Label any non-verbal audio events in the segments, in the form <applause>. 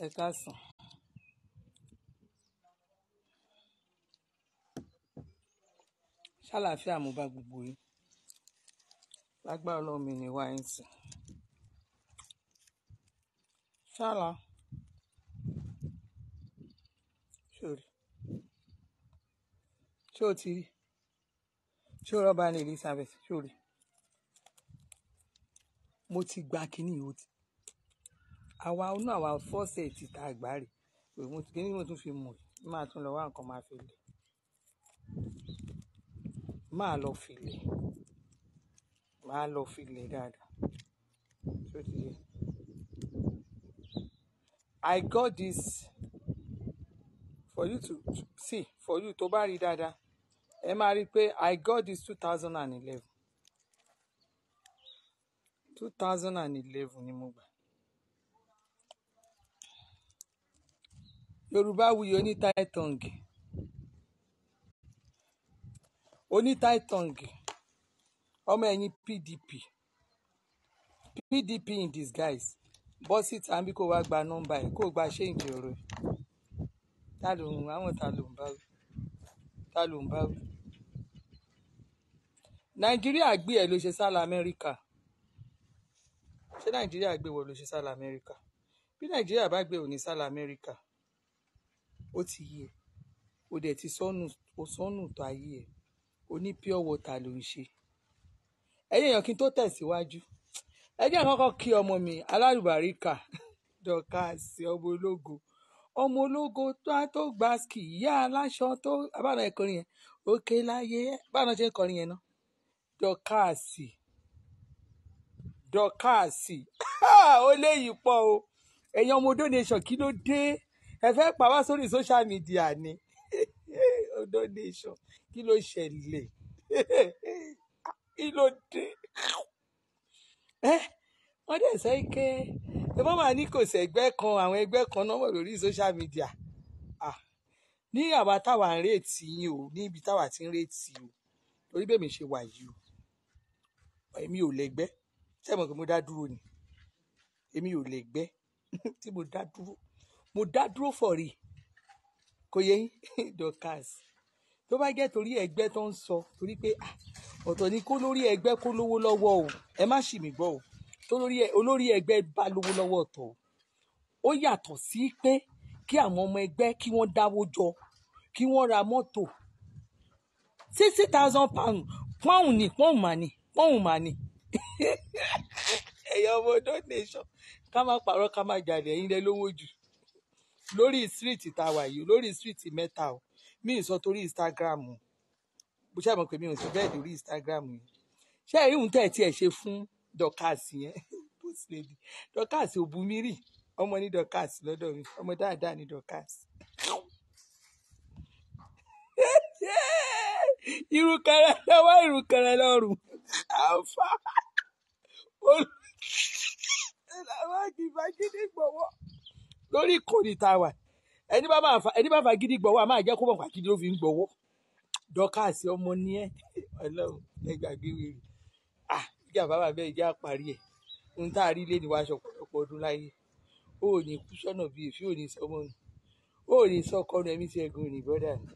Ẹ káàsán. Ṣáláfíà mo bá gbogbo yín. Lágbára Ọlọ́run mi ni wá yín tì. Ṣálá. Ṣé o rí? Ṣé o ti rí? Ṣé rọ́bà ní Elizabeth? Ṣé rí? Mo ti gba kíní yìí o ti àwa inú àwa fọ́ọ̀sẹ̀ ti ta àgbáre òun kí ni mo tún fi mú un máa tún lọ wá nǹkan máa fi lẹ̀ máa lọ fi lẹ̀ máa lọ fi lẹ̀ dáadáa tó ti yẹ. I got this for you to see for you tó bá rí dáadáa ẹ máa rí i pé I got this two thousand and eleven two thousand and eleven ni mo gbà. Yorùbáwùyí oní tie tongue oní tie tongue ọmọ ẹ̀yìn PDP PDP in disguise bọ́ síta bí kò wá gba nọ́mbà ẹ̀ kò gba ṣéǹjì ọ̀rọ̀ ẹ̀ ta ló ń àwọn ta ló ń bá wí ta ló ń bá wí. Nàìjíríà gbé ẹ̀ ló ṣe sá lọ Amẹ́ríkà ṣé Nàìjíríà gbé wọ ló ṣe sá lọ Amẹ́ríkà bí Nàìjíríà bá gbé òní sá lọ Amẹ́ríkà ó ti yé o e. dẹ̀ ti sọnù o sọnù tó ayé ẹ̀ o ní pure water ló ń ṣe ẹ̀yin èèyàn kí n tó tẹ̀síwájú ẹ jẹ́ kọ́kọ́ kí ọmọ mi alárùbáríkà <laughs> dọ̀kàsì ọmọ ológo ọmọ ológo tó tó gbàskì ìyá aláṣọ tó abáná ẹkọrin yẹn òkè láyé báná ṣe ń kọrin yẹn náà dọ̀kàsì dọ̀kàsì <laughs> ó léyìí pọ̀ o ẹ̀yin ọmọ donation kí ló dé ẹ fẹ́ pa wá sórí social media ni <laughs> Ondo Nation kí ló ṣẹlẹ̀ <laughs> kí ló dé ẹ wọ́n dẹ̀ sẹ́ ike ẹ bá wà ní kò sẹ́gbẹ́ kan àwọn ẹgbẹ́ kan náà wọ̀ lórí social media ní àwa táwa ń retí yín o níbi táwa ti ń retí o torí bẹ́ẹ̀ mi ṣe wà yìí o èmi ò lẹ́gbẹ́ sẹ́mo pé mo dá dúró ni èmi ò lẹ́gbẹ́ <laughs> tí mo dá dúró mo dá dúró fọ̀rí kò yẹ <laughs> Dorcas tó bá jẹ́ torí ẹgbẹ́ tó ń sọ torí pé ah, ọ̀tọ̀ ni kó lórí ẹgbẹ́ kó lówó lọ́wọ́ o ẹ má ṣì mí gbọ́ o tó lórí olórí ẹgbẹ́ bá lówó lọ́wọ́ ọ̀tọ̀ ó yàtọ̀ sí pé kí àwọn ọmọ ẹgbẹ́ kí wọ́n dáwó jọ kí wọ́n ra mọ́tò sixty thousand pound pọ́ùn ni pọ́ùn mà ni pọ́ùn mà ni <laughs> ẹ̀yọ́ ọmọ donation ká má pààrọ̀ ká má jàdé ẹ̀yin lẹ lówó jù lórí street tá a wà yìí lórí street mẹ́ta o mi ì sọ torí Instagram o bó ṣe àmọ́ pé mi ò sí bẹ́ẹ̀ lórí Instagram yìí ṣé ẹ̀rí òun tẹ̀ tiẹ̀ ṣe fún Dorkas yẹn post <laughs> lady Dorkas Òbúmírì ọmọ ní Dorkas lọ́dọ̀ mi ọmọ dáadáa ní Dorkas <laughs> irun kẹrẹ lọ́wọ́ irun kẹrẹ lọ́rùn àǹfà olùkọ́ ẹ̀ làwọn àgbìbá gidi gbọ̀wọ́ lórí ìkórè tá a wà ẹni bá máa fa ẹni bá fa gidi gbọ̀wọ́ a máa jẹ́ kó mọ̀ pàkídí ló fi ń gbọ̀wọ́ dọ́kàsí ọmọ ní ẹ ọlọ́run ẹgbàgbé wèrè ah ìjà bàbá bẹ́ẹ̀ ìjà parí ẹ̀ ohun tá a rí lé ní wàásù ọ̀pọ̀lọpọ̀ ọdún láyé ó ò ní kú sọ́nà bíi èfi ò ní sọmọ nù ó ò ní sọkọ nù ẹ̀mí sẹ́gun ní bọ́dà nù.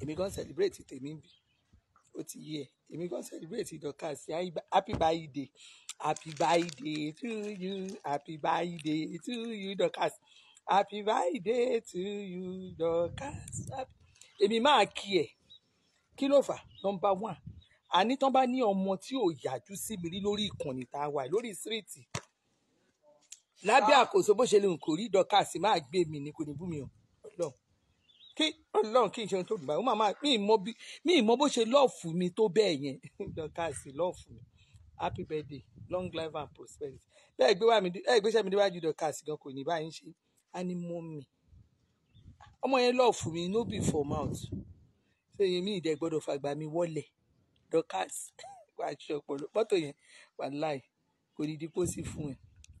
èmi gan celebrate tèmi bí ó ti yé ẹ èmi gan celebrate dọ́kàsí happy birthday happy birthday to you happy birthday to you Dorcas happy birthday to you Dorcas èmi máa kí ẹ kí ló fà nọmba one àní tán bá ní ọmọ tí ò yájú sí mi rí lórí ìkànnì tá a wà lórí síríìtì lábẹ́ ah. àkóso bó ṣe lè kò rí Dorcas máa gbé mi ní kò ní bú mi o ọlọ́run kí ọlọ́run kí n ṣe ohun tó dùn báyìí ó máa máa bó ṣe lọ́ọ̀fù mi tó bẹ́ẹ̀ yẹn <laughs> Dorcas lọ́ọ̀fù mi happy birthday long life and prosperity bẹ́ẹ̀ gbé wàmí bẹ́ẹ̀ gbéṣẹ́ mi déwájú dọ̀kàsì gan kò ní báyìí ṣe á ní mú mi ọmọ yẹn lọ́ọ̀ fún mi no be for mouth ṣé yẹn mi ìdẹ gbọ́dọ̀ fàgbà mi wọlé dọ̀kàsì <laughs> wàá ṣe ọpọlọ mọ́tò yẹn wà láì kò ní dípò sí fún ẹ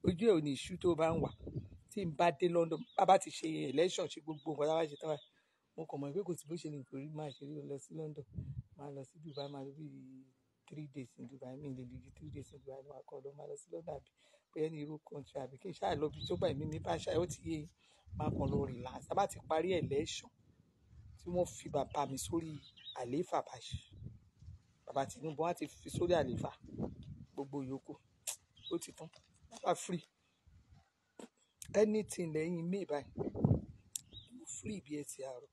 ojú ẹ ò ní ìṣú tó bá ń wà tí n bá dé London bàbá ti ṣe election ṣe gbogbo nǹkan táwa ṣe táwa mo kàn mọ̀ pé kò sí bó ṣe lè kórí máa ṣe lọ sí London máa lọ sí Dubai máa lọ bí three days ní Dubai mi lè lè three days ní Dubai máa kọ́ lọ máa lọ sí London àbí bóyá ní irú country àbí kí n ṣáà lọ bí tó gbà mí mi bá ṣáà ó ti yé máa kàn lọ relax tá bá ti parí election tí wọ́n fi bàbá mi sórí àlééfà báyìí bàbá Tinubu wọn á ti fi sórí àlééfà gbogbo yòókù ó ti tán bàbá free anything lẹ́yìn may báyìí mo free bí ẹ ti àrò.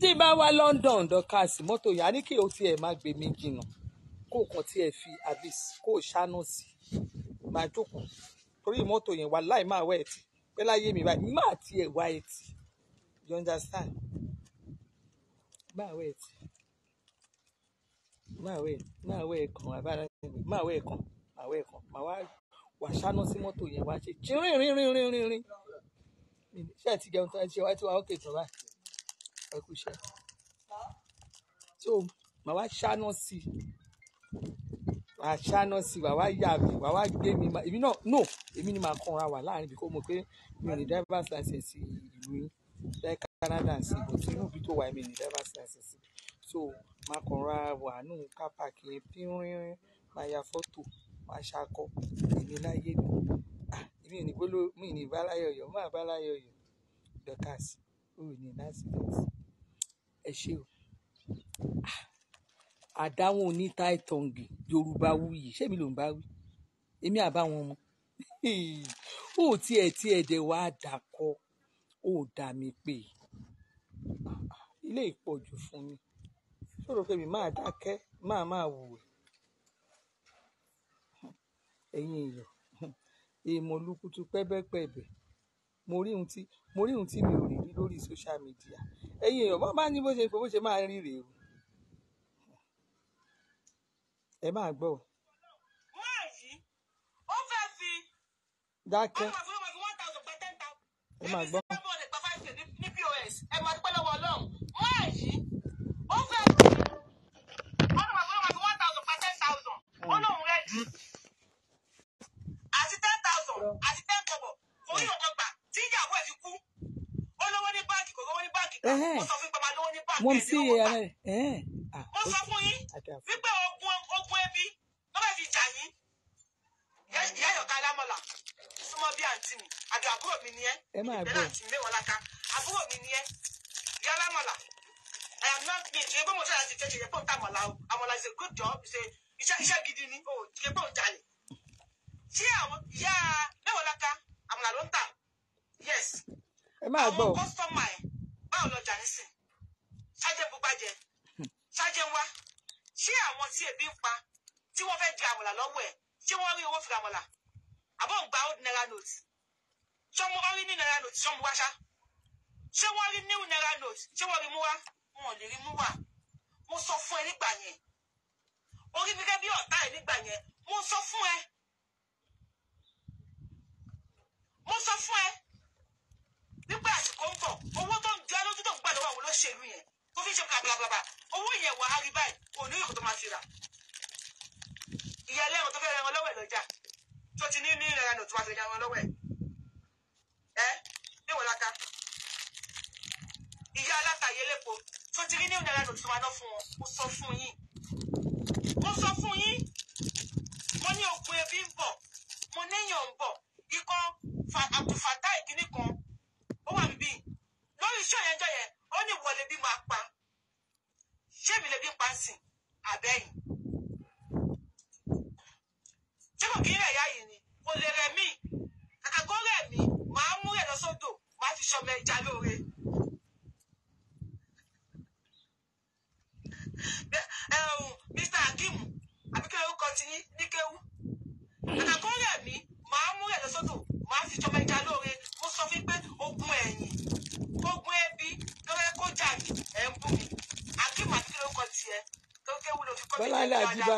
tí bá wá London dọ́kàsì mọ́tò yẹn a ní kí o tiẹ̀ má gbé mi jìnnà kó o kàn tiẹ̀ fi àbí kó o ṣáná sí i máa jókòó torí mọ́tò yẹn wà láì máa wá ẹtì pé láyé mi báyìí má tiẹ̀ wá ẹtì you understand má wá ẹtì má wá ẹtì má wá ẹ̀kan abára má wá ẹ̀kan má wá ẹ̀kan má wá wà ṣáná sí mọ́tò yẹn wá ṣe jìnrìn rìn rìn rìn rìn rìn ṣé ti jẹun tán ẹ ṣe wá tí wàá ókè tán báyìí ẹ kú iṣẹ́ so màá wá ṣáná sí i màá ṣáná sí i màá wá yà mí màá wá gbé mi èmi náà no èmi ni màá kanra wà láàrin bí kò mọ̀ pé mi ò ní driver's license ìlú yín Canada sí i but inú ibi tó wà èmi ní driver's license so màá kanra wà nù kápákì pínrín màá ya fọ́tò màá ṣakọ èmi láyé mi mi ni gbóló mi ní bala yoyo báláyọyọ Dorcas ò ní accident ẹ ṣe o ah, àdáwọn oní táìtọǹgì Yorùbá wuyì ṣé mi ló ń bá wí èmi àbáwọn ọmọ ó <laughs> tiẹ̀ tiẹ̀ dẹ̀ wá dàkọ ó dà mí pé ilé ìpọ̀jù fún mi sọ̀rọ̀ pé máa dákẹ́ máa máa wù ẹ́ ẹ̀yin èèmọ̀ lukutu pẹ́bẹ́pẹ́bẹ́ mo rí ohun tí mo rí ohun tí mi ò rí rí lórí social media ẹ̀yin èèyàn wọ́n bá ní bó ṣe fowó ṣe máa rí rèé o ẹ máa gbọ́. dákẹ́ ẹ máa gbọ́. ẹ máa àti ten kọ́bọ̀ kò rí nǹkan gbà tí ìyàwó ẹ̀ fi kú ó lówó ní báǹkì kò lówó ní báǹkì kan mo sọ fún yín pé lówó ní báǹkì ẹ̀ sí gbà ah, mo sọ fún yín wípé ogun ogun ẹbí lọ́wọ́ fi jà yín ìyá ìyọ̀ká alámọ̀là súnmọ́ bí àǹtí mi àbí àbúrò mi ni ẹ́ ìbẹ̀rẹ̀ àǹtí mi mẹ́wàá láká àbúrò mi ni ẹ́ ìyá alámọ̀là I am not me. Ṣé bọ́mọ̀ sọ́yà ti tẹ̀sí ẹ̀pọ̀ àmọ̀là o? Àmọ̀là is good job. Ṣé iṣẹ́ iṣẹ́ gidi ni? O ṣe pọ̀ jalè. Ṣé àwọn ìyá máa gbọ́. àwọn kọ́sítọ́mà ẹ̀ báwo lọjà nísìn ṣájẹ́ bùgbàjẹ́ ṣájẹ́ wá ṣé àwọn tí ebi ń pa tí wọ́n fẹ́ di àmọ̀là lọ́wọ́ ẹ̀ ṣé wọ́n rí owó fi àmọ̀là àbọ̀ ń gba old naira note ṣọmọ wọn rí new naira note ṣọmọ wáṣá ṣé wọ́n rí new naira note ṣé wọ́n rí mú wá wọn ò lè rí mú wá mo sọ fún ẹ nígbà yẹn orí mi bí ọ̀tá ẹ̀ nígbà yẹn mo sọ fún ẹ mo sọ fún ẹ pé àsìkò ń bọ̀ owó tó ń jẹ lójú tó ń gbà lọ́wọ́ àwọn olóṣèlú yẹn tó fi ń ṣe blablabla owó yẹn wà á rí báyìí kò ní ìkó tó máa fi rà ìyá ẹlẹ́wọ̀n tó fẹ́ ra wọn lọ́wọ́ ẹ̀ lọ́jà tó ti ní ní ìrẹ̀rẹ̀ nù tó máa fi ra wọn lọ́wọ́ ẹ̀ ẹ́ níwọ̀n láta ìyá alátàyé lẹ́kọ̀ọ́ tó ti rí ní ìrẹ̀rẹ̀ nù tó máa ná fún wọn mo sọ fún yín mo sọ fún yín mo ní ó wà níbí lórí iṣẹ́ yẹn jọ yẹn ó ní wọlé bí máa pa ṣé mi lè bí pa sìn àbẹ́yìn ṣé kò kí rẹ̀ yá yìí ni kò lè rẹ̀ mí àgọ́ rẹ̀ mí màá mú rẹ̀ lọ sódò màá fi ṣọmọ ẹja lóore. Mr. Um, Akim àbíkẹ́ orúkọ ti yín ní kéwú àgọ́ rẹ̀ mí màá mú rẹ̀ lọ sódò máa fi jọba ìjà lóore mo sọ wípé ogun ẹ̀yìn ogun ẹbí lọ́wọ́ kó jà yìí ẹ̀ ń akéwà kí ló kọ tiẹ̀ tó kéwu ló fi kọ́ mi ní ìjọba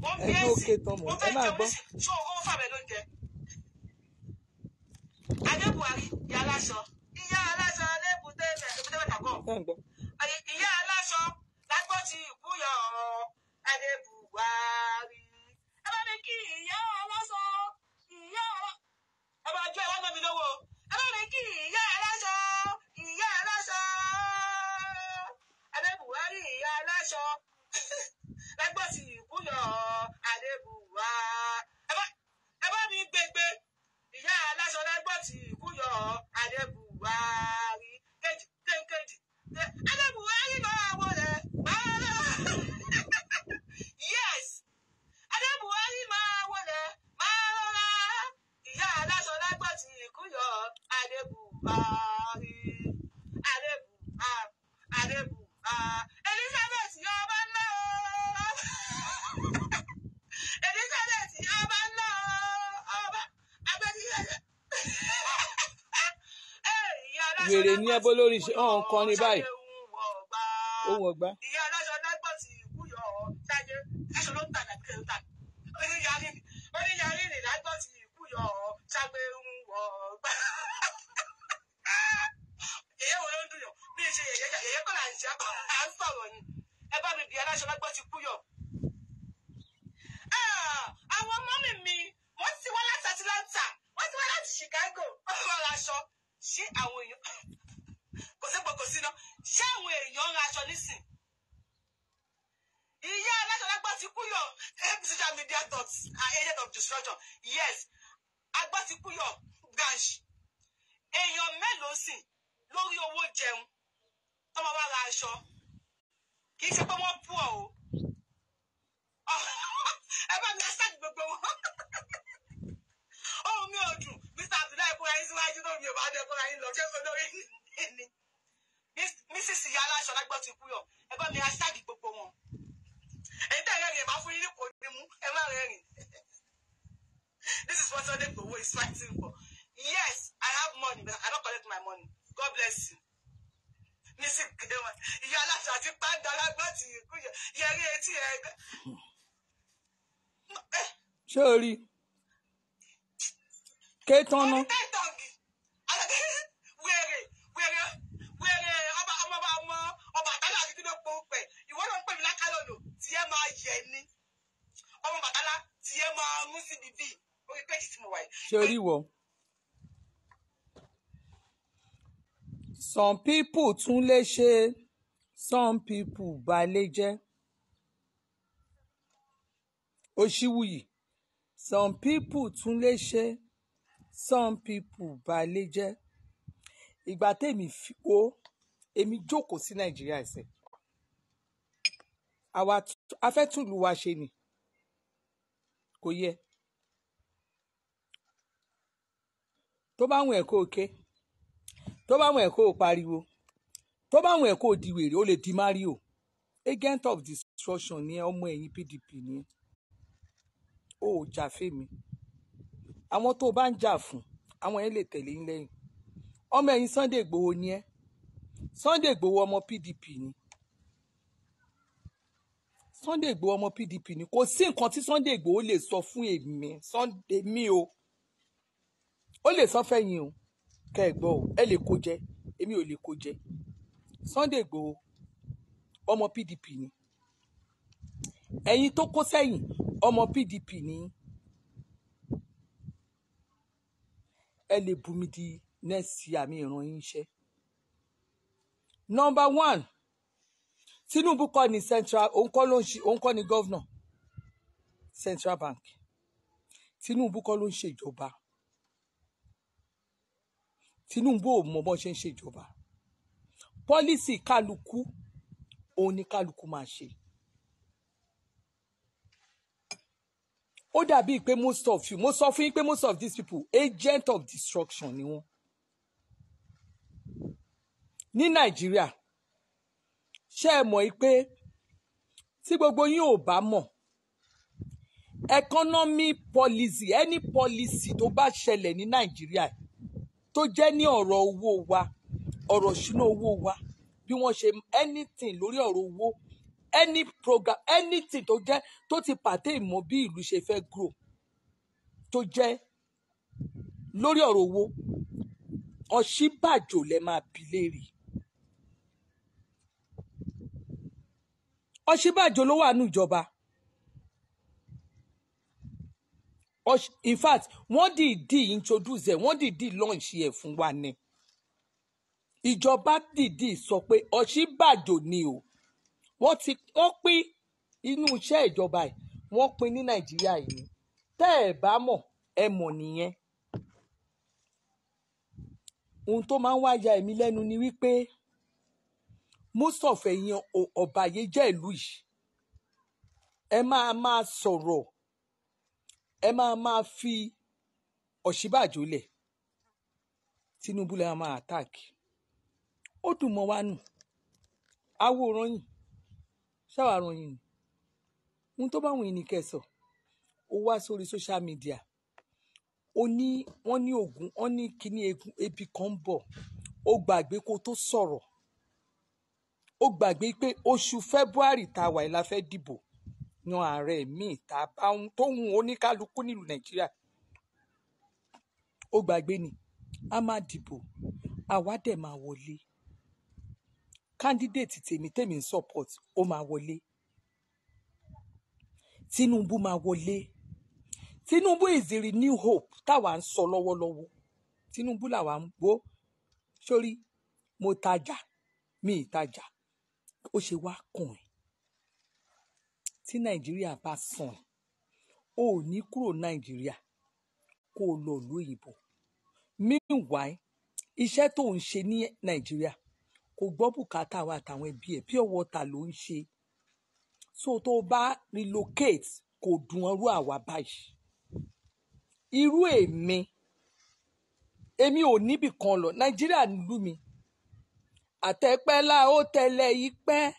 mo ń bí ẹ̀sìn mo fẹ́ jẹun ṣé owó fàmẹ́ ló ń jẹ adé buhari ìyá aláṣọ ìyá aláṣọ lébùté lébùté mẹ́ta kọ ìyá aláṣọ lágbó ti ìbúyọ adé buhari ẹ bá mi kí ìyá aláṣọ ìyá ara ẹ mi lówó ẹ bá mi kí ìyá aláṣọ ìyá aláṣọ adé Buhari ìyá aláṣọ lẹgbọn <laughs> sí ìkúyọ adé Buhari ẹ mi gbégbé ìyá aláṣọ lẹgbọn sí ìkúyọ adé Buhari kejì kéńkéjì adé Buhari lọ àwọn rẹ máa rẹ. ìyá aláṣọ lágbàtì ìkúyọ adébùbárí adébùbá adébùbá elizabeth yọ ọba ńlá o <laughs> elizabeth yọ ọba ńlá o ọba agbẹjìlẹ <laughs> wèrè ní ẹbọ lórí ṣe hàn kọrin báyìí ohun ọgbà. ìyá aláṣọ lágbàtì ìkúyọ ṣáájú ẹṣọ ló ń tàgà kẹta oníyàrí oníyàrí yọ ṣàgbé ń wọ gbà. èyẹ wo ló ń dùn yàn bí ṣe yẹyẹ yẹyẹ kọ́ là ń ṣe akọ́ à ń sọ̀rọ̀ ni ẹ bá mi bí aláṣọ lágbọ́ ti kú yọ. àwọn mọ́mì mi wọ́n ti wá láti Atlanta wọ́n ti wá láti Chicago wọ́n ra aṣọ ṣé àwọn èèyàn kò sí pọ̀ kò sí náà ṣé àwọn èèyàn ń ra aṣọ nísìn ìyá aláṣọ lágbá ti kú yọ social media thoughts are agent of destruction yes agbọ́ ti kú yọ gàǹṣì èèyàn mélòó sì lórí owó jẹun tọ́mọ wá ra aṣọ kì í ṣe pé wọ́n pọ̀ o <laughs> ẹ bá mi aṣáájú gbogbo wọn <laughs> ohun mi ò dùn mr abdullahi kóra yín síwájú náà mi ò bá dẹ kóra yín lọ ṣé olórí ni mrs ìyá aláṣọ lágbọ́ ti kú yọ ẹ bá mi aṣáájú gbogbo wọn èyí tẹ̀ rẹ́rìn ẹ̀ bá fún yín ní kò ní mú ẹ má rẹ́rìn. <laughs> this is what Sunday Igboho is fighting for yes I have money but I don't collect my money God bless you Mercy Gideon ìyá aláṣà àti pàǹdà alágbàtì ìkú yẹrí etí ẹgbẹ. ṣé o rí ké tán ná. ẹ máa yẹ ni ọmọ bàtàlà tí ẹ máa rún síbi bíi orí wo. some people tún lè ṣe some people balẹ̀ jẹ́ òṣìwùyí some people tún lè ṣe some people balẹ̀ jẹ́ ìgbà tèmi fi wo èmi jókòó sí nàìjíríà ẹ̀sẹ̀ àwa afẹ́tùlù wa ṣe ni kò yẹ tó bá wọn ẹ̀ kó o ké tó bá wọn ẹ̀ o pariwo tó bá wọn ẹ̀ kó di wèrè o lè di mario agent of destruction ni ọmọ ẹ̀yìn PDP ni o jà fèmí àwọn tó o bá ń jà fún àwọn yẹn lè tẹ̀lé ń lẹ́yìn ọmọ ẹ̀yìn Sunday Igboho ni ẹ́ Sunday Igboho ọmọ PDP ni Sunday Igboho ọmọ PDP ni kò sí nǹkan tí Sunday Igboho lè sọ fún èmi Sunday mi o ó lè sọ fẹ́yìn o kẹ́ ẹ gbọ́ o ẹ lè kó jẹ èmi ò lè kó jẹ Sunday Igboho ọmọ PDP ni ẹ̀yin tó kó sẹ́yìn ọmọ PDP ni ẹ lè bumi di nẹ́ẹ̀sì àmì ìran yín iṣẹ́ number one Tinubu kọ́ ni central òun kọ́ ló ń ṣe òun kọ́ ni central bank Tinubu kọ́ ló ń ṣèjọba Tinubu ò mọ bọ́n ṣe ń ṣèjọba pọ́lísì kálukú òun ni kálukú máa ṣe. ó dàbíi pé most of you mo sọ fún yín pé most of these people agent of destruction ni wọ́n. ní nàìjíríà ṣé ẹ mọ̀ pé tí gbogbo yín ò bá mọ̀ economy policy any policy tó bá ṣẹlẹ̀ ní nàìjíríà yìí tó jẹ́ ní ọ̀rọ̀ owó wa ọ̀rọ̀ ìṣúná owó wa bí wọ́n ṣe anything lórí ọ̀rọ̀ owó any program anything tó jẹ́ tó ti pàtẹ ìmọ̀ bí ìlú ṣe fẹ́ grow tó jẹ́ lórí ọ̀rọ̀ owó Ọ̀ṣínbàjò lẹ máa bi léèrè Ọ̀ṣínbàjò ló wà nù ìjọba in fact wọ́n dìídì introduce ẹ̀ wọ́n dìídì launch ẹ̀ fún wa ni ìjọba dìídì sọ pé Ọ̀ṣínbàjò ni o wọ́n ti wọ́n pín inú iṣẹ́ ìjọba yìí wọ́n pín ní Nàìjíríà yìí tẹ́ ẹ̀ bá mọ̀ ẹ mọ̀ nìyẹn ohun tó máa ń wá ya èmi lẹ́nu ni wípé mọ́sọ̀fẹ̀ yan ìlú yìí ẹ máa máa sọ̀rọ̀ ẹ máa máa fi Ọ̀ṣínbàjò lẹ̀ Tinubu lè máa àtàkì ó dùn mọ́ wa nù àwòrán yìí ṣàwàrán yìí ni ohun tó bá wọn ènìkẹ́ sọ ó wá sórí social media ó ní wọ́n ní oògùn wọ́n ní kíní ebi kan ń bọ̀ ó gbàgbé kó tó sọ̀rọ̀ ó gbàgbé pé oṣù February tá a wà yìí la fẹ́ dìbò yan ààrẹ mi tá a bá ń tóun oníkálukú nílùú nàìjíríà ó gbàgbé ni a máa dìbò àwa máa wọlé candidate tèmi tèmi ń support ó máa wọlé tinubu máa wọlé tinubu is new hope táwa ń sọ lọ́wọ́lọ́wọ́ tinubu làwa ń gbọ́ sórí mo tajà mi ìtajà ó ṣe wá kàn ẹ́ tí nàìjíríà bá sàn ò ní kúrò nàìjíríà kó o lọ ìlú òyìnbó meanwhile iṣẹ́ tó ń ṣe ní nàìjíríà kò gbọ́ bùkátà wa àtàwọn ẹbí ẹ̀ pure water ló ń ṣe so tó bá relocate kò dùn ọrú àwa báyìí irú èmi èmi ò níbì kan lọ nàìjíríà nílùú mi àtẹ̀pẹ́lá ó tẹ̀lé yìí pẹ́ẹ́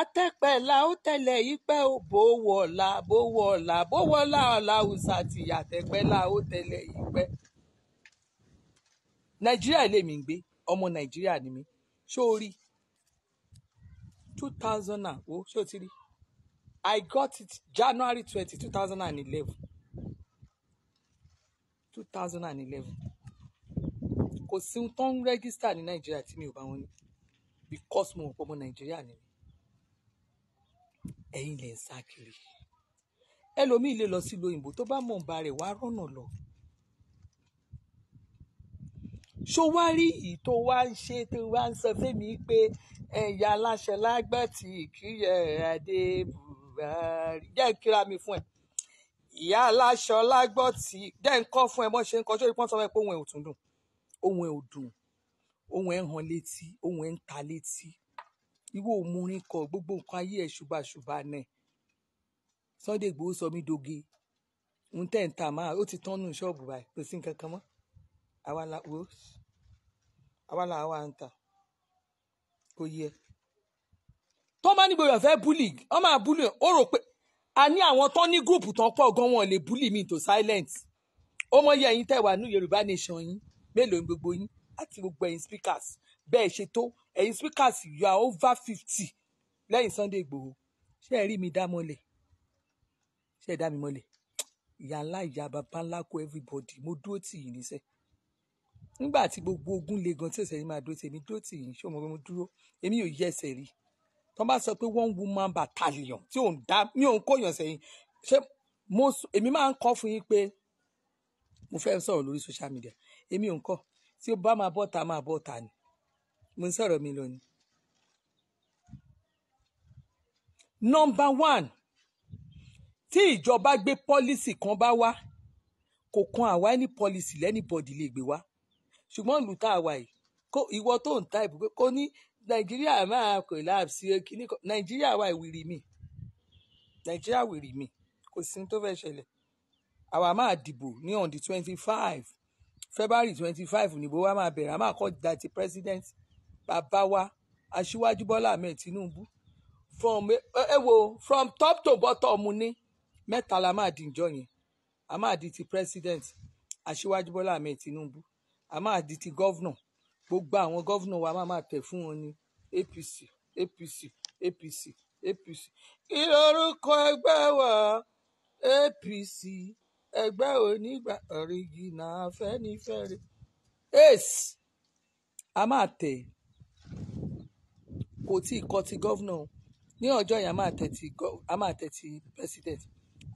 atẹ́pẹ́lá ó tẹ̀lé ìpẹ́ ò bówó ọ̀la bówó ọ̀la bówó ọ̀la ọ̀la hausa ti àtẹ́pẹ́lá ó tẹ̀lé ìpẹ́. nàìjíríà lèmi ń gbé ọmọ nàìjíríà ni mí ṣó o rí two thousand and wo ṣó o ti rí i got it january twenty two thousand and eleven two thousand and eleven kò sí ohun tó ń rẹ́gísítà ní nàìjíríà tí mi ò bá wọn ní because mo mọ̀ pé ọmọ nàìjíríà ni mi ẹ̀yin lè ń sá kiri ẹlòmíì lè lọ sílùú òyìnbó tó bá mọ̀ ń ba rẹ̀ wá rọ̀nà lọ. ṣó wá rí ìyí tó wá ń ṣe tó wá ń sọ fẹ́mi pé ẹ̀yà aláṣẹ lágbàtì ìkírẹ̀ adé buhari jẹ́ kíra mi fún ẹ̀ ìyá aláṣọ lágbàtì jẹ́ nǹkan fún ẹ mọ́ ṣe nǹkan ṣó ìpọ́n sọ pé ohun ẹ̀ ò tún dùn ohun ẹ̀ ò dùn ohun ẹ̀ ń han létí ohun ẹ̀ ń ta létí ìwọ òmùrin kọ gbogbo nǹkan ayé ẹ̀ ṣùbàṣùbà nẹ̀ Sunday Igboho sọ mí doge ń tẹ̀ ń tà máa ó ti tán nù ṣọ́ọ̀bù báyìí kò sí nǹkan kan mọ́ àwa la wo àwa la wa ń tà kò yẹ. tó máa ní gbèrò fẹ́ búlì wọ́n máa búlì ó rò pé a ní àwọn tó ní gúrùpù tó pọ̀ gan wọn lè búlì mi tó silent ó mọ iye ẹ̀yin tẹ̀ wá ní Yorùbá nation yín mélòó gbogbo yín àti gbogbo ẹ̀yin speakers bẹ́ẹ̀ ṣe tó ẹ̀yin speakers you are over fifty lẹ́yìn Sunday Igboho ṣé ẹ rí mi dá mọ́lẹ̀ ṣé ẹ dá mi mọ́lẹ̀ ìyá ńlá ìyá bàbá ńlá kó everybody mo dúró tì yín níṣẹ́ nígbà tí gbogbo ogun le gan tí ẹsẹ̀ yín máa dúró tì èmi dúró tì yín ṣé o mọ̀ pé mo dúró èmi ò yí ẹsẹ̀ rí tó bá sọ pé one woman battalion tí òun dá mi òun kóyàn sẹ́yìn ṣé mo èmi máa ń kọ́ fún yín pé mo fẹ́ sọ̀rọ̀ lórí social media èmi ò ń kọ́ tí ó bá máa bọ́ ta máa bọ́ ta ni mo ń sọ̀rọ̀ mi lónìí. number one tí ìjọba gbé pọ́lísì kan bá wá kò kan àwa ní pọ́lísì lẹ́nìbọ̀dì lè gbé wá ṣùgbọ́n ìlú tá a wà yìí kó ìwọ tó ń ta ìbùkún kó ní nàìjíríà máa collapse kíní kan nàìjíríà wà ìwìrì mi nàìjíríà wìrì mi kò sí tó fẹ́ ṣẹlẹ̀ àwa máa dìbò ní on the twenty five february twenty five nìbò wa máa bẹ̀rẹ̀ a máa kọ́ dati president bàbá wa aṣíwájú bọ́lá ahmed tinubu from ẹ wo from top to bottom ní mẹ́ta la máa di ìjọ yẹn a máa di ti president aṣíwájú bọ́lá ahmed tinubu a máa di ti governor gbogbo àwọn governor wa máa máa fún wọn ní apc apc apc apc kí lorúkọ ẹgbẹ́ wa apc ẹgbẹ́ onígbà ọ̀rìjìnà afẹ́nifẹ́re ace a máa tẹ̀ kò tí ì kọ́ ti gọ́vnà o ní ọjọ́ yẹn a máa tẹ̀tí president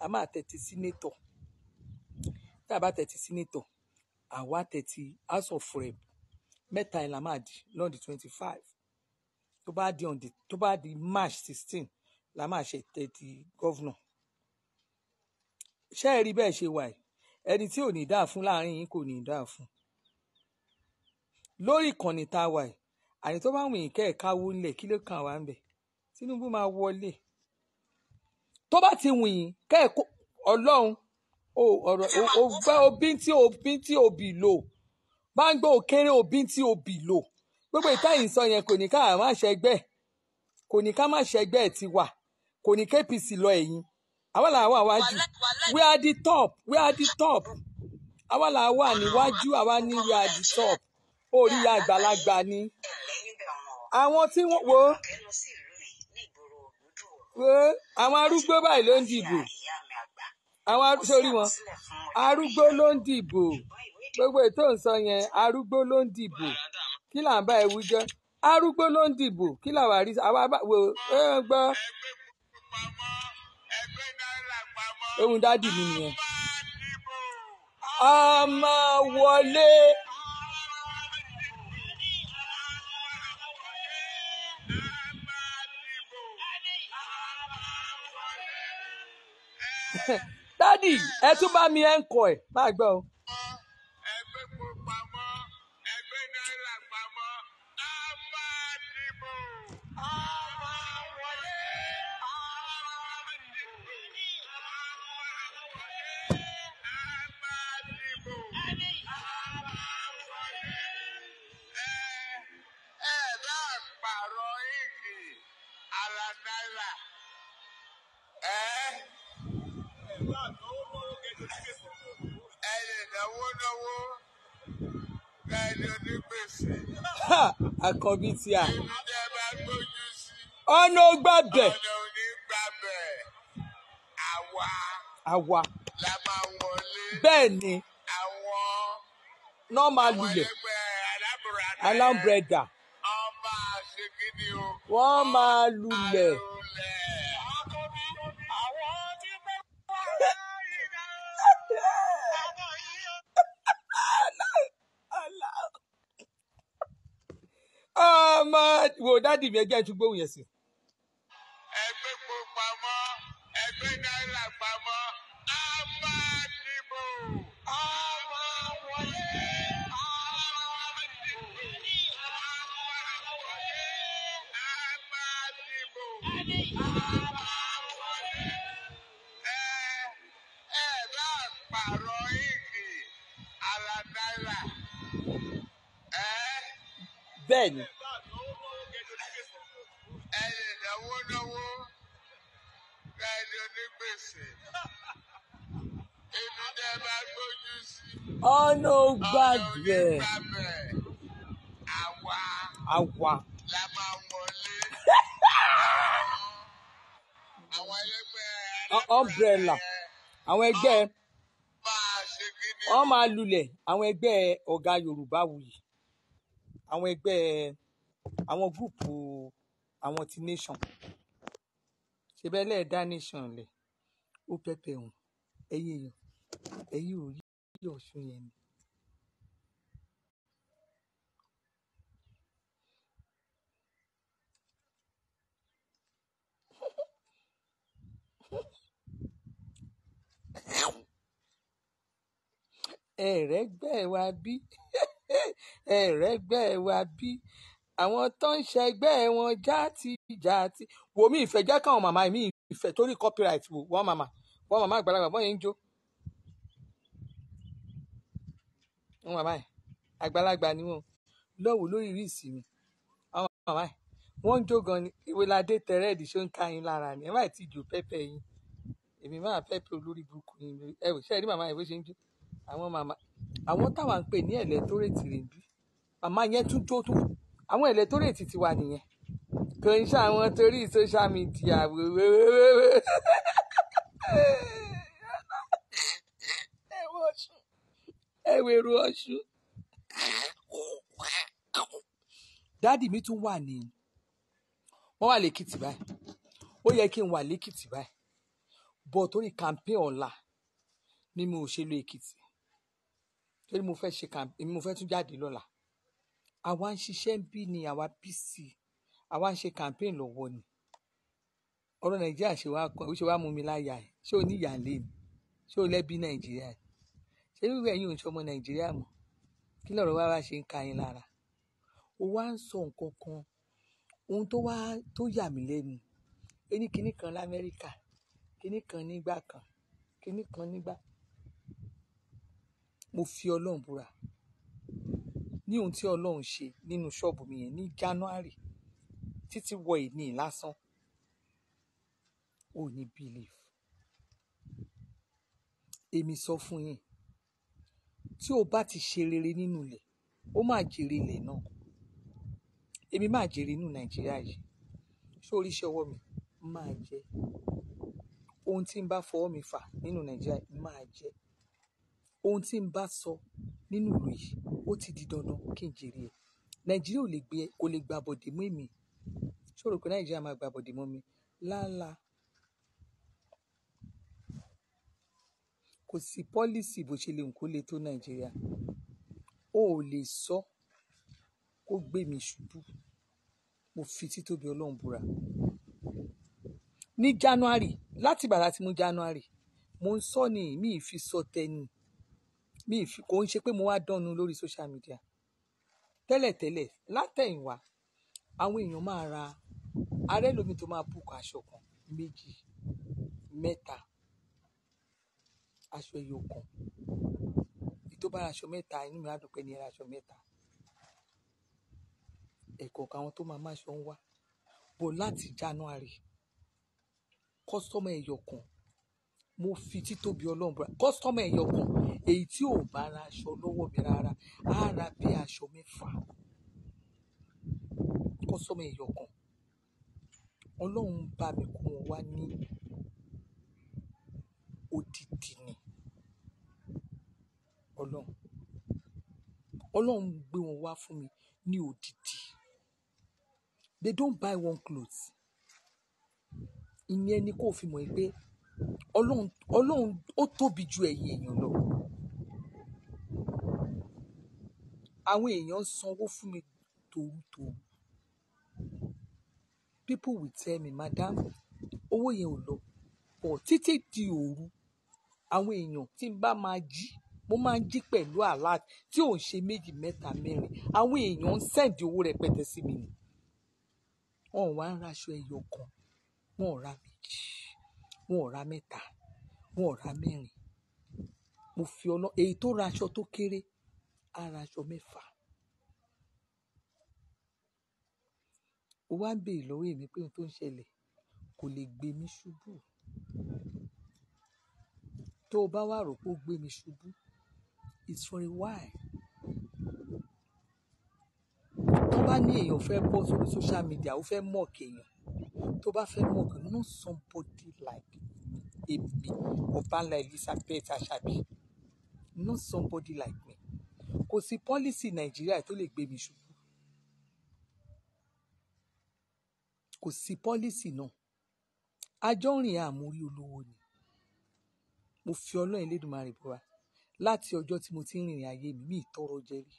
a máa tẹ̀tí senator tá a bá tẹ̀tí senator àwa tẹ̀tí house of rep mẹ́ta ìlà máa di lọ́ọ̀dì twenty five tó bá di on the di march sixteen la máa ṣe tẹ̀tí gọ́vnà ṣé ẹ rí bẹ́ẹ̀ ṣe wà yìí ẹni tí ò ní dáa fún láàrin yín kò ní dáa fún lórí ìkànnì tá a wà yìí àní tó bá wùn ìkẹ́ ẹ̀káwó ńlẹ̀ kí ló kàn wá ń bẹ̀ Tinubu máa wọlé tó bá ti wùn yín kẹ́ ẹ̀kọ́ ọlọ́run ó gbẹ́ òbí tí òbí tí òbí lò bá ń gbọ́ òkèrè òbí tí òbí lò gbogbo ìtàyìn sọ yẹn kò ní ká má ṣẹgbẹ́ kò ní ká má ṣẹgbẹ́ ti wà kò ní KPC lọ ẹ̀yìn àwa wà wájú we are the top we are the top àwa là wà níwájú àwa ní we are the top orí àgbàlagbà ni àwọn tí wọ́n wò ó pé àwọn arúgbó báyìí ló ń dìbò àwọn sórí wọn arúgbó ló ń dìbò gbogbo ètò ìsọ yẹn arúgbó ló ń dìbò kí là ń bá ẹ wújọ arúgbó ló ń dìbò kí làwọn àrí àwa bá wò ó gbọ́ ohun dádì mi nìyẹn ọmọ wọlé. dádì ẹ tún bá mi ẹ ń kọ ẹ máa gbọ́ o. ẹgbẹ́ ìgbì àlànà ẹ. ẹ̀yàwó náwó onígbèsè. àkọ́bí tí a. ibi tẹ́ bá gbójú sí. ọ̀nà ò gbà bẹ̀. ọ̀nà ò ní gbà bẹ̀. àwa. àwa. la máa wọlé. bẹ́ẹ̀ àwọn. náà lulẹ̀. àwọn ẹgbẹ́ alábùradà. alábùradà. ọba àṣekínni o. wọ́n máa lulẹ̀. máa lulẹ̀. ọmọ ah, wo dádì mi ẹjẹ́ ẹ tún gbóhùn yẹn sí. bẹ́ẹ̀ ni. ẹyẹ ìnáwó náwó bẹ́ẹ̀ ni onígbèsè ibi tẹ́ bá gbójú sí. ọ̀nà ògbàgbẹ́. ọ̀nà ògbàgbẹ́ àwa. àwa. la máa wọlé. àwọn ẹlẹgbẹ́. umbrella àwọn ẹgbẹ́. wọ́n máa lulẹ̀ àwọn ẹgbẹ́ ọ̀gá Yorùbá wuyì àwọn ẹgbẹ́ àwọn gúùpù àwọn ti nation ṣebẹ́ lẹ́ẹ̀dá nation lẹ̀ ó pẹ́pẹ́ hàn ẹ̀yìn èèyàn ẹ̀yìn ò rí ọ̀ṣun yẹn ni. ẹ̀rẹ́gbẹ́ wa bí. <laughs> <laughs> ẹ̀rẹ́gbẹ́ wa bí àwọn tó ń ṣẹgbẹ́ wọn jáàtì jáàtì wò mí ìfẹ́ jẹ́ káwọn màmá mi ìfẹ́ torí copyright wò wọ́n màmá wọ́n màmá àgbàlagbà bọ́ yẹn ń jó wọ́n màmá yẹn àgbàlagbà ni wọ́n lọ́wọ́ lórí rí ìsinmi àwọn màmá yẹn wọ́n ń jó gan ni ìwéladé tẹ̀rẹ́ẹ̀dì ṣó ń ka yín lára ni ẹ má ti jò pẹ́pẹ́ yín èmi máa fẹ́ pé olórí burúkú yín ẹ wò ṣe é rí màmá yẹn bó ṣe ń jó àwọn màmá àwọn táwa ń pè ní ẹ̀lẹ́tọ́rẹ̀tì rẹ̀ bí màmá yẹn tún tó tó àwọn ẹ̀lẹ́tọ́rẹ̀tì ti wà nìyẹn kò ń ṣe àwọn torí social media wéwéwéwé ẹwọ ọṣun ẹwẹrù ọṣun dáàdì mi tún wà ní wọn wà lẹ́kìtì báyìí ó yẹ kí n wà lẹ́kìtì báyìí bọ̀ torí campaign ọ̀la ni mo ṣe lọ Èkìtì torí mo fẹ́ ṣe kàmpé mo fẹ́ tún jáde lọ́la àwa ń ṣiṣẹ́ ń bí ni àwa pc àwa ń ṣe campaign lọ́wọ́ ni ọ̀rọ̀ nàìjíríà ṣe wá kan ṣe wá mú mi láyà ẹ̀ ṣé o ní ìyàlẹ́ mi ṣé o lẹ́bi nàìjíríà ẹ̀ ṣé wíwẹ̀ yìí ò ṣe ọmọ nàìjíríà mọ̀ kí lọ́rọ̀ wá wá ṣe ń ka yín lára o wá ń sọ nǹkan kan ohun tó wá tó yà mí lẹ́nu ẹni kinní kan lamẹ́ríkà kinní kan nígbà kan kinní kan nígbà Mo fi Ọlọ́run búra. Ní ohun tí Ọlọ́run ṣe nínú ṣọ́ọ̀bù mi yẹn ní January títí wọ èní lásán, o ní believe. Èmi sọ fún yín, tí o bá ti ṣe rere nínú ilẹ̀, o máa jèrè ilẹ̀ náà. Èmi máa jèrè inú Nàìjíríà yìí. Ṣé iṣẹ́ ọwọ́ mi? Máa jẹ. Ohun tí ń bá fọwọ́ mi fà nínú Nàìjíríà, màá jẹ ohun tí n bá sọ nínú ìlú yìí ó ti di dandan kí n jèrè ẹ̀ nàìjíríà ò lè gbé kò lè gba bọ̀dé mọ́ èmi ṣó pé nàìjíríà máa gba bọ̀dé mọ́ mi láàlà kò sí pọ́lísì bó ṣe lè ń kó tó nàìjíríà ó lè sọ kó gbé mi ṣubú mo fi títóbi ọlọ́run búra ní january láti ìgbà láti mú january mo ń sọ ní mi ì fi mi ìfi kò ń ṣe pé mo wá dánnu lórí social media tẹ́lẹ̀tẹ́lẹ̀ látẹ̀yìnwá àwọn èèyàn máa ra arẹ lómi tó máa bùkún aṣọ kan méjì mẹ́ta aṣọ ẹyọ kan tó bá aṣọ mẹ́ta inú mi á dùn ní ẹ̀rọ aṣọ mẹ́ta ẹ̀kọ́ káwọn tó máa máṣọ ń wá bọ̀ láti January kọ́sọ́mọ ẹ̀yọ̀ kan mo fi títóbi ọlọ́run kọ́sítọ́mù ẹ̀yọ kan èyí tí ò bá ra aṣọ lọ́wọ́ mi rárá á ra bí aṣọ mẹ́fà kọ́sítọ́mù ẹ̀yọ kan ọlọ́run bá mi kó wọn wá ní odidi ni ọlọ́run ọlọ́run gbé wọn wá fún mi ní odidi they don't buy one cloth ìyẹn ni kò fi mọ̀ pé ọlọ́run ọlọ́run ó tóbi ju ẹ̀yin èèyàn lọ. àwọn èèyàn sanwó fún mi tòótòó people will tell me madam owó yẹn ò lọ pọ̀ títí di òru àwọn èèyàn tí n bá máa jí mo máa ń jí pẹ̀lú alert tí ò ń ṣe méjì mẹ́ta mẹ́rin àwọn èèyàn ń sẹ́ǹdì owó rẹpẹtẹ sí mi wọn ò wá ń raṣọ ẹyọ kan wọn ò ra méjì wọn ò ra mẹ́ta, wọn ò ra mẹ́rin. Mo fi ọlọ́, èyí tó ra aṣọ tó kéré, á ra aṣọ mẹ́fà. Ó wá béèrè lọ́wọ́ èmi pé ohun tó ń ṣẹlẹ̀ kò lè gbé mi ṣubú. Tó o bá wà rò pé ó gbé mi ṣubú, it's for a while. Tó bá ní èèyàn fẹ́ bọ́ sórí social media, ó fẹ́ mock èèyàn. Tó bá fẹ́ mọ̀ gan, know somebody like èmi, Ọbanla Elizabeth Àṣàbí. Know somebody like me. Kò sí policy Nàìjíríà tó lè gbé mi ṣubú. Kò sí policy náà. Ajọ́rìn àmúrí olówó ni. Mo fi Ọlọ́run Elédùmarè búra. Láti ọjọ́ tí mo ti ń rìnrìn ayé mi, mi ì tọrọ jẹ rí.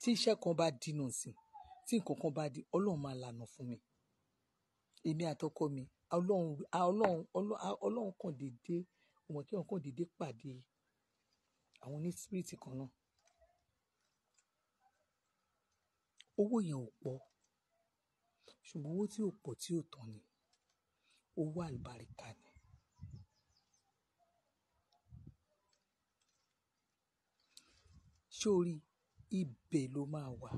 Tí iṣẹ́ kan bá dínà sí i, tí nǹkan kan bá di ọlọ́run máa lànà fún mi èmi àtọkọ mi ọlọ́run ọlọ́run ọlọ́run kàn déédé ọmọ kí wọn kàn déédé pàdé àwọn ní spiriti kan náà owó yẹn ò pọ̀ ṣùgbọ́n owó tí ò pọ̀ tí ò tán ni owó àlùbáríkà ni. sórí ibẹ̀ ló máa wà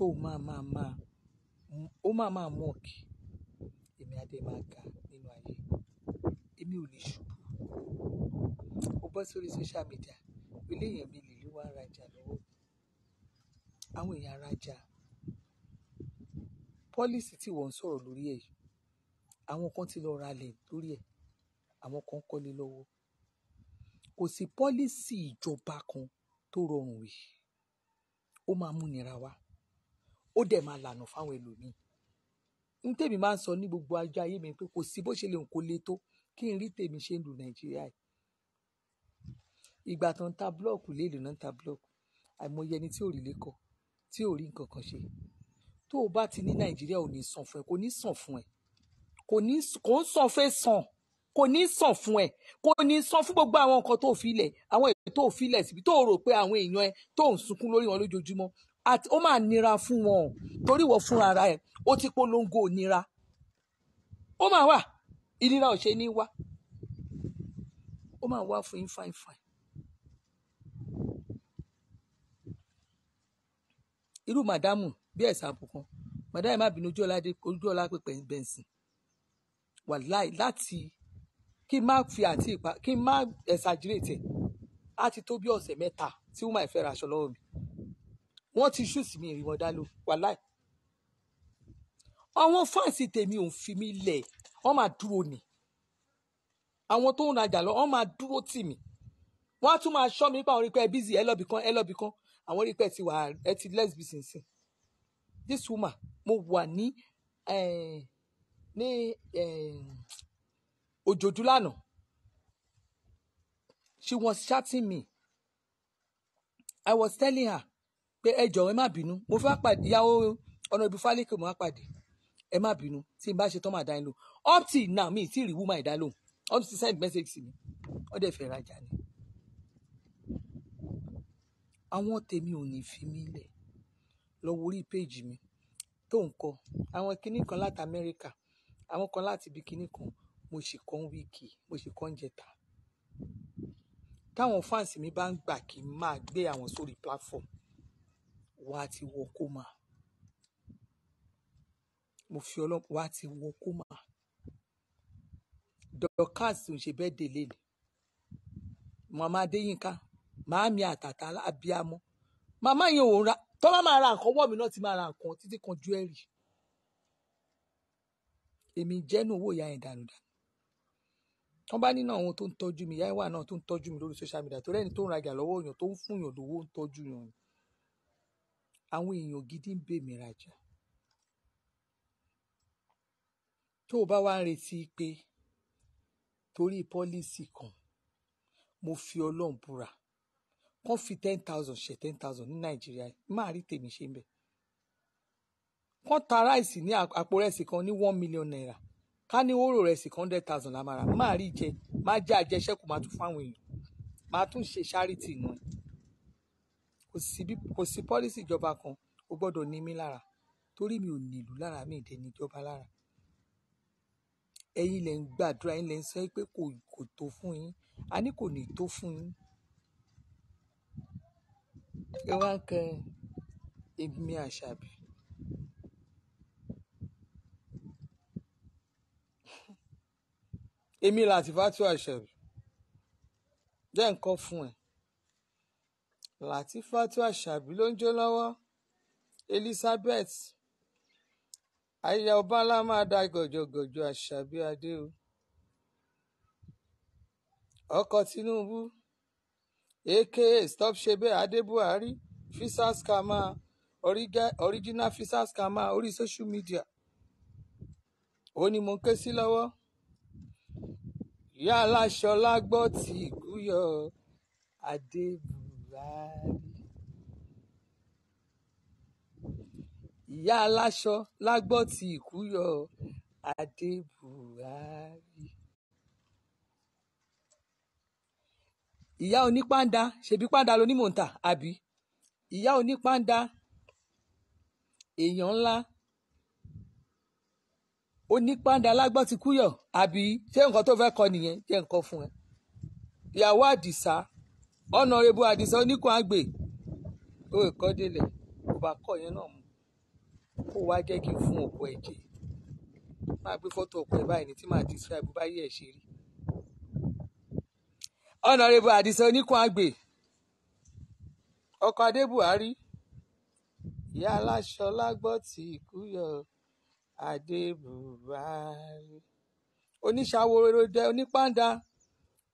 tó máa máa máa ó máa máa mú ọ̀kì èmi adé máa ga nínú ayé èmi ò lè ṣubú ó bọ́ sórí social media ilé èèyàn mi lè lè wá rajà lọ́wọ́ àwọn èèyàn rajà pọ́lísì tí wọ́n ń sọ̀rọ̀ lórí ẹ̀ yìí àwọn kan ti lọ ralẹ̀ lórí ẹ̀ àwọn kan kọ́lé lọ́wọ́ kò sí pọ́lísì ìjọba kan tó rọrùn wì ó máa mú nira wá ó dẹ̀ máa lànà fáwọn ẹlòmíì n tèmi máa ń sọ ní gbogbo ajá ayé mi pé kò sí bó ṣe lè kó le tó kí n rí tèmi ṣe ń lu nàìjíríà yìí ìgbà tó ń ta búlọ̀kù léèlú náà ń ta búlọ̀kù àìmọye ẹni tí ò rí lẹ́kọ̀ọ́ tí ò rí nǹkan kan ṣe tó o bá ti ní nàìjíríà ò ní sàn fún ẹ kò ní sàn fún ẹ kò ní kò ń sàn fún sàn kò ní sàn fún ẹ kò ní sàn fún gbogbo àwọn nǹkan tó filẹ̀ àwọn èyí tó filẹ̀ síbi tó rò pé àwọn èèyàn ẹ tó ń sunkún lórí wọn lójoojúmọ́ àti ó máa nira fún wọn torí wọ́n fúnra ara ẹ̀ ó ti polongo ònira ó máa wà ìnira ò ṣe ní wá ó máa wá fún yín fine fine. irú màdámù bí ẹ̀sà àbùkàn màdámù má bínú ojúọlá pípẹ́ bẹ́ǹsì wàláì láti kí n má fi àti ìpa kí n má exaggerate tẹ̀ láti tó bí ọ̀sẹ̀ mẹ́ta tí wọ́n máa fẹ́ ra aṣọ lọ́wọ́ mi wọ́n ti ṣùsì mi ìrìn wọn dá ló wà láì àwọn fáǹsì tèmi ò ń fi mí lẹ̀ wọ́n máa dúró ni àwọn tó ń rajà lọ wọ́n máa dúró tì mí wọ́n á tún máa ṣọ́ mi nípa àwọn rípẹ́ bízì ẹ lọ́bì kan ẹ lọ́bì kan àwọn rípẹ́ ti wà ẹ ti lẹ́sbí sínsìn this woman mo wà ní eh, ní eh, òjòdú lánàá she was chatting me i was telling her pé ẹ jọ̀ọ́ ẹ má bínú mo fẹ́ pàdé ìyàwó ọ̀nà ibi fálẹ́kì mo má pàdé ẹ má bínú tí n bá ṣe tán màá dá lò up till now mi ti rí woman ìdá lóhùn up till send message sí mi wọ́n fẹ́ rajà ni. àwọn tèmi ò ní fi mí lẹ̀ lọ wo orí péjì mi tó ń kọ àwọn kinní kan láti Amẹ́ríkà àwọn kan láti ibi kinní kan mo sì kọ́ ń wíìkì mo sì kọ́ jẹta táwọn fáǹsì mi bá ń gbà kí n máa gbé àwọn sórí platform wà á ti wọ kómà. Mo fi Ọlọ́run wà á ti wọ kómà. Dorcas ò ṣe bẹ́ẹ̀ délé ni. Màmá Adéyínká, màámi àtàtà abiyamọ. Màmá yẹn ò ra tó bá máa ra nǹkan ọwọ́ mi náà ti máa ra nǹkan títí kan jewelry. Èmi jẹ́nu owó ìyá yẹn dànù dànù nínú àwọn tó ń tọ́jú mi yáìwá náà tó ń tọ́jú mi lórí social media torí ẹni tó ń rajà lọ́wọ́ èèyàn tó ń fún èèyàn lówó ń tọ́jú èèyàn àwọn èèyàn gidi ń bè mí rajà tó o bá wá ń retí pé torí pọ́lísì kan mo fi ọlọ́run búra kán fi ten thousand ṣe ten thousand ní nàìjíríà máa rí tèmi ṣe ń bẹ̀ kán ta ráìsì ní àpò rẹ̀sì kan ní one million naira ká ní wóró rẹ̀sì kan hundred thousand la máa rà máa rí jẹ máa jẹ àjẹṣẹ́kù máa tún fáwọn èèyàn máa tún ṣe ṣáàrìtì náà kò sí bí kò sí pọ́lísì ìjọba kan ó gbọ́dọ̀ ní mí lára torí mi ò nílùú lára mi ìdẹ níjọba lára ẹ̀yin lẹ ń gbàdúrà yín lẹ ń sọ pé kò kò tó fún yín a ní kò ní tó fún yín ẹ wá ń kẹ èmi àṣàbí èmi làtìfá tó àṣàbí jẹ́ nǹkan fún ẹ Latifatu Àṣàbí ló ń jó lọ́wọ́ Elizabeth aya ọba ńlá máa da gọ̀jọ̀gọ̀jọ̀ Àṣàbí adé o ọkọ Tinubu aka stop ṣe bẹ́ẹ̀ adé Buhari fisas kama original fisas kama orí social media ó ní mo ń ké sí lọ́wọ́ yálà ṣọlá gbọ́ tìgúyọ̀ adébù ìyá aláṣọ lágbọ́ ti ìkúyọ adé buhari. ìyá onípáńdà ṣebí páńdà lonímọ̀ǹtà àbí ìyá onípáńdà èèyàn ńlá onípáńdà lágbọ́ ti kúyọ̀ àbí ṣé nǹkan tó fẹ́ kọ nìyẹn jẹ́ nǹkan fún ẹ ìyàwó àdìsá ọ̀nàrẹ́bù àdìsá oníkan àgbè ó kọ́ délẹ̀ kó bá kọ́ yẹn náà mú kó wá jẹ́ kí n fún òkú ẹ̀ máa gbé fọ́tò òkú ẹ̀ báyìí ní tí màá describe bó bá yí ẹ̀ ṣe rí ọ̀nàrẹ́bù àdìsá oníkan àgbè ọkọ̀ adé Buhari ìyá aláṣọlá gbọ́ tí ikú yọ adé Buhari oníṣàwòrò jẹ́ onípàǹdà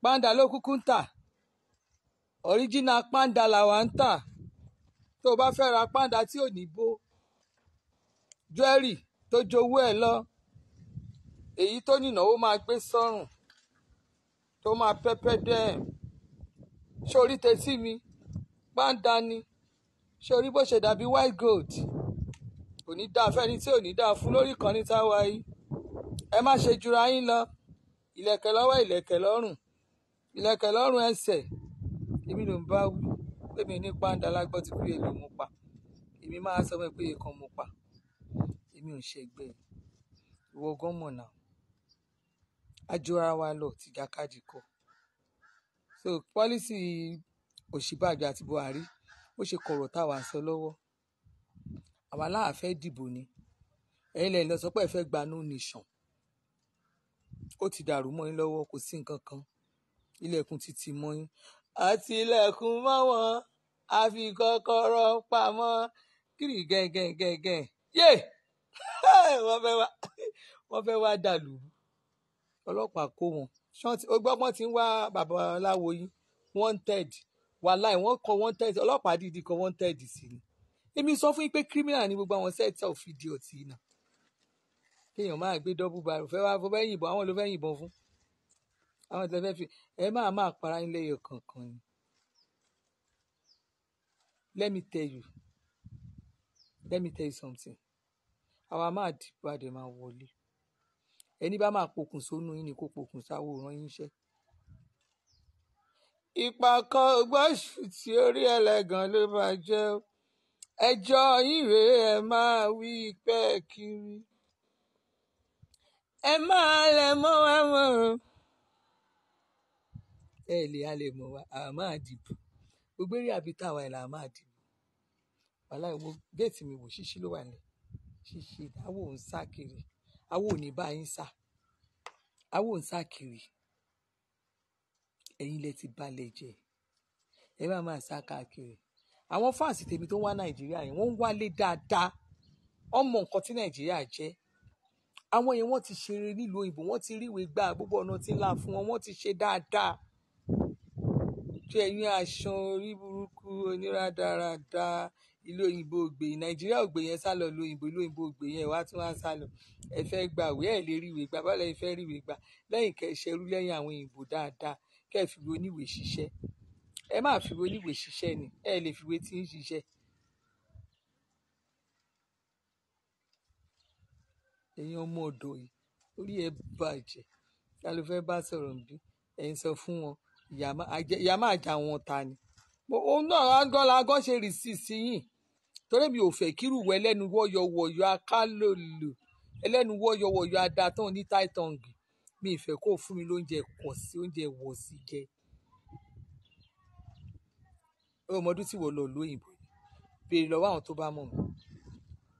pàǹdà ló kúkú ń tà original panda làwa ń tà tó o bá fẹ́ ra panda tí ò ní bó jewelry tó jowó ẹ̀ lọ èyí tó nínáwó máa gbé sọ́rùn tó máa pẹ́pẹ́ dẹ́ẹ̀m sórí tẹ́tí mi panda ni sórí bó ṣe dàbí white gold kò ní dáa fẹ́ni tí ò ní dáa fún lórí kan ní táwa yìí ẹ má ṣe jura yín lọ ìlẹ̀kẹ̀ lọ́wọ́ ìlẹ̀kẹ̀ lọ́rùn ìlẹ̀kẹ̀ lọ́rùn ẹsẹ̀ èmi ló ń bá wí pé mi ní pàǹdà lágbọ́n ti kú èlò mo pa èmi máa sọ pé èèkan mo pa èmi ò ṣègbè ìwọ gánmọ̀ náà àjọra wa lọ tìjàkadì kọ so pọ́lísì Ọ̀ṣínbàjò àti Buhari ó ṣe kọ̀rọ̀ táwa sọ lọ́wọ́ àwa láà fẹ́ dìbò ni ẹ̀yin lẹ́yìn lọ sọ pé ẹ fẹ́ gba no ó ti dàrú mọ́ lọ́wọ́ kò sí nǹkan kan ilẹ̀kùn ti tì mọ́ àtìlẹ̀kùn mọ́ wọn a fi kọ́kọ́rọ́ pamọ́ kiri gẹ̀ǹgẹ̀ǹgẹ̀ǹgẹ̀ǹ yé wọ́n fẹ́ wá dàlú ọlọ́pàá kó wọn ó gbọ́ pọ́n ti ń wá babaláwo yín wanted wàláì wọ́n kọ wanted ọlọ́pàá dìdí kọ wanted sí ni èmi sọ fún yín pé criminal ni gbogbo àwọn sẹ́ẹ̀tì ọ̀fìdí ọ̀tí náà kéèyàn máa gbé dọ́bù bá rò fẹ́ wá fọ́ fẹ́ yìnbọn àwọn ló fẹ́ yìnbọn fún àwọn ìtẹ́fẹ́ fi ẹ máa máa para yín lẹ́yọ kankan ni let me tell you let me tell you something àwa máa dìbò àdè máa wọlé ẹni bá máa pokùn sónú yín ni kó pokùn sáwòrán yín ṣe. ipa kan gbọ́sù tí orí ẹlẹ́gàn ló máa jẹ́ ẹjọ́ yín rèé ẹ máa wí pẹ́ kiri ẹ máa lẹ̀ mọ́ wá mọ́ o ẹ lè a lè mọ̀ wa àwa máa dìbò gbogbo eré àbí táwa ẹ̀ là máa dìbò wàhálà ìwọ géètì mi wò ṣíṣí ló wà nílẹ̀ ṣíṣí àwọ̀ ń sá kiri àwọ̀ ò ní bá yín sá àwọ̀ ń sá kiri ẹ̀yin lẹ ti balẹ̀ jẹ́ ẹ máa máa sá káàkiri àwọn fáǹsì tèmi tó ń wá nàìjíríà yẹn wọ́n ń wálé dáadáa ọmọ nǹkan tí nàìjíríà jẹ́ àwọn yẹn wọ́n ti ṣeré nílùú òyìnbó wọ́n ti ríwèé gbà gbogbo ọ̀nà tí ń là fún wọn wọ́n ti ṣe dáadáa ju ẹ̀yin àṣàn orí burúkú onírádaràda ìlú òyìnbó ògbè nàìjíríà ògbè yẹn sálọ ìlú òyìnbó ìlú òyìnbó ògbè yẹn wá tún wá sálọ ẹ fẹ́ gba ìwé ẹ̀ lè rí ìwé gbà báwo lẹ fẹ́ rí ìwé gbà lẹ́yìn kẹ́ ṣerú lẹ́yìn àwọn òyìnbó dáadáa kẹ́ ẹ fi wo oníwèé ṣiṣẹ́ ẹ má fi wo oníwèé ṣiṣẹ́ ni ẹ lè fi wo tí ń ṣiṣẹ́. ẹ̀yin ọmọ ọ̀dọ̀ yìí orí ẹ bàjẹ́ ta ló fẹ́ bá sọ̀rọ̀ bí ẹ̀ sọ fún wọn ìyá máa jà wọn ta ni òun náà lágán lágán ṣe rì sí ìsinyìí torí mi ò fẹ́ kírù wọ ẹlẹ́nu wọ́yọ wọ̀yọ akálòlò ẹlẹ́nu wọ́yọ wọ̀yọ adatán ní táìtọ̀ǹgì mi ìfẹ́ kó fún mi lóúnjẹ kọ̀ sí oúnjẹ wọ̀ sí jẹ. ọmọdún tí wò lọ lóyìnbó béèrè lọ́wọ́ àwọn tó bá mọ̀ mí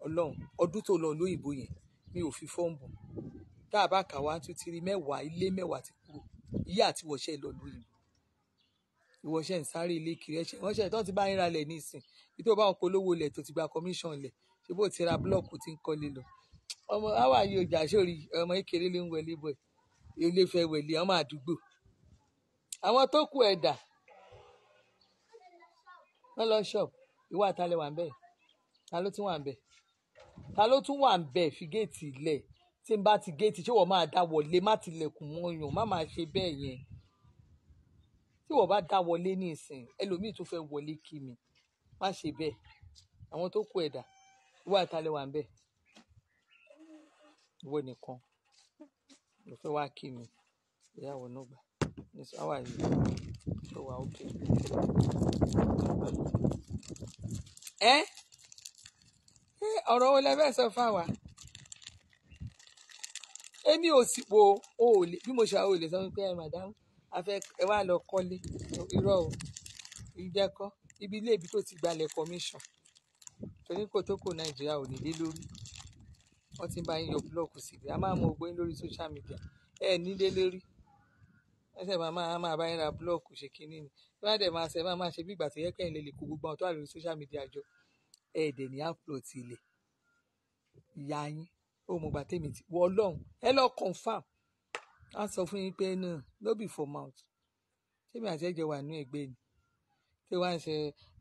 ọlọ́run ọdún tó lọ lóyìnbó yẹn mi ò fi fọ́ǹbù tá a bá kà wá tún ti rí mẹ́wàá ilé mẹ́wàá ti kúrò iye àti wọ̀ṣẹ́ lọ lóyìnbó ìwọ ṣe ń sáré ilé kiri ẹṣẹ wọn ṣe tó ti bá yín ra lẹ̀ nísìn bí tó bá wọn polówó lẹ̀ tó ti gba commission lẹ̀ ṣé bó ti ra blọọkù tí ń kọ́lé lọ ọmọ àwa yìí ọjà sórí ọmọ ìkéré ló ń wẹlé bọ ilé fẹ́ wẹlé ọmọ àdúgbò àwọn tó kù ẹ̀dà wọn lọ ṣọp ìwọ àtàlẹ wà ń bẹ ta ló tún wà ń bẹ ta ló tún wà ń bẹ fi géètì lẹ̀ tí n bá ti géètì ṣé wọn máa dá wọlé má tilẹ̀kùn mọyàn má máa ṣe bẹ́ẹ̀ yẹn tí wọ́n bá dá wọlé ní ìsìn ẹlòmíì tó fẹ́ wọlé kí mi má ṣe bẹ́ẹ̀ àwọn tó kú ẹ̀dá wà tálẹ̀ wà ń bẹ̀ ìwọ nìkan ló fẹ́ wá kí mi ìyàwó náà gbà ní sáwà yìí tó wà ókè. ẹ ọ̀rọ̀ wo lẹ fẹ́ sọ fáwa èmi ò sì wo bí mo ṣe àwọn olè sọ pé ẹ màdámù afẹ́ ẹ wá lọ kọ́lé irọ́ o ìjẹ́kọ́ ibi ilé ibi tó ti gbalẹ̀ commission torí kò tó kò nàìjíríà ò nílé lórí wọ́n ti ń bá yín yọ búlọ́ọ̀kù síbi a máa mọ ogbó lórí social media ẹ nílé lórí ẹsẹ máa máa máa bá yín ra búlọ́ọ̀kù ṣe kínní ni bí wọ́n á dẹ̀ máa ṣe máa máa ṣe bí ìgbà tó yẹ kẹ́yìn lè lè kó gbogbo àwọn tó wà lórí social media jọ ẹ dẹ̀ ní upload ti ìyá yín ó mọ̀gbà tèmi ti wọ́ ọlọ́run ẹ lọ confam á sọ fún yín pé no no be for mouth tèmi àti ẹ̀jẹ̀ wà ní ẹgbẹ́ ni tí wọ́n á ṣe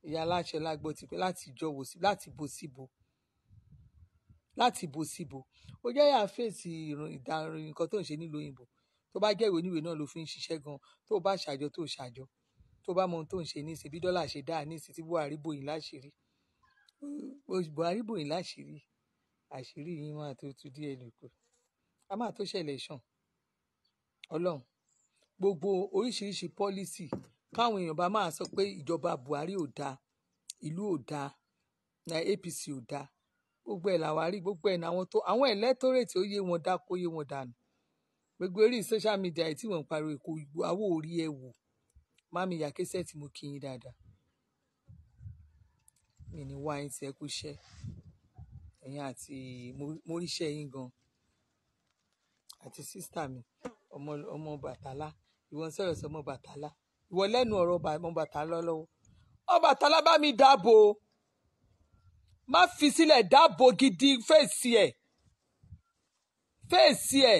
ìyá aláṣẹ lágbo ti pé láti jọ wò sí láti bo síbo láti bo síbo ó jẹ́ yà fèsì ìdàrú nǹkan tó ń ṣe nílùú òyìnbó tó bá jẹ́ ìwé oníwèé náà ló fi ń ṣiṣẹ́ gan tó bá ṣàjọ tó ṣàjọ tó bá mọ ohun tó ń ṣe níṣẹ́ bí dọ́là ṣe dáa níṣẹ́ tí buhari bòyìn láṣìírí buhari bòyìn láṣìírí àṣírí yìí máa tó tu díẹ̀ lóko a máa tó ṣẹlẹ̀ sàn. Ọlọ́run gbogbo oríṣiríṣi pọ́lísì káwọn èèyàn bá máa sọ pé ìjọba Buhari ò dáa ìlú ò dáa na APC ò dáa gbogbo ẹ̀ làwa rí gbogbo ẹ̀ làwọn tó àwọn ẹ̀lẹ́tọ́rẹ̀tì ó yé wọn dá kó yé wọn dànù gbogbo eré social media tí wọ́n ń pariwo èkó àwọ orí ẹ̀ wò mami ìyá kẹsẹ̀ tí mo kí yín dáadáa mi ní wá ẹ̀yìn tí ẹ kú iṣẹ́ ẹ̀yìn àti mo ríṣẹ́ yín gan àti sísítà mi ọmọ ọmọ bàtálá ìwọ ń sọ̀rọ̀ sí ọmọ bàtálá ìwọ lẹ́nu ọ̀rọ̀ ọmọ bàtálá lọ́wọ́ ọmọ bàtálá bá mi dáàbò má fi sílẹ̀ dáàbò gidi fèsì ẹ̀ fèsì ẹ̀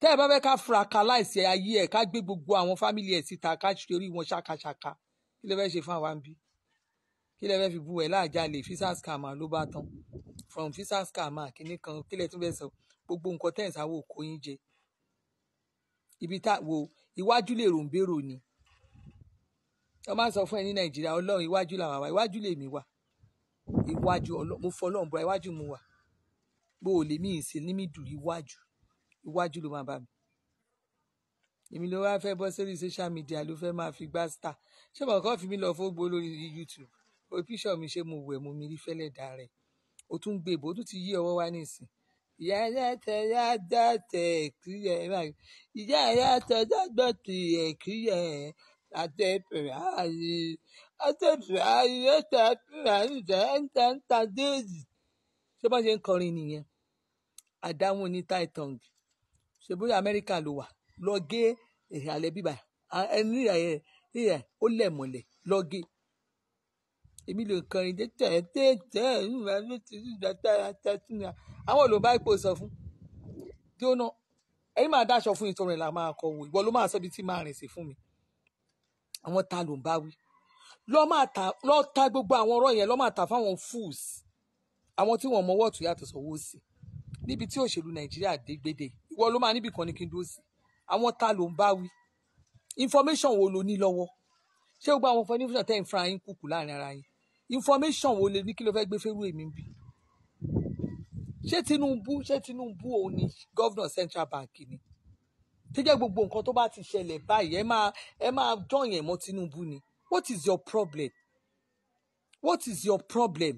tẹ́ ẹ bá fẹ́ ká furaka láìsí ayé ẹ̀ ká gbé gbogbo àwọn fámìlì ẹ̀ síta ká torí wọn ṣàkàṣàkà kí lè fẹ́ ṣe fún àwa ń bí kí lè fẹ́ fi bu ẹ̀ láàjà lè fisa ló bá tán from fisa scammer kìíní kan kí lè tún fẹ́ sọ gbogbo nǹkan tẹ̀ ń sáwó yín jẹ ibi tá wo iwájú lè ròǹbérò ni wọ́n máa ń sọ fún ẹ ní nàìjíríà ọlọ́run iwájú làwa wa iwájú lèmi wà iwájú mo fọ ọlọ́run bọ́ iwájú mu wà bó o lè mí ìsìn ní mi dùn iwájú iwájú ló máa bá mi èmi ló wá fẹ́ bọ́ sórí social media ló fẹ́ máa fi gbá star ṣé mo kàn fi mí lọ fógbó lórí YouTube o píṣọ mi ṣe mo wẹ̀ mo mi rí fẹ́lẹ̀ dà rẹ̀ o tún gbèbó e o tún ti yí ọwọ́ wá nísìn ìyá ẹlẹ́tẹ̀ yá dàtẹ̀ kíyẹ̀ báyìí ìyá ẹlẹ́tẹ̀ dàgbọ̀tì ẹ̀ kíyẹ̀ àtẹ̀pẹ̀rẹ̀ ààyè àtẹ̀pẹ̀rẹ̀ ààyè ẹ̀tẹ̀ àpẹ̀rẹ̀ àyíṣẹ́ ẹ̀ńtẹ̀ ńta déèjì. ṣé bá ṣe ń kọrin nìyẹn àdáhùn ní taitong ṣe bóyá amẹ́ríkà ló wà lọ gé ìhàlẹ́ bíbá ẹni ìyá ẹ̀ ó lẹ̀ mọ́lẹ̀ lọ gé èmi lè kọrin dé tẹ̀ tẹ̀ tẹ̀ ìgbà mi ti rí ìgbà tára tẹ́tún ni àwọn olùbá ipò sọ fún tí ó ná ẹ̀yin máa dáṣọ fún ìtọrọ ẹ̀ la máa kọ wò ìwọ ló máa sọ ibi tí máa rìn sí fún mi àwọn ta ló ń bá wí lọ máa ta lọ ta gbogbo àwọn ọ̀rọ̀ yẹn lọ máa ta fáwọn fools àwọn tí wọn mọwọ́ ọ̀tún yàtọ̀ sọ́wọ́ sí níbi tí òṣèlú nàìjíríà dé gbédè ìwọ ló máa níbì kan ní kí n dúró sí àwọn ta ló ń bá wí information wo lo ní lọ́wọ́ ṣé gbogbo àwọn information tẹ́ ń yín kúkú láàrin ara yín information wo lè ní kí ló fẹ́ gbé fẹ́rù èmi bí ṣé Tinubu ṣé Tinubu òun ni governor central bank ni tẹ́jẹ́ gbogbo nǹkan tó bá ti ṣẹlẹ̀ báyìí ẹ máa ẹ máa dán mọ́ Tinubu ni what is your problem what is your problem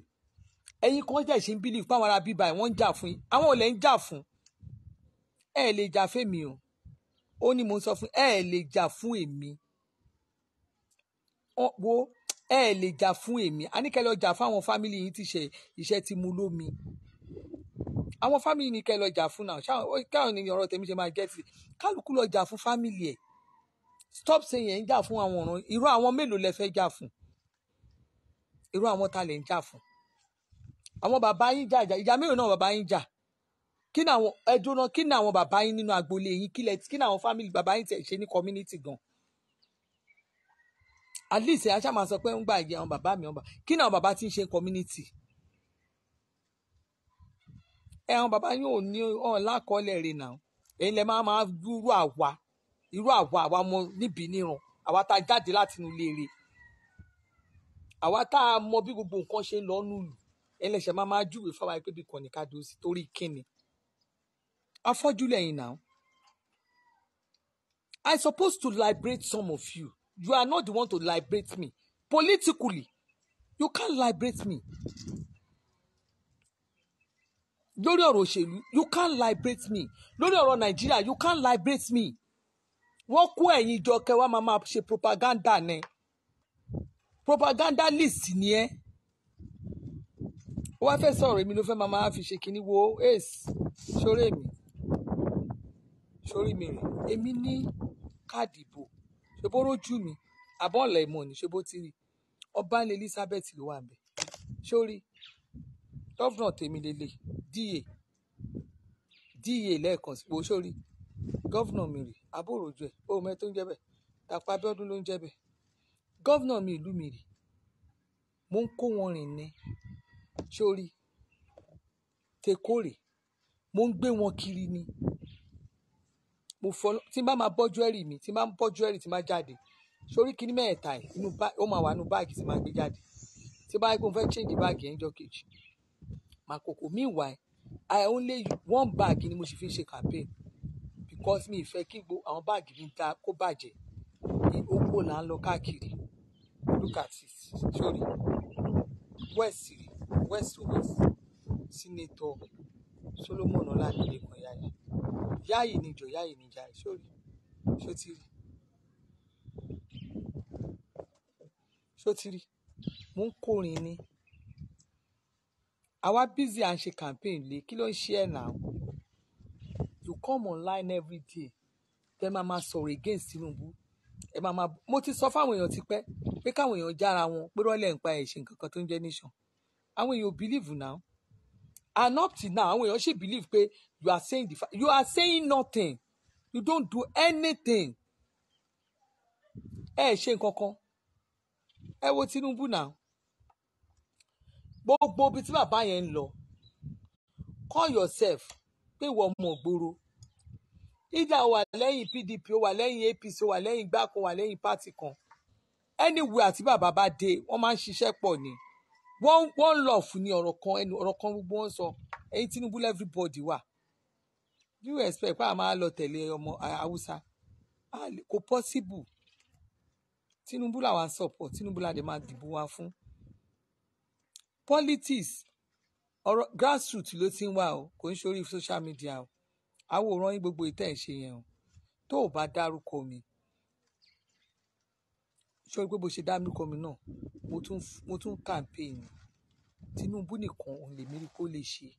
ẹ̀yin kan jẹ́ ìṣe ń bí nípa àwọn ará bíbá ẹ̀ wọ́n ń jà fún yín àwọn olè ń jà fún ẹ lè jà fẹ́mi o ó ní mo sọ fún ẹ lè jà fún èmi wo ẹ lè jà fún èmi a ní kẹ́ lọ jà fún àwọn fámìlì yìí ti ṣe iṣẹ́ tí mu lómi àwọn fámìlì ní kẹ́ lọ fún náà káwọn ní ọ̀rọ̀ tèmi ṣe máa jẹ́ sí kálukú lọ fún fámìlì ẹ̀ stop saying ẹ̀ ń jà fún àwọn ọ̀ràn irú àwọn mélòó lẹ fẹ́ jà fún irú àwọn ta lè ń jà fún àwọn bàbá yín jà ìjà mélòó náà bàbá yín jà kí ni àwọn ẹdùn náà kí ni àwọn bàbá yín nínú agboolé yín kí ni àwọn fámìlì bàbá yín tẹ̀ ṣe ní community gan at least ẹ aṣá máa sọ pé ń gbà yẹ àwọn bàbá mi àwọn bàbá kí ni àwọn bàbá ti ń ṣe community ẹ àwọn bàbá yín ò ní ọ̀n lákọọ́lẹ̀ rẹ̀ nà èyí lẹ máa máa dúró àwa irú àwa àwa mọ níbi níran àwa tá a jáde láti inú ilé rẹ̀ àwa tá a mọ bí gbogbo nǹkan ṣe lọ nùlù ẹ lẹsẹ máa máa júwèé fáwa pé bí kàn ní ká dó sí torí kíni afọ́jú lẹ́yìn náà I suppose to liberate some of you you are not the one to liberate me politically you can't liberate me lórí ọ̀rọ̀ òṣèlú you can't liberate me lórí ọ̀rọ̀ nàìjíríà you can't liberate me wọ́n kó ẹ̀yin jọ kẹwàá máa máa ṣe propaganda ni propaganda list ni ẹ́ ó wá fẹ́ sọ̀rọ̀ èmi ló fẹ́ máa máa fi ṣe kínní wo ace sórí èmi sórí mi rè èmi ní káàdì ìbò ṣe bó rójú mi àbọ̀ọ̀lẹ̀ ìmọ̀ ni ṣe bó ti rí ọba ní Elizabeth ló wà ń bẹ̀ sórí gọ́vnà tèmi lélẹ̀ DA DA lẹ́ẹ̀kan sí wo sórí gọ́vnà mi rè abórojú ẹ̀ ohun mẹ́tò ń jẹ́ bẹ̀ Dàpọ̀ Abíọ́dún ló ń jẹ́ bẹ̀ gọ́vnà mi ìlú mi rè mo ń kó wọn rìn ní sórí tekore mo ń gbé wọn kiri ni mo fọlọ́ tí n bá máa bọ́ jewelry mi tí n bá ń bọ́ jewelry tí n bá jáde sórí kinní mẹ́ẹ̀ta ẹ̀ inú ó máa wà nínú báàgì tí n máa gbé jáde tí n bá yẹ kó fẹ́ change báàgì ẹ̀ ń jọ kejì màá kókó meanwhile I only one bag ni mo sì fi ṣe campaign because mi ì fẹ́ kí gbo àwọn báàgì mi ta kó bàjẹ́ ní oko là ń lọ káàkiri look at this. Sorry. west rí west west senator Solomon Ọlámilékan yáyì níjọ yáyì níjà sórí sótìrì sótìrì mò kórin ni àwa busy à ń ṣe campaign lé kí ló ń ṣe ẹ̀ náà you come online every day Then, máa ma sọ̀rọ̀ against Tinubu ẹ máa ma mo ti sọ fáwọn èèyàn tipẹ́ pé káwọn èèyàn jára wọn pé rọ́lẹ̀ ń pa ẹ̀ṣẹ̀ nǹkan kan tó ń jẹ́ nation àwọn èèyàn believe now and up till now àwọn èèyàn ṣì believe pé You are saying the you are saying nothing. You don't do anything. Ẹ ṣe nǹkan kan. Ẹ wo Tinubu náà. Gbogbo ibi tí bàbá yẹn ń lọ. Call yourself pé wọ́n mọ̀ gbòòrò. Ìdá wà lẹ́yìn PDP, ó wà lẹ́yìn APC, ó wà lẹ́yìn gbá kan, wà lẹ́yìn pátì kan. Anywhere àti bàbá bá dé, wọ́n máa ń ṣiṣẹ́ pọ̀ ni wọ́n wọ́n lọ fún ní ọ̀rọ̀ kan ẹnu ọ̀rọ̀ kan gbogbo wọn sọ ẹ̀yin Tinubu everybody wà you expect pa máa lọ tẹ̀lé ọmọ haúsá kò possible Tinubu làwa ń support Tinubu làdé máa dìbò wa fún politics ọ̀rọ̀ grassroots ló ti ń wá o kò ń sórí social media o àwòrán yín gbogbo ìtẹ̀ ń ṣe yẹn o tó o bá dárúkọ mi sórí pé bó ṣe dárúkọ mi náà mo tún campaign Tinubu nìkan òun lèmi kó lè ṣe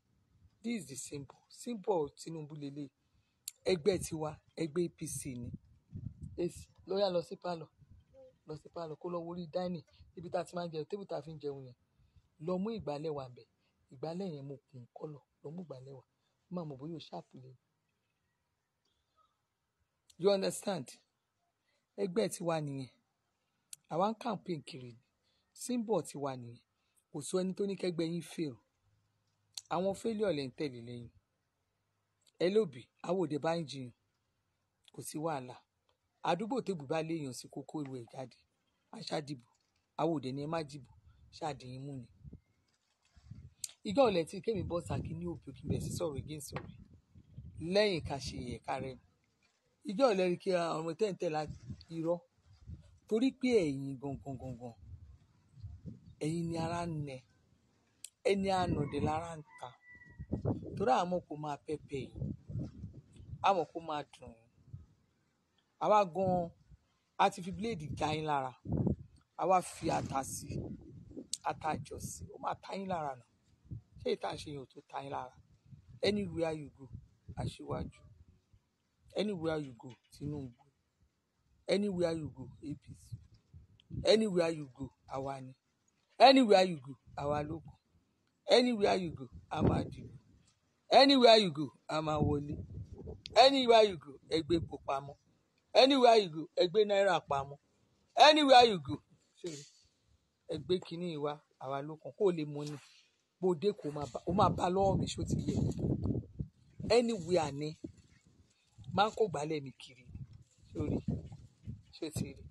this is the Simple symbol Tinubu lele ẹgbẹ́ tiwa ẹgbẹ́ APC ni èsì lọ́yà lọ sí pálọ̀ lọ sí pálọ̀ kó lọ wọrí dání níbi tá a ti máa ń jẹun tébù tá a fi ń jẹun yẹn lọ mú ìgbálẹ̀ wà bẹ̀ ìgbálẹ̀ yẹn mo kùn kọ́lọ̀ lọ mú ìgbálẹ̀ wà má mo bóyá o ṣáàpù lè you understand ẹgbẹ́ tiwa nìyẹn àwa ń campaign kiri Simple, symbol tiwa nìyẹn kò sọ ẹni tó ní kẹgbẹ́ yín fail àwọn failure lè ń tẹ̀lé lẹ́yìn ẹ lóbi àwòdè bá ń jiyàn kò sí wàhálà àdúgbò tèbù bá léèyàn sí kókó ìwé ẹ̀ jáde aṣáàdìbò àwòdè ni ẹ má dìbò ṣáàdìyín mú ni. ìjọ ọ̀lẹ̀ tí kémi bọ́ sàkí ní òbí òkè bẹ̀rẹ̀ sí sọ̀rọ̀ again sọ̀rọ̀ lẹ́yìn ká ṣe ẹ̀ka rẹ̀ ìjọ ọ̀lẹ̀ rí kí ọ̀rọ̀ tẹ́ǹtẹ́ la irọ́ torí pé ẹ̀yin gangan gangan ni ara ń nẹ ẹni ànàdè lára ń torí àwọn kò máa pẹpẹ yìí àwọn kò máa dùn ún àwa gan a ti fi bíléèdì ga yín lára àwa fi ata sí ata jọ sí ó máa ta yín lára nà ṣé ìta ṣe yẹn tó ta yín lára anywhere you go aṣíwájú anywhere you go Tinubu anywhere you go APC anywhere you go àwa ni anywhere you go àwa ló anywhere you go a máa dìbò anywhere you go a máa wọlé anywhere you go ẹgbẹ́ epo pamọ́ anywhere you go ẹgbẹ́ náírà pamọ́ anywhere you go ẹgbẹ́ kínní wa àwa ló kàn kó o lè mọ ni bó o dé kó o máa bá lọ́wọ́ mi ṣó ti yẹ anywhere ni máa ń kó gbálẹ̀ mi kiri sórí ṣó ti rí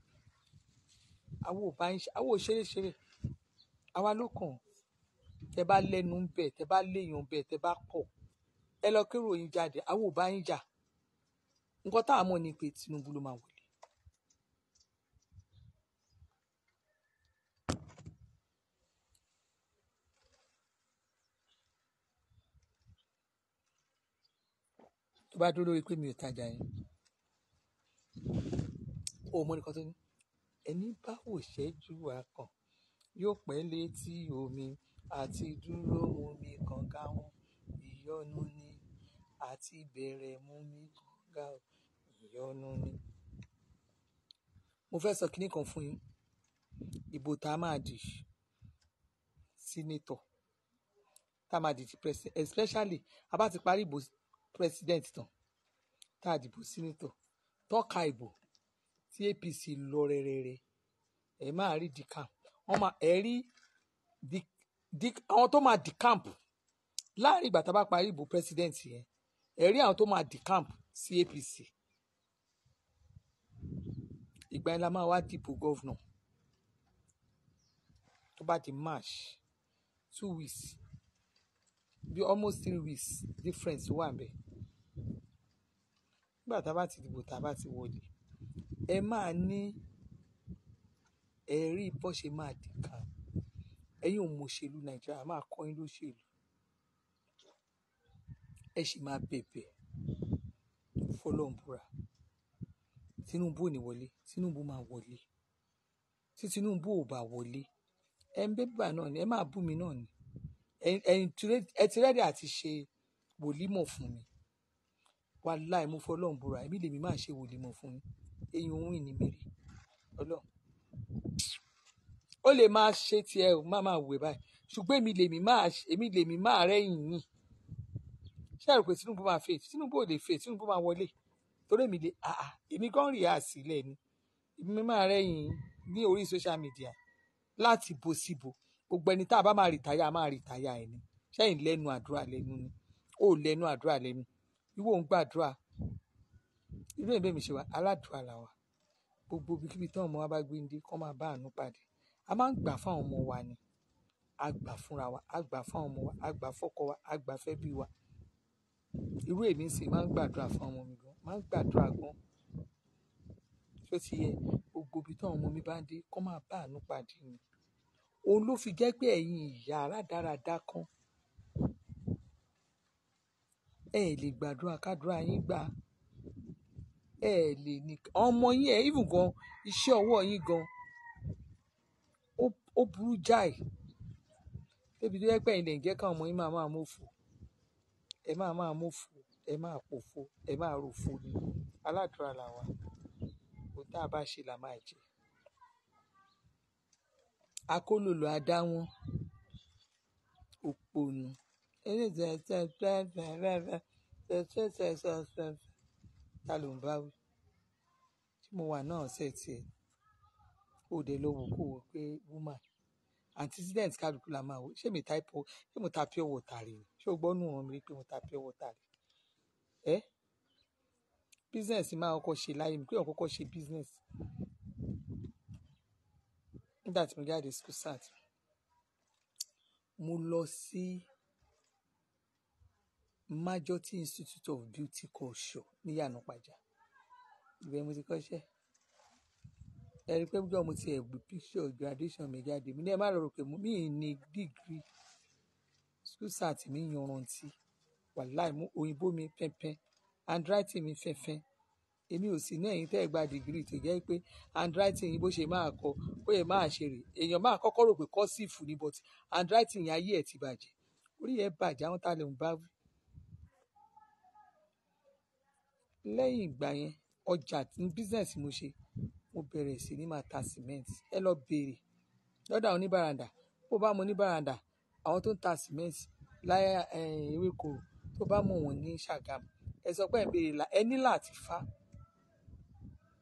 àwọn ò bá ń ṣe àwọn ò ṣeré ṣeré àwa ló kàn tẹ bá lẹ́nu ń bẹ̀ tẹ bá léèyàn bẹ̀ tẹ bá kọ̀ ẹ lọ kí ròyìn jáde àwọn ò bá yín jà nǹkan tá a mọ̀ ni pé Tinubu ló máa wọlé. tó bá dúró pé mi ò tajà yẹn o mọ nìkan tó ní ẹni bá wò ṣẹ́jú wa kàn yóò pẹ́ létí omi àti dúró mu kànga wọn, ìyọnu ni. Àti bẹ̀rẹ̀ mu kànga wọn, ìyọnu ni. Mo fẹ́ sọ kíní kan fún yín. Ìbò tá a máa dì sínétọ̀, tá a máa dì ti president, especially a bá ti parí ìbò president tán, tá a dìbò sínétọ̀, tọ́ka ìbò tí APC lọ rẹ̀rẹ̀rẹ̀, ẹ máa rí dìkan. Wọ́n máa, ẹ rí dìkan àwọn tó máa decamp láàrin ìgbà tá a bá parí ìbò president yẹn ẹ rí àwọn tó máa decamp sí APC ìgbà yẹn la máa wá dìbò gọ́vnà tó bá di march two weeks bí almost three weeks difference wà bẹ́ẹ̀ nígbà tá a bá ti dìbò tá a bá ti wọlé ẹ máa ní ẹ̀rí bó ṣe máa decamp Ẹ̀yin ò mọ òṣèlú Nàìjíríà, a máa kọ́ yín lóṣèlú. Ẹ sì máa bẹ̀bẹ̀ fọ́ lọ́hùnbúra. Tinubu ò ní wọlé, Tinubu máa wọlé. Tí Tinubu ò bá wọlé, ẹ ń bẹ̀bẹ̀ náà ni, ẹ máa bú mi náà ni. Ẹ ti rẹ́dí àti ṣe wòlímọ̀ fún mi. Wàláì, mo fọ́ lọ́hùnbúra, èmi lèmi máa ṣe wòlímọ̀ fún yín. Ẹ̀yin òun ìní mi Ọlọ́run ó lè máa ṣe tiẹ̀ ò má máa wùwẹ̀ báyìí ṣùgbọ́n èmi lèmi máa èmi lèmi máa rẹ́yìn yìí ṣé àrò pé Tinubu máa fè Tinubu ò lè fè Tinubu máa wọlé torí èmi lè àà èmi gan rí àsìlẹ̀ ni èmi máa rẹ́yìn ní orí social media láti bo síbo gbogbo ẹni tá a bá máa rìtáyà a máa rìtáyà ẹ̀ ni ṣẹ́yìn lẹ́nu àdúrà lẹ́nu ni ó lẹ́nu àdúrà lẹ́nu ìwọ ń gbàdúrà irú ẹ̀bẹ̀ mi ṣe wá aládùúrà làwà gbogbo ibikíbi tí ọmọ wa bá kọ́ máa bá àánú pàdé a máa ń gbà fáwọn ọmọ wa ni a gbà fúnra wa a gbà fáwọn ọmọ wa a gbà fọ́kọ wa a gbà fẹ́bí wa irú èmi sì máa ń gbàdúrà fún ọmọ mi gan máa ń gbàdúrà gan tí ó ti yẹ gbogbo ibi táwọn ọmọ mi bá ń dé kó máa bá àánú pàdé ni òun ló fi jẹ́ pé ẹ̀yin ìyá aládàradà kan ẹ lè gbàdúrà kádúrà yín gbà ẹ lè ní ọmọ yín ẹ even gan iṣẹ́ yín gan ó burú jáì débi tó yẹ pé ẹ̀yin lè jẹ́ káwọn ọmọ yín máa máa mọ̀fò ẹ máa máa mọ̀fò ẹ máa pòfo ẹ máa ròfo ni aládùúrà làwà ohun tá a bá ṣe là máa jẹ akólòlò adáwọn òpònú ta ló ń bá wí tí mo wà náà ṣe tiẹ̀ ó dé lọ kó wò pé woman antecedent kálukú la máa wò ṣé mi type o ṣé mo ta pure water rè ṣé o gbọ́nù ọ̀run mi pé mo ta pure water rè ẹ́ business máa kọ́kọ́ ṣe láyé mi pé òun kọ́kọ́ ṣe business nígbà tí mo jáde school sat mo lọ sí Majority Institute of Beauty Culture ní Yànàpájà ìbẹ̀ mo ti kọ́ṣẹ́ ẹ̀rí pé jọ́ mo ti ẹ̀gbìn picture graduation mi jáde mi ní ẹ má lọ rò pé mo míì ní degree school sat mi yanrantí wàláì mú òyìnbó mi pẹ́pẹ́ handwriting mi fẹ́fẹ́ èmi ò sí náà èyí tẹ́ ẹ̀ gba degree tó jẹ́ pé handwriting yìí bó ṣe máa kọ ó yẹ máa ṣe rè èèyàn máa kọ́kọ́ rò pé cursive ni but handwriting yẹn ayé ẹ̀ ti bàjẹ́ orí ẹ̀ bàjẹ́ àwọn tá a lè ń bá wí. lẹ́yìn ìgbà yẹn ọjà business mo ṣe mo bẹ̀rẹ̀ sí ní máa ta cement ẹ lọ bèrè lọ́dọ̀ àwọn oníbàràndà bó bá mọ oníbàràndà àwọn tó ń ta cement láyé ewéko tó bá mọ wọn ní Ṣàgámù ẹ sọ pé ẹ bèrè ẹ ní láti fa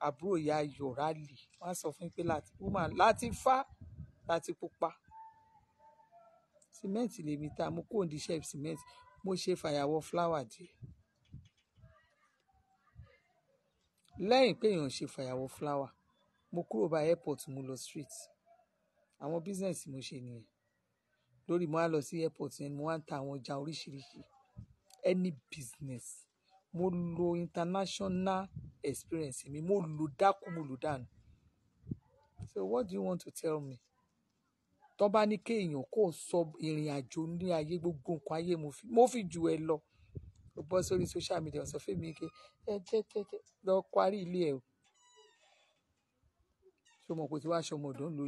àbúrò ìyá yọ̀rá lè wọ́n á sọ fún pé láti fa láti pupa cement lèmi ta mo kó òǹdí ṣẹ́ẹ̀bù cement mo ṣe fàyàwọ́ fúláwà díẹ̀ lẹ́yìn pé ṣe fàyàwọ́ fúláwà mo kúrò bá airport mo lọ street àwọn business mo ṣe nìyẹn lórí mo wá lọ sí airport yẹn mo wá ń ta àwọn ọjà oríṣiríṣi any business mo lo international experience mi mo lò dákú mo lò dànù so what do you want to tell me tó bá ní kéèyàn kó sọ ìrìn àjò ní ayé gbogbo nǹkan ayé mo fi jù ẹ lọ ó sórí social media ọ̀sán fèmí ike ẹ jẹ́ jẹ́ jẹ́ lọ parí ilé ẹ̀ o ọmọ pé tí wàá ṣọmọ ọ̀dọ́ ń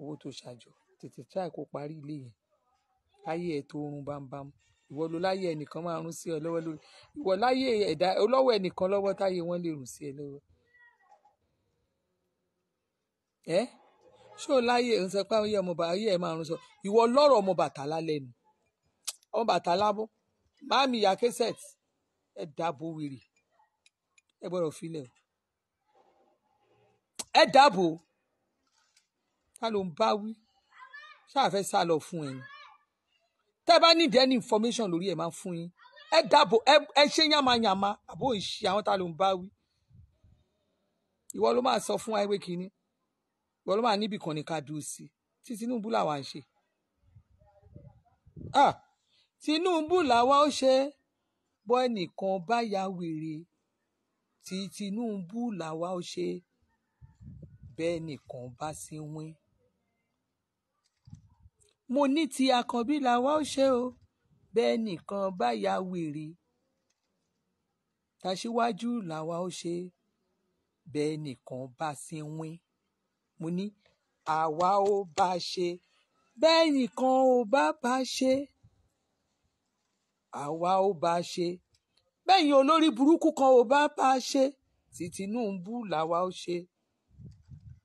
owó tó ṣàjọ tètè try kó parí ilé yẹn láyé oorun bámbám ìwọ ló láyé ẹnìkan máa rún sí ọ lọ́wọ́ lórí ìwọ láyé ẹ̀dá olówó ẹnìkan lọ́wọ́ táyé wọ́n lè sí ẹ ẹ ń ọmọ ayé ẹ máa rún sọ ọmọ ọmọ máàmì ẹ dáàbò ẹ ẹ dáàbò ta ló ń bá wí ṣáà fẹ́ sá lọ fún ẹ̀yin tẹ́ bá need any information lórí ẹ̀ máa fún yín ẹ dáàbò ẹ ṣe yàmàyàmà àbò ìṣe àwọn ta ló ń bá wí ìwọ ló máa sọ fún wa ewé kínní ìwọ ló máa níbì kan ní ká dùn sí tí Tinubu làwa ń ṣe ah, Tinubu làwa ó ṣe bọ́ ẹnìkan bá ya wèrè tí Tinubu làwa ó ṣe bẹ́nìkan bá sí wín. mo ní ti àkànbí làwa ó ṣe o bẹ́nìkan bá ya wèrè tàṣíwájú làwa ó ṣe bẹ́nìkan bá sí wín. mo ní àwa ó bá ṣe bẹ́nìkan ò bá bá ṣe àwa ó bá ṣe bẹ́yìn olórí burúkú kan ò bá bá ṣe tí Tinubu làwa ó ṣe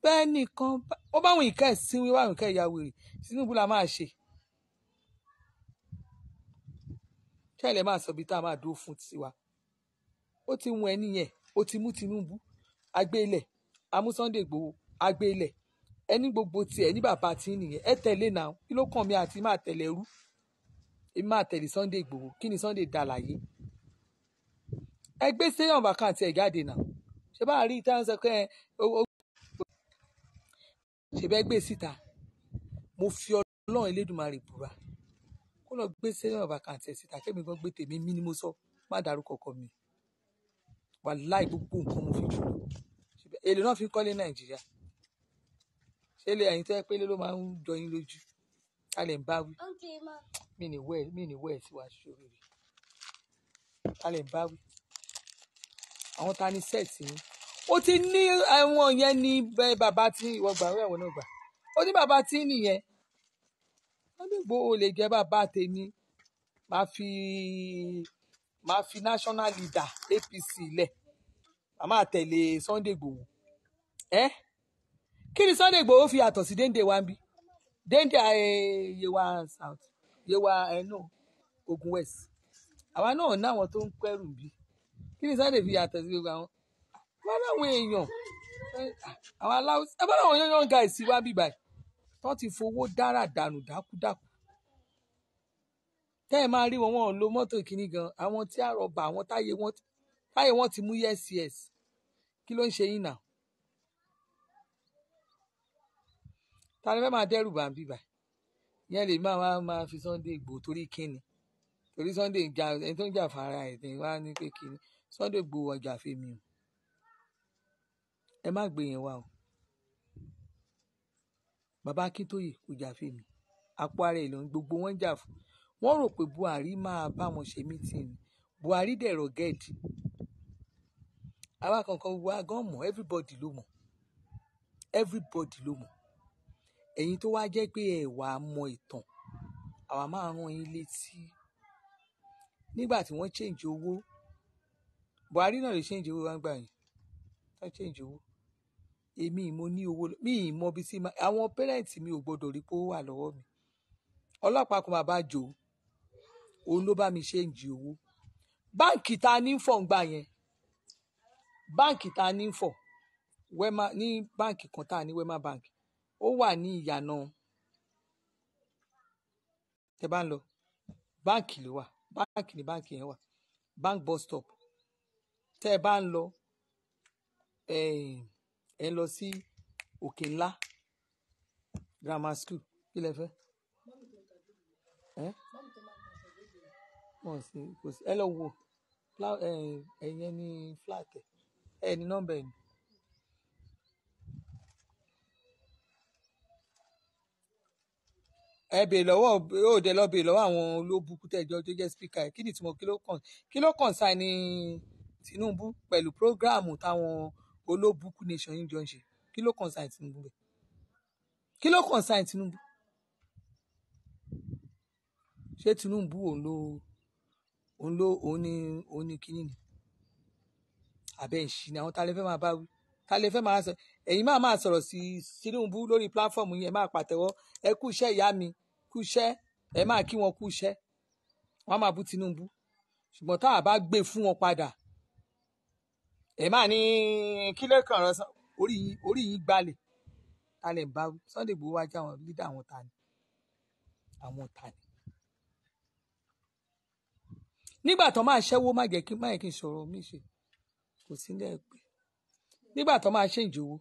bẹ́ẹ̀nìkan ó báwọn ìkẹ́ ẹ̀ sí wíwá àwọn ìkẹ́ ìyá wèrè Tinubu la máa ṣe kẹ́lẹ̀ máa sọ bí tá a máa dúró fún tiwa ó ti hun ẹni yẹn ó ti mú Tinubu agbélẹ̀ amú Sunday Igboho agbélẹ̀ ẹni gbogbo tiẹ̀ ní bàbá tí nìyẹn ẹ tẹ̀lé e náà kí ló kàn mí àti máa tẹ̀lé rú èmi máa tẹ̀lé Sunday Igboho kí ni Sunday dàlàyé ẹgbẹ́ sẹ́yìn ọ̀bàkan àti ẹ̀ jáde náà ṣé bá rí táwọn sọ pé ṣe bẹ́ẹ̀ gbé síta mo fi ọlọ́run elédùnmarè búra kó lọ gbé sẹ́yìn ọ̀bà kàǹtì ẹ̀ síta kẹ́mi gan gbé tèmi mí ni mo sọ má dárúkọ ọkọ mi wàláì gbogbo nǹkan mo fi jù lọ èlò náà fi ń kọ́lé nàìjíríà ṣé lè ẹ̀yin tó yẹ pé ló máa ń jọ yín lójú a ń bá wí mí ni wẹ́ẹ̀ mí ni wẹ́ẹ̀ sí wàá ṣòro rẹ̀ a ń bá wí àwọn ta ni sẹ́ẹ̀tì yín ó ti ní ẹ̀wọ̀n yẹn ní bàbá tí ìwọ gbà ẹ̀wọ̀n náà gbà ó ní bàbá tí nìyẹn wọ́n ní gbó o lè jẹ́ bàbá tèmi máa fi máa fi national leader APC lẹ̀ màmá àtẹ̀lé Sunday Igboho ẹ́ kí ni Sunday Igboho fi àtọ̀ sí déńdé wa ń bí déńdé Yewa South Yewa ẹnu eh, Ogun West àwa náà náwọn tó ń pẹ́rù bí kí ni Sunday fi àtọ̀ sí gbogbo àwọn wọ́n láwọn èèyàn àwọn aláwọ̀ ẹ bá láwọn yányán ga ìsìn wá bíbá ẹ̀ tó ti fowó dára dànù dákúdàkú tẹ́ ẹ máa rí wọn wọn lo mọ́tò kìíní gan àwọn tí àrọ̀bà àwọn táyé wọn táyé wọn ti mú yes yes kí ló ń ṣe yín náà ta ni fẹ́ máa dẹ́rù bá ń bíbá yẹn lè máa máa fi Sunday Igboho torí kíni torí Sunday ìjà ẹni tó ń jà fara ẹ̀ ní wá ní pé kíni Sunday Igboho ọjà fèmí o ẹ má gbé yẹn wá o bàbá akíntóyè kò jà fèmí àpò ara ẹ̀ ló ń gbogbo wọn jà fún wọn rò pé buhari máa bá wọn ṣe mítìnì buhari dẹ̀rọ̀ gẹ́ẹ̀dì àwa kankan wa gan mọ̀ everybody ló mọ̀ everybody ló mọ̀ ẹ̀yin tó wá jẹ́ pé ẹ̀ wà á mọ ìtàn àwa máa rán yín létí nígbà tí wọ́n change owó buhari náà lè change owó wá gbà yín wọ́n change owó èmi mo ní owó mi ì mọ ibi tí ma àwọn pẹ́rẹ́ǹtì mi ò gbọdọ̀ rí pé ó wà lọ́wọ́ mi ọlọ́pàá kan bàbá jò òun ló bá mi ṣe ń jí owó báǹkì ta ní fọ̀ ń gbà yẹn báǹkì ta ní fọ̀ wema ní báǹkì kan tá a ní wema bank ó wà ní ìyànà tẹ bá ń lọ báǹkì ló wà báǹkì ní báǹkì yẹn wà bank bus stop tẹ bá ń lọ. Eh, ẹ lọ sí òkè ńlá grammar school kí lẹ fẹ́ ẹ lọ wo ẹ̀yẹn ní flat ẹ ní nọ́mbà ẹ̀ ní. ẹ bèè lọ́wọ́ ó dẹ lọ bèè lọ́wọ́ àwọn olóbùkú tẹjọ tó jẹ́ spíkà ẹ kí ni tí mo kí ló kàn kí ló kàn sáà ní Tinubu pẹ̀lú prógráàmù táwọn olóbùkún nation yín jọ ń ṣe kí ló concern Tinubu bẹ́ẹ̀ kí ló concern Tinubu ṣé Tinubu òun ló òun ló òun ní òun ní kínní ni àbẹ̀ ìṣí ni àwọn talẹ́fẹ́ máa bá wí talẹ́fẹ́ máa sọ ẹ̀yin máa máa sọ̀rọ̀ sí Tinubu lórí pílàfọ́ọ̀mù yẹn máa pàtẹ́wọ́ ẹ kú iṣẹ́ ìyá mi kú iṣẹ́ ẹ máa kí wọn kú iṣẹ́ wọn máa bú Tinubu ṣùgbọ́n tá a bá gbé e fún wọn padà ẹ máa ní kílẹ̀ kan ránṣán orí yín orí yín gbalẹ̀ talẹ̀ ń bá Sunday Igboho wájú àwọn lídà àwọn ta ni àwọn ta ni. nígbà tó máa ṣẹ́wó má jẹ́ kí má yẹ kí n sọ̀rọ̀ mi ṣe kò sí ní ẹ̀pẹ́ nígbà tó máa ṣe ìjòwó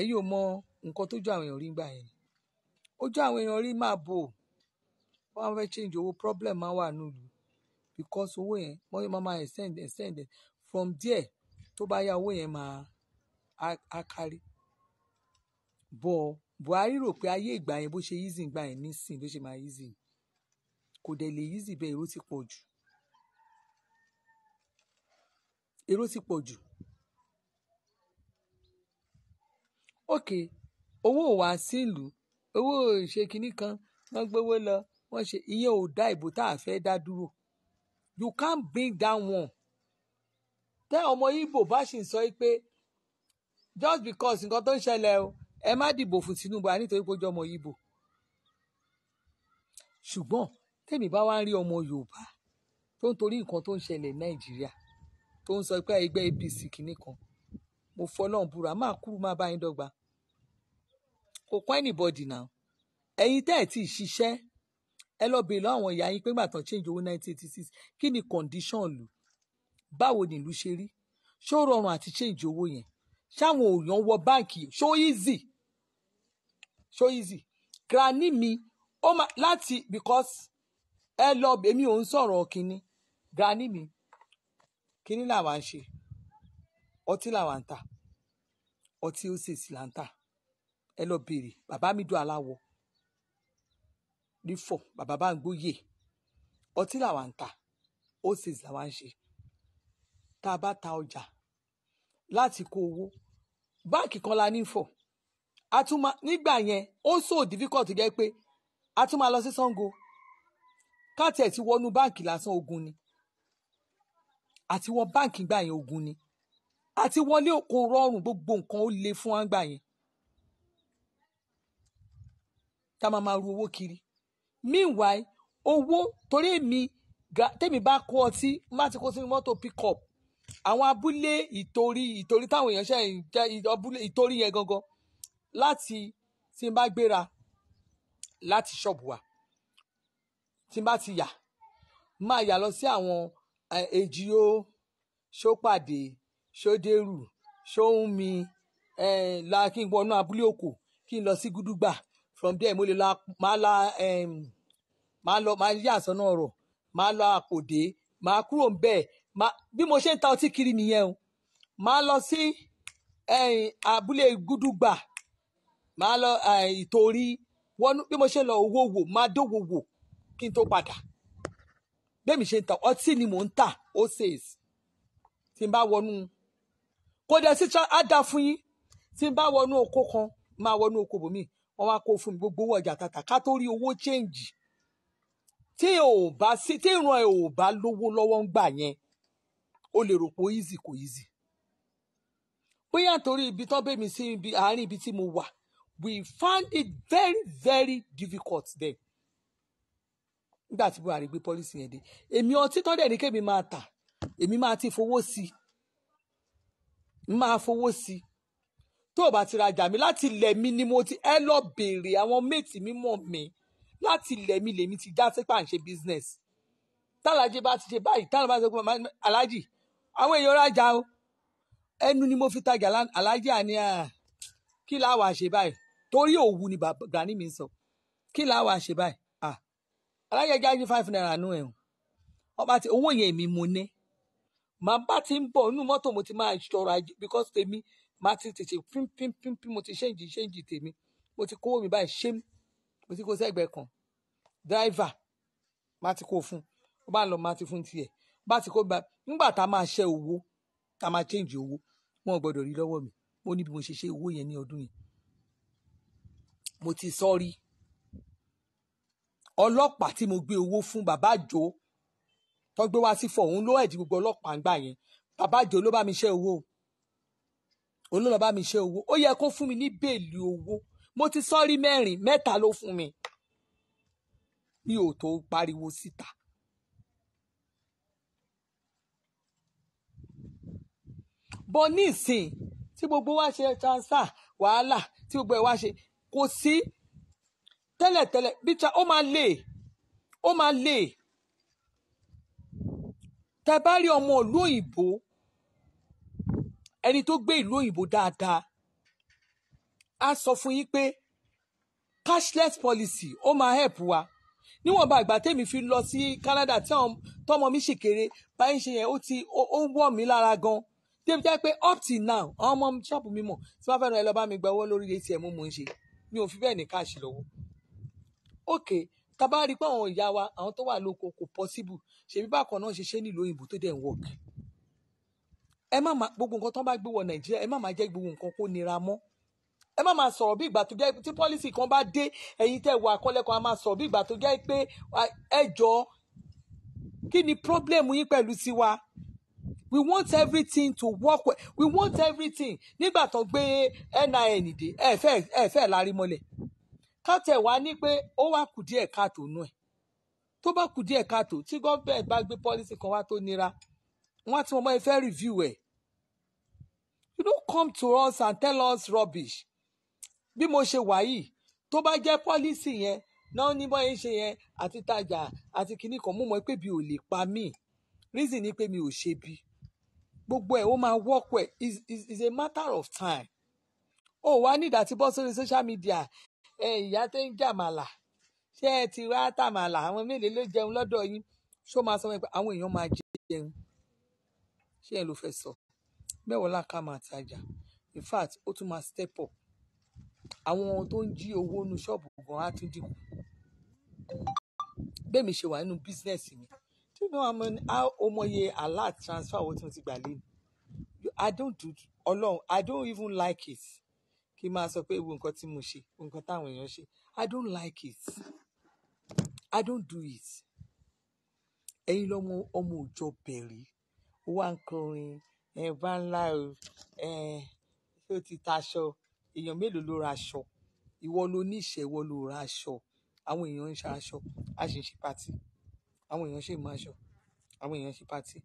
ẹ yóò mọ nǹkan tó jọ àwọn èèyàn rí gbà yẹn ojú àwọn èèyàn rí máa bò wọ́n máa fẹ́ change owó problem máa wà nílùú because owó yẹn wọ́n máa extend extend from there tó bá yá owó yẹn máa á kárí bọ̀ Buhari rò pé ayé ìgbà yẹn bó ṣe easy ìgbà yẹn nísìn ló ṣe máa easy kò dẹ̀ lè easy bẹ́ẹ̀ èrò ti pọ̀ jù èrò ti pọ̀ jù ok owó wá sílùú owó ìṣe kinní kan wọ́n gbowó lọ wọ́n ṣe ìyẹn ò dá ìbò tá a fẹ́ dá dúró you can't bring that one tẹ́ ọmọ Ìgbò bá sì ń sọ pé just because nǹkan tó ń ṣẹlẹ̀ o ẹ má dìbò fún Tinubu a nítorí pé ó jẹ́ ọmọ Ìgbò ṣùgbọ́n tèmi bá wá ń rí ọmọ Yorùbá tó ń torí nǹkan tó ń ṣẹlẹ̀ Nàìjíríà tó ń sọ pé ẹgbẹ́ APC kìíní kan mo fọlọ́n búra máa kúrú máa bá yín dọ́gba kò kọ́ anybody now ẹ̀yin tẹ́ ẹ̀ tí ì ṣiṣẹ́ ẹ lọ bèèrè lọ́wọ́ àwọn ìyá yín pé gbàtàn change owó nineteen eighty six kí ni condition lù báwo ni ìlú ṣe rí ṣó rọrùn àti change owó yẹn ṣáwọn òòyàn wọ báǹkì ṣó easy ṣó easy granny mi ó máa láti because ẹ lọ èmi ò ń sọ̀rọ̀ kínní granny mi kínní làwa ń ṣe ọtí làwa ń tà ọtí ó sèṣì là ń tà ẹ lọ béèrè bàbá mi dùn aláwọ rífọ bàbá bá ń gbóyè ọtí làwa ń tà ó sèṣì làwa ń ṣe tá a bá ta ọjà láti kó owó báǹkì kan la ní fọ a nígbà yẹn ó so difficult jẹ́ pé a lọ sí Sango káàtì ẹ̀ ti wọnú báǹkì lásán ogun ni àti wọ báǹkì gbà yẹn ogun ni àti wọlé kò rọrùn gbogbo nǹkan ó le fún wa gbà yẹn tá a máa máa ru owó kiri meanwhile owó torí èmi tèmi bá kó ọtí má ti kó sínú mọ́tò pick up àwọn abúlé ìtorí ìtorí táwọn èèyàn ṣe ń jẹ́ abúlé ìtorí yẹn gangan láti tí n bá gbéra láti ṣọ́ọ̀bù wa tí n bá ti yà máa yà lọ sí àwọn èjìó ṣópàdé ṣódérù ṣóhunmi la kí n wọnú abúlé òkò kí n lọ sí gúdúgbà from there mo lè la máa la máa lọ máa yí àsán náà máa lọ àpòdé máa kúrò ń bẹ́ẹ̀ bí mo ṣe ń ta ọtí kiri nìyẹn o màá lọ sí eh, abúlé gúdúgbà màá lọ eh, ìtòrí wọnú bí mo ṣe lọ owó wò máa dówó wò kí n tó padà bẹ́ẹ̀ mi ṣe ń ta ọtí ni mò ń tà ó sèz tí n bá wọnú kò dẹ̀ sí á dá fún yín tí n bá wọnú oko kan máa wọnú oko bòmí wọn wá kó fún mi gbogbo owó ọjà tàtà ká tó rí owó chẹ́ǹjì tí ò ẹ̀ ò bá lówó lọ́wọ́ ń gbà yẹn o lè rò pé ó easy kò easy bóyá torí ibi tó bẹ́ sí ibi àárín ibi tí mo wà we found it very very difficult then nígbà tí Buhari gbé pọ́lísì yẹn dé èmi ọtí tán dẹ̀ ní kémi máa tà èmi máa ti fowó sí i máa fowó sí i tó o bá ti rajà mi láti ilẹ̀ mi ni mo ti ẹ lọ béèrè àwọn méètì mi mọ̀ mi láti ilẹ̀ mi lèmi ti já sí pàǹṣe business tálájì bá ti ṣe báyìí tálájì bá ti ṣe pé alájì àwọn èèyàn rajà o ẹnu ni mo fi tajà alájà ni kí la wá ṣe báyìí torí òwú ni Gani mi sọ kí la wá ṣe báyìí alájà jáde five naira nù ẹ̀ ọba ti owó yẹn mi mo ní màá bá ti ń bọ̀ inú mọ́tò mo ti máa ṣọ̀rọ̀ ajé because tèmi màá ti tètè pínpínpín mo ti ṣéǹjì ṣéǹjì tèmi mo ti kówó mi báyìí ṣé mo ti kó sẹ́gbẹ̀ẹ́ kan driver màá ti kó fún un ó bá ń lọ màá ti fún tiẹ̀ bá ti kó gba nígbà tá a máa ṣẹ́ owó tá a máa change owó wọn ò gbọ́dọ̀ rí lọ́wọ́ mi mo ní bí mo ṣe ṣe owó yẹn ní ọdún yìí mo ti sọ rí ọlọ́pàá tí mo gbé owó fún bàbá àjò tó gbé wá sí fọ òun ló ẹ̀dí gbogbo ọlọ́pàá ń gbà yẹn bàbá àjò ló bá mi ṣẹ́ owó òun ló lọ bá mi ṣẹ́ owó ó yẹ kó fún mi ní bẹ́ẹ̀lì owó mo ti sọ rí mẹ́rin mẹ́ta ló fún mi mi ò tó pariwo síta. Si bọ́ nísìn tí gbogbo wa ṣe transfer wàhálà tí gbogbo ẹ̀ wá ṣe kò sí tẹ́lẹ̀tẹ́lẹ̀ bíta ó máa lè ó máa lè tẹ bá rí ọmọ ìlú òyìnbó ẹni tó gbé ìlú òyìnbó dáadáa á sọ fún yín pé cashless policy ó máa help wa níwọ̀nba ìgbà tèmi fi lọ sí Canada tí ọmọ mi ṣèkéré báyìí ṣe yẹn ó ti ó wọ̀ mí lára gan-an débi jẹ́ pé up till now ọmọ ṣọ́ọ̀bù mi mọ̀ tí wọ́n fẹ́ ràn ẹ lọ bá mi gba owó lórí atm mo ń ṣe mi ò fi bẹ́ẹ̀ ní káàṣì lọ́wọ́ ok tábà rí pé àwọn ìyá wa àwọn tó wà lóko kò possible ṣèbí bákan náà ṣiṣẹ́ nílùú òyìnbó tó dẹ̀ ń work ẹ má ma gbogbo nǹkan tó bá gbé wọ nàìjíríà ẹ má ma jẹ́ gbogbo nǹkan kó nira mọ́ ẹ má máa sọ̀rọ̀ bí ìgbà tó jẹ́ tí pọ́lísì kan bá dé ẹ̀yin tẹ́ wọ àkọlẹ́kọ̀ọ́ a máa sọ̀rọ̀ bí ìgbà tó jẹ́ pé ẹ jọ kí ni pírọ́blẹ̀mù yín pẹ̀lú tiwa we want everything to work well we want everything nígbà tó gbé NIN dé ẹ fẹ́ ẹ fẹ́ lárí mọ́lẹ̀ kátẹ̀ wá ní pé ó wá kù díẹ̀ káàtó nú ẹ̀ tó bá kù díẹ̀ káàtó tí gọ́ọ̀mẹ̀ntì bá gbé pọ́lísì kan wá tó nira wọ́n á ti mọ̀ ẹ fẹ́ review ẹ̀ you don't come to us and tell us rubbish bí mo ṣe wà yìí tó bá jẹ́ pọ́lísì yẹn náà ní bọ́ yẹn ṣe yẹn àti tajà àti kinní mú mọ́ pé bí ò lè pa mí reason ni pé mi ò ṣe bí gbogbo ẹ̀ ó máa work well it's, it's, it's a matter of time ó wá nídà tí bọ́ sórí social media ẹ ìyá tẹ́ ń jàmàlà ṣé ẹ ti rá tàmàlà àwọn mélòó ló jẹun lọ́dọ̀ yín ṣó máa sọ pé àwọn èèyàn máa jẹun ṣé ẹ ló fẹ́ sọ mẹ́wọ̀ọ́ láka máa tajà in fact ó tún máa step up àwọn tó ń jí owó nu ṣọ́ọ̀bù gan á tún dínkù bẹ́ẹ̀ mi ṣe wà nínú bísínẹ́sì mi Do you know how many how omoye alert transfer owó tí mo ti gbà lé I don't do Ọlọ́run I don't even like it. Kí máa sọ pé ewu nǹkan tí mo ṣe, nǹkan táwọn èèyàn ṣe. I don't like it. I don't do it. Ẹ̀yin lọ́mọ ọmọ òòjọ́ bẹ̀rẹ̀ ó wá ń kọrin ẹ̀ bá ńlá o ẹ̀ ṣé o ti taṣọ èèyàn mélòó ló ra aṣọ ìwọ ló ní ìṣẹ́ ìwọ ló ra aṣọ àwọn èèyàn ń ṣe aṣọ a sì ń ṣe patí àwọn èèyàn ṣe ìmọ̀ aṣọ, àwọn èèyàn ṣe patí,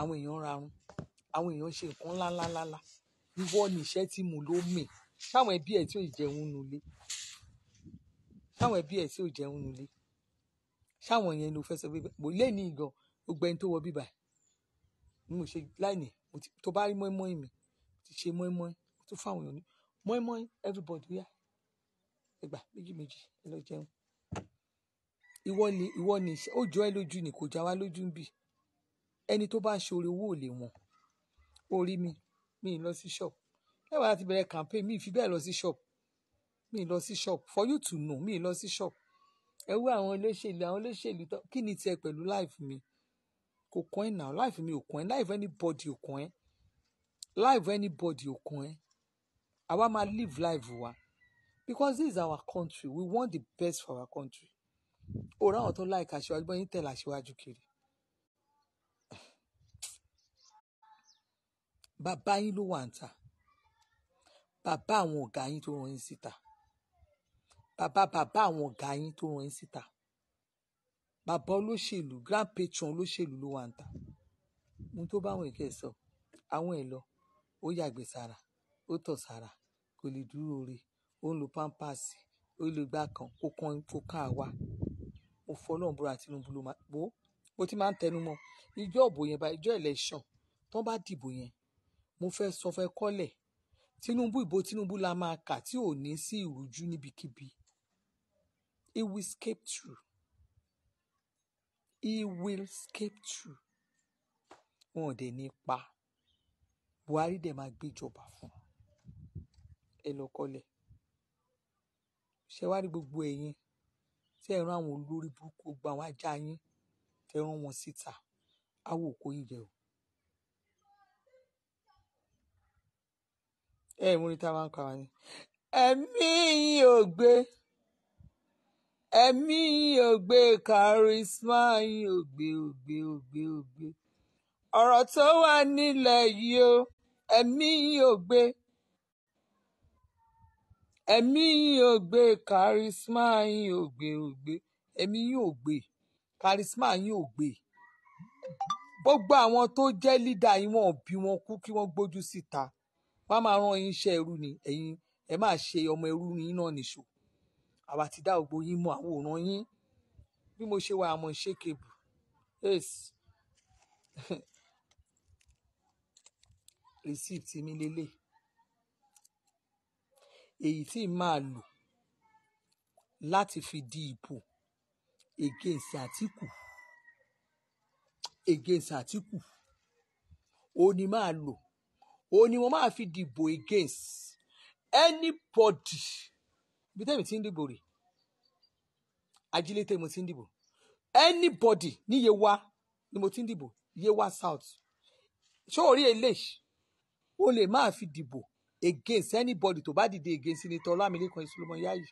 àwọn èèyàn rarun, àwọn èèyàn ṣe nǹkan ńlá ńlá ńlá ńlá. Ìwọ ni iṣẹ́ tí mo ló mè. Ṣáwọn ẹbí ẹ tí ò jẹun nínú ilé. Ṣáwọn ẹbí ẹ tí ò jẹun nínú ilé. Ṣáwọn yẹn ló fẹ́ sọ pé mo lé ní ìgan, gbogbo ẹni tó wọ bíbà. Mo ṣe láìní, tó bá rí mọ́ímọ́í mi, mo ti ṣe mọ́ímọ́í, mo tún fún àwọn èèyàn ní mọ́ímọ́í everybody ó yá. Ẹgbàá méjì méjì, ẹ lọ jẹun ìwọ ni ìwọ ni ó jọ ẹ lójú ni kò já wa lójú ń bì ẹni tó bá ń ṣoore owó ò lè wọ̀n orí mi mi ì lọ sí ṣọ́ọ̀bù lẹ́wọ̀n láti bẹ̀rẹ̀ campaign mi ì fi bẹ́ẹ̀ lọ sí ṣọ́ọ̀bù mi ì lọ sí ṣọ́ọ̀bù for you to know mi ì lọ sí ṣọ́ọ̀bù ẹ wú àwọn olóṣèlú àwọn olóṣèlú tó kí ni tiẹ̀ pẹ̀lú life mi kò kàn ẹ́ náà life mi ò kàn ẹ́ life anybody ò kàn ẹ́ life anybody ò kàn ẹ́ àwa máa live life wa because this is our country we want the best for our country ó ráwọn tó láìka aṣíwájú bọ́yìn tẹ̀lé aṣíwájú kiri bàbá yín ló wà ń ta bàbá àwọn ọ̀gá yín tó ràn yín síta bàbá bàbá àwọn ọ̀gá yín tó ràn yín síta bàbá olóṣèlú grand patron olóṣèlú ló wà ń ta mo tó bá àwọn èké sọ àwọn ẹ̀ lọ ó yàgbẹ́ sára ó tọ̀ sára kò lè dúró re ó ń lo pampasì ó lè gbá kan kó kan kó ká wa mo fọ Ọlọ́run búra Tinubu ló máa wo mo ti máa ń tẹnu mọ́ ìjọ òbò yẹn bá ìjọ election tó bá dìbò yẹn mo fẹ́ sọ fẹ́ kọ́lẹ̀ Tinubu ìbò Tinubu la máa kà tí ò ní sí ìrújú níbikíbi he will escape through he will escape through wọn ò dẹ̀ ní pa Buhari dẹ̀ máa gbéjọba fún ẹ lọ kọ́lẹ̀ ṣe wá rí gbogbo ẹ̀yin tẹ́ ẹ rán àwọn olórí burúkú gbogbo àwọn ajá yín tẹ́ ẹ rán wọn síta á wò yìí jẹ o. ẹ ẹ múri tá a máa ń kọ àwọn ni. ẹ̀mí yìí ò gbé ẹ̀mí yìí ò gbé kàrísímà yìí ò gbé ò gbé ò gbé ò gbé ọ̀rọ̀ tó wà nílẹ̀ yìí o ẹ̀mí yìí ò gbé ẹ̀mí yín ò gbé kàrísímà yín ò gbé ò gbé ẹ̀mí yín ò gbé kàrísímà yín ò gbé gbogbo àwọn tó jẹ́ lídà yín wọn bí wọn kú kí wọ́n gbójú síta wọ́n máa rán yín iṣẹ́ ẹrú ni ẹ̀yin ẹ máa ṣe ọmọ ẹrú yín náà nìṣó àwa ti dá ògbó yín mọ àwòrán yín bí mo ṣe wà àmọ́ ṣé kebù <laughs> receipt mi lélẹ̀ èyí tí máa lò láti fi di ìbò against Àtíkù against Àtíkù ó ní máa lò ó ní mo máa fi dìbò against anybody bí tẹ́mi ti ń dìbò rè ajílété mo ti ń dìbò anybody ní Yewa ni mo ti ń dìbò Yewa South ṣó orí eléyìí o lè máa fi dìbò against anybody tó bá dìde against senator Ọlámilékan Solomon Yayi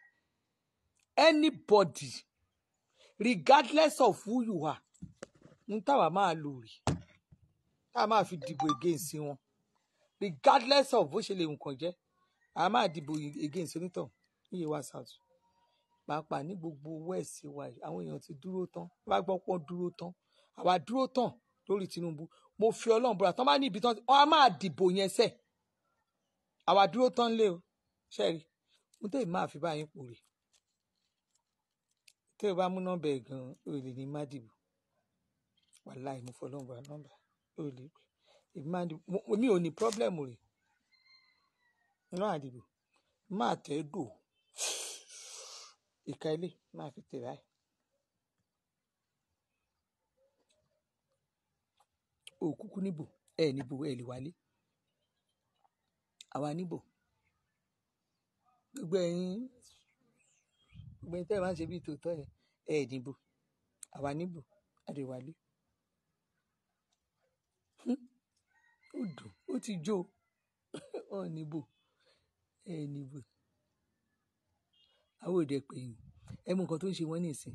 anybody regardless of who you are ń táwa máa lò rè táwa máa fi dìbò against wọn regardless of bó ṣe lè nǹkan jẹ́ a máa dìbò against onítọ̀ níye wa south pàápàá ní gbogbo west wa àwọn èèyàn ti dúró tán bá gbọ́ pọ́n dúró tán àwa dúró tán lórí Tinubu mo fi Ọlọ́run búra tán bá ní ibi tán wọ́n á máa dìbò yẹn sẹ́ẹ̀ àwa dúró tán lé o ṣẹ́ẹ̀rì mo tẹ́ ì máa fi báyìí pò rè tẹ́ ò bá mú nọ́mbà ẹ̀ gan-an ò lè ní má dìbò wàláì mo fọ́ lọ́nba nọ́mbà ò lè pè èmi máa dìbò mi ò ní pọ́blẹ́mù rè lọ́wọ́ àdìbò máa tẹ́ dò ìka ilé máa fi tẹ̀ báyìí. òkúkú níbò ẹ̀ níbò ẹ̀ lè wálé àwa níbò gbogbo ẹ̀yin gbogbo ẹ̀yin tẹ́ ẹ máa ń ṣe bí tòótọ́ ẹ ẹ níbò àwa níbò àdèwálé ó dùn ó ti jó ọ níbò ẹ níbò àwọn òde pè yín ẹ mọ nǹkan tó ń ṣe wọn nísìn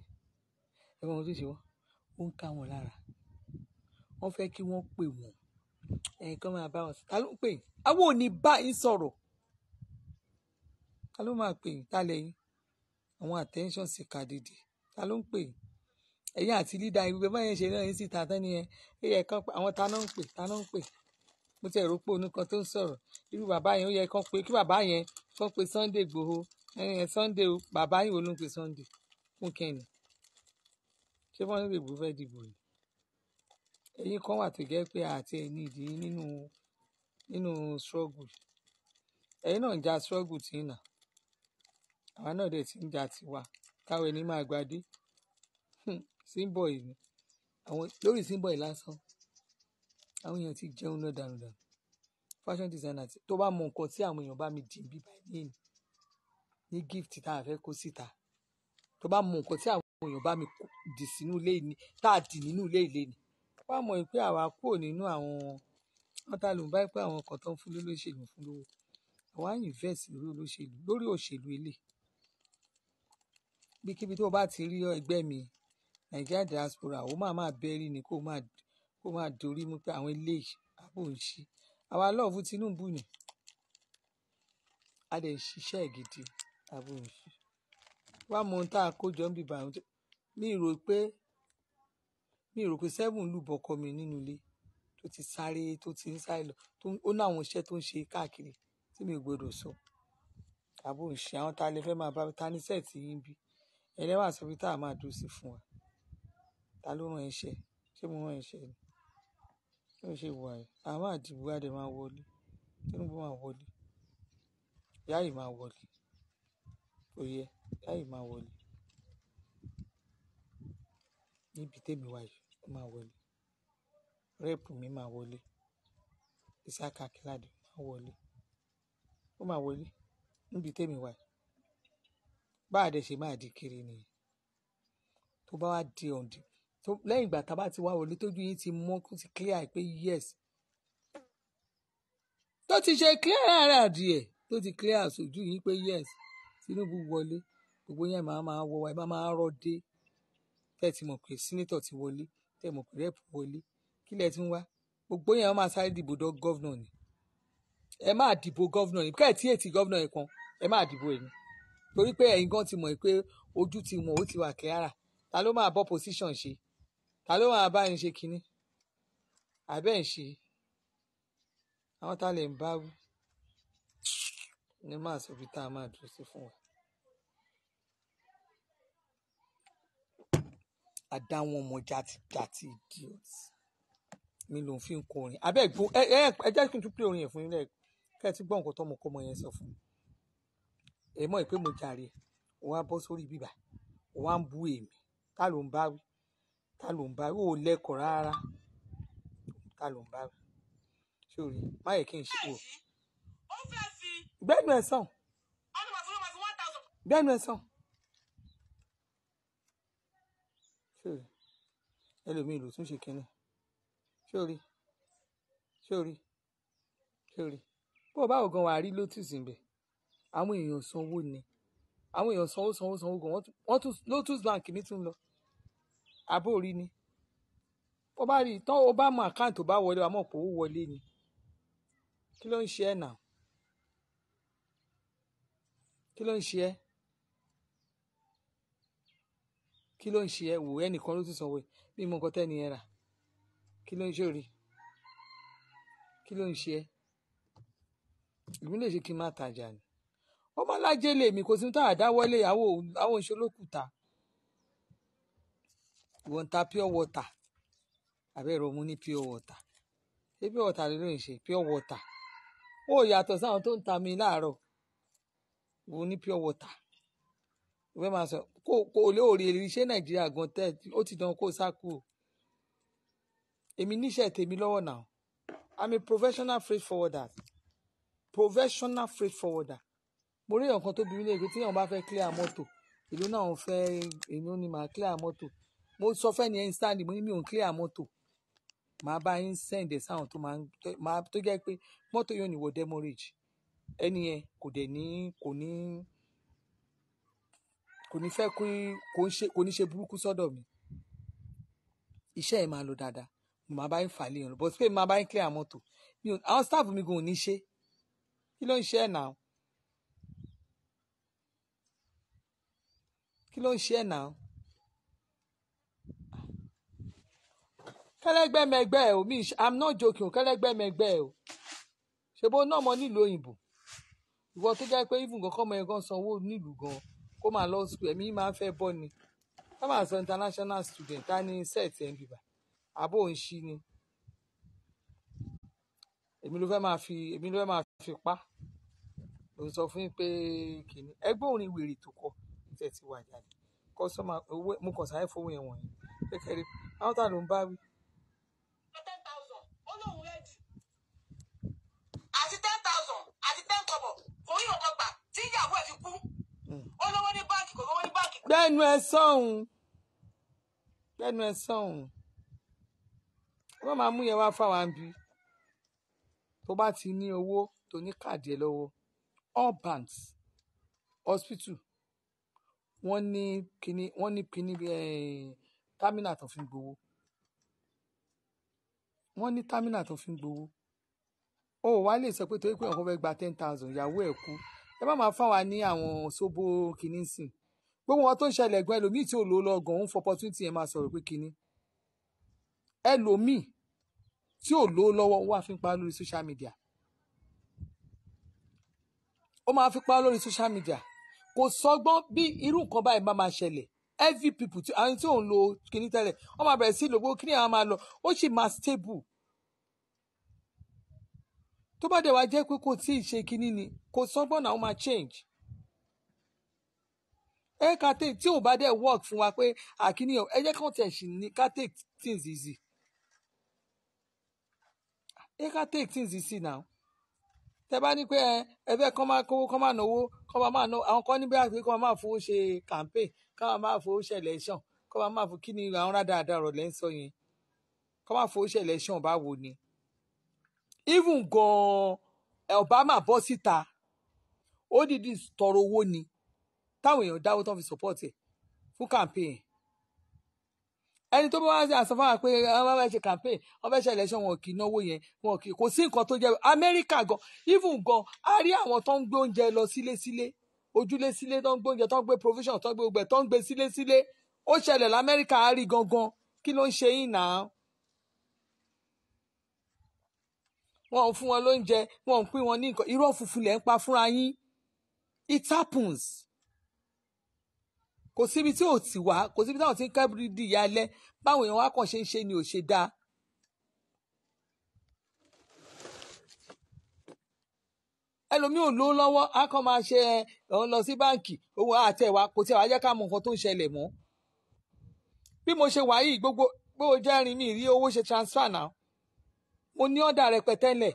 ẹ mọ nǹkan tó ń ṣe wọn ó ń ká wọn lára wọ́n fẹ́ kí wọ́n pè wọ́n ẹ̀yin kan máa bá wọn ta ló ń pè yín àwọn ò ní bá yín sọ̀rọ̀ ta ló máa pè yín ta lẹ́yìn àwọn attention sì kà dìde ta ló ń pè yín ẹ̀yin àti lídà ìgbẹ́ báyẹn ṣe náà yín sì ta tán nìyẹn ẹ̀yẹ kan àwọn ta náà ń pè ta náà ń pè mo ti rò pé onúkan tó ń sọ̀rọ̀ irú bàbá yẹn ó yẹ kán pé kí bàbá yẹn kán pé Sunday Igboho ẹ̀yìn Sunday o bàbá yìí wo ló ń pè Sunday fún kẹ́ni ṣé wọ́n ń fẹ́ dìbò yìí ẹ̀yin kan wà tó jẹ́ pé àti ẹni ìdí nínú nínú struggle ẹ̀yin náà ń ja struggle tí nà àwa náà dẹ̀ ti ń ja tiwa káwọn ẹni máa gbadé hmm, símbọ̀ yìí àwọn lórí símbọ̀ yìí lásán àwọn èèyàn ti jẹun náà dànù dànù fashion designer tó bá mọ nǹkan tí àwọn èèyàn bá mi dì bí báyìí ní ní gift tá a fẹ́ kó síta tó bá mọ nǹkan tí àwọn èèyàn bá mi dì sínú ilé yìí tá a dì nínú ilé yìí ni pápá mọ̀ pé àwa kúrò nínú àwọn wọn ta ló ń bá pé àwọn kan tó ń fún lólóṣèlú fún lówó àwa ń invest lórí olóṣèlú lórí òṣèlú ilé bíkíbi tó bá ti rí ẹgbẹ́ mi Nigeria diaspora ó máa máa bẹ́rí ni kó máa kó máa dorí mú pé àwọn ilé àbò ń ṣí àwa lọ́ọ̀fù Tinubu ni a lè ṣiṣẹ́ gidi àbò ń ṣí wàá mọ ohun tá a kó jọ ń bíbá mi rò pé mi rò pé seven lù bọkọ mi nínú ilé tó ti sáré tó ti ń sáré lọ ó ní àwọn iṣẹ́ tó ń ṣe káàkiri tí mi ò gbọdọ̀ sọ àbò ìṣe àwọn tá a lè fẹ́ máa bá ta ní sẹ́ẹ̀tì yín bí ẹlẹ́wà sọ pé tá a máa dùn sí fún wa ta ló ràn iṣẹ́ ṣé mo ràn iṣẹ́ ni ló ṣe wà ẹ́ àwọn àdìbò adé máa wọlé Tinubu máa wọlé yáyì máa wọlé oyè yáyì máa wọlé níbi tèmi wáyé máa wọlé rẹ́pù mi máa wọlé Isiaka Akínládé máa wọlé ó máa wọlé níbi tèmi wà bá a dẹ̀ ṣe máa di kiri nìyẹn tó bá wá di ọ̀ǹdì tó lẹ́yìn ìgbà tá a bá ti wá wọlé tójú yín ti mọ́ kó ti clear pé yes tó ti ṣe clear ara adìẹ tó ti clear àṣojú yín pé yes Tinubu wọlé gbogbo yẹn máa máa wọ wa ẹ máa máa rọ dé tẹ́ ti mọ̀ pé sínétọ̀ ti wọlé tẹ̀ mọ̀ pé rẹ́pù wọlé kí lẹ ti ń wá gbogbo yẹn wọ́n máa sáré dìbò dọ́ gọ́vnà ni ẹ máa dìbò gọ́vnà ni káyọ̀ tí ètì gọ́vnà yẹn kan ẹ máa dìbò ẹ̀ ni torí pé ẹ̀yin gan ti mọ̀ pé ojú ti mọ̀ ó ti wà kẹ́hárà ta ló máa bọ́ position ṣe ta ló máa bá ẹni ṣe kinní àbẹ́ ẹ̀ ṣe àwọn tá lè ń bá ni máa sọ bí tá a máa dúró sí fún wa. àdá wọn mọ̀ jàtìjàtì idiot mi lòun fi ń kọ orin abẹ́ẹ̀ gbọ́ ẹ ẹ ẹ jẹ́ kí n tún pé orin yẹn fún yín lẹ́ẹ̀ kẹ́ ẹ ti gbọ́ nǹkan tó ọmọkọ́mọ yẹn sọ fún mi ẹ mọ̀ pé mo jàre òun á bọ́ sórí bíbà òun á ń bú èmi ta ló ń bá wí ta ló ń bá wí ò lẹ́kọ̀ọ́ rárá ta ló ń bá wí sórí má yẹ kí n ṣe o gbẹ́nu ẹ̀ sàn gbẹ́nu ẹ̀ sàn. ṣòrí ẹlòmíì ló tún ṣe kínní ṣòrí ṣòrí ṣòrí bó o bá wò gan wàá rí lotus ń bẹ àwọn èèyàn sanwó ni àwọn èèyàn sanwó sanwó sanwó gan wọ́n tún lotus bank ní tún lọ àbó rí ni bó bá rí tán o bá mọ àkáǹtì tó bá wọlé wa mọ̀ pé owó wọlé ni kí ló ń ṣe ẹ̀ náà kí ló ń ṣe ẹ́ kí ló ń ṣe ẹ wò ẹnìkan ló ti sanwó ẹ bí mo nǹkan tẹ́ni ẹ rà kí ló ń ṣe òrì kí ló ń ṣe ẹ èmi lè ṣe kí n má tajà ni ó má lájẹ lèmi kò sí ní táà dáwọ́lé àwọn ìṣolókùtà wọ́n ta pure water àbẹ́rẹ́ òmu ní pure water ṣé pure water ló ń ṣe pure water ó yàtọ̀ sáwọn tó ń ta mi láàárọ̀ òun ní pure water ìwé máa sọ kò kò lè òrèlè ṣé nàìjíríà gan tẹ ó ti dán kó sá kú o èmi níṣẹ́ tèmi lọ́wọ́ náà i'm a professional freight forwarder professional freight forwarder mo rí ọ̀kan tó bí mi léèrè tí èèyàn bá fẹ́ clear mọ́tò ìlú náà fẹ́ èèyàn ni màá clear mọ́tò mo sọ fẹ́ ni ẹ̀ ń stand mo ní mi ò ń clear mọ́tò màá bá yín send ẹ̀ sáwọn tó máa tó jẹ́ pé mọ́tò yóò ní wọ demorage ẹni yẹn kò dẹ̀ ní ní. Kò ní kò ní fẹ́ kó ń ṣe kò ní ṣe burúkú sọ́dọ̀ mi iṣẹ́ ẹ̀ máa lọ dáadáa mo máa bá ń fà léèyàn lọ but pé mo máa bá ń clear mọ́tò àwọn staff mi gan ò ní ṣe kí ló ń ṣe ẹ̀ náà kí ló ń ṣe ẹ̀ náà kẹlẹgbẹmẹgbẹ o mi i'm not joking o kẹlẹgbẹmẹgbẹ o ṣe bó náà mọ nílùú òyìnbó ìwọ tó jẹ́ pé even kankan mọ ẹ gan sanwó nílùú gan kó máa lọ school ẹ̀mí máa ń fẹ́ bọ́ ni ká máa sọ international student ta ni set ẹ̀ ń bìbà àbò ń ṣí ni èmi ló fẹ́ máa fi èmi ló fẹ́ máa fi pa ló sọ fún yín pé kìnní ẹgbẹ́ òrin wèrè tó kọ ìtẹ̀ ti wà jáde kọ́sọ́mà owó mo kàn sáré fowó yẹn wọ̀nyí kékeré àwọn tá ló ń bá wí. ten thousand ó lóun rẹ́ẹ̀dì àti ten thousand àti ten kọ́bọ̀ kò rí ọ̀kan gbà tí ìyàwó ẹ̀ fi kú ó lówó ní báǹkì kò lówó ní báǹkì. gbẹ́nu ẹ sọ́hùn gbẹ́nu ẹ sọ́hùn wọ́n máa mú yẹn wá fáwọn àbí tó bá ti ní owó tó ní káàdì ẹ lọ́wọ́ all banks hospital wọ́n ní kíní wọ́n ní kíní eh, támínà tó fi ń gbowó wọ́n ní támínà tó fi ń gbowó o wá lè sọ pé torí pé ọkọ fẹ́ gba ten thousand ìyàwó ẹ̀ kú ẹ má máa fáwa ní àwọn sóbó kìíní sìn gbogbo wọn tó ń ṣẹlẹ̀ gan ẹlòmíì tí ò lò lọ gan òun fọ opportunity yẹn máa sọ̀rọ̀ pé kìíní ẹlòmíì tí ò lò lọ́wọ́ wà fi ń pa lórí social media ó máa fi pa lórí social media kò sọgbọ́n bí irú nǹkan báyìí bá máa ṣẹlẹ̀ every people tí àwọn tí òun lo kìíní tẹ́lẹ̀ wọ́n máa bẹ̀rẹ̀ sí lògbó kìíní àwọn máa lọ ó sì máa stable tó bá dẹ̀ wá jẹ́ pé kò tí ì ṣe kínní ni kò sọ́gbọ́n náà máa change ẹ ká take tí ò bá dẹ̀ work fún wa pé àkíní ẹ jẹ́ kàn tiẹ̀ sì ní ká take things easy ẹ ká take things easy now tẹ bá ní pé ẹ fẹ́ kọ́ máa kówó kọ́ máa náwó kọ́ máa máa náwó àwọn kan níbi àti kọ́ máa fowó ṣe campaign kọ́ máa máa fowó ṣe election kọ́ máa fowó kí ni àwọn rádaràda ọ̀rọ̀ lẹ́ ń sọ yẹn kọ́ máa fowó ṣe election báwo ni even gan Obama bọ́ síta ó dìdí tọrọ owó ni táwọn èèyàn dáwọ́ tán fi support ẹ̀ fún campaign ẹni tó bá wá àsọfún wa pé wọn bá ṣe campaign wọn bá ṣe election wọn kì í náwó yẹn wọn kì í kò sí nǹkan tó jẹ Amẹ́ríkà gan even gan a rí àwọn tó ń gbé oúnjẹ lọ sílé sílé ojúlé sílé tó ń gbé oúnjẹ tó ń gbé provision tó ń gbé gbogbo ẹ̀ tó ń gbé sílé sílé ó ṣẹlẹ̀ lamẹ́ríkà á rí gangan kí ló ń ṣe yín náà wọn ò fún wọn lóúnjẹ wọn ò pín wọn ní nǹkan irọ́ funfun lẹ̀ ń pa fúnra yín it happens kò síbi tí ò ti wá kò síbi táwọn ti ń kẹ́bùrú di ìyá alẹ́ báwọn èèyàn wá kàn ṣe ń ṣe ni ò ṣe dáa. ẹlòmíì ò lówó lọ́wọ́ á kàn máa ṣe ẹ òun lọ sí báǹkì owó àtẹ̀wá kò tí àwa jẹ́ ká mọ nǹkan tó ń ṣẹlẹ̀ mọ́. bí mo ṣe wà yìí gbogbo bó o mi rí owó ṣe transfer náà mo ní ọ̀dà rẹpẹtẹ ńlẹ̀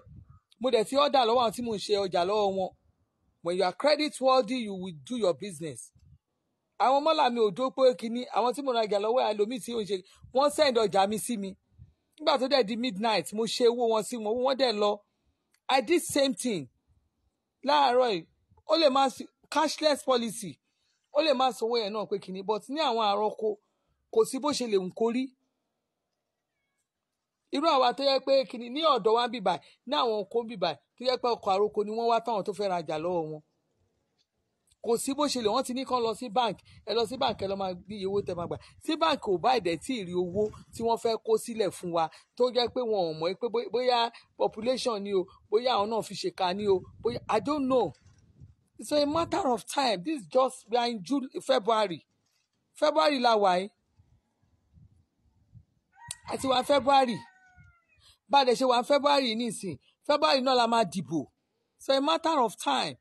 mo dẹ̀ ti ọ̀dà lọ́wọ́ àwọn tí mo ń ṣe ọjà lọ́wọ́ wọn when you are credit worthy you will do your business àwọn mọ́là mi ò dó pé kínní àwọn tí mo rajà lọ́wọ́ ẹ̀ lómi tí ò ń ṣe wọ́n send ọjà mi sí mi nígbà tó dẹ̀ di midnight mo ṣe owó wọn sí wọn wọ́n dẹ̀ lọ i did same thing láàárọ̀ yìí ó lè máa cashless policy ó lè máa sanwó yẹn náà pé kínní but ní àwọn àròkọ kò sí bó ṣe lè ń korí irú àwa tó yẹ pé kìnnì ní ọ̀dọ̀ wa ń bì báyìí ní àwọn oko ń bì báyìí tó yẹ pé ọkọ̀ àroko ni wọ́n wá táwọn tó fẹ́ rajà lọ́wọ́ wọn kò sí bó ṣe lè wọ́n ti ní kán lọ sí bank ẹ lọ sí bank ẹ lọ máa ní iye owó tẹ máa gbà tí bank ò bá ìdẹ̀ tí ì rí owó tí wọ́n fẹ́ kó sílẹ̀ fún wa tó jẹ́ pé wọn ò mọ̀ pé bóyá population ni o bóyá àwọn náà fi ṣèkà ni o bóyá I don't know it's a matter of time this just we are in June February February la wà yìí àti wà February bá a dẹ̀ ṣe wà ní February nísìn February náà la máa dìbò so a matter of time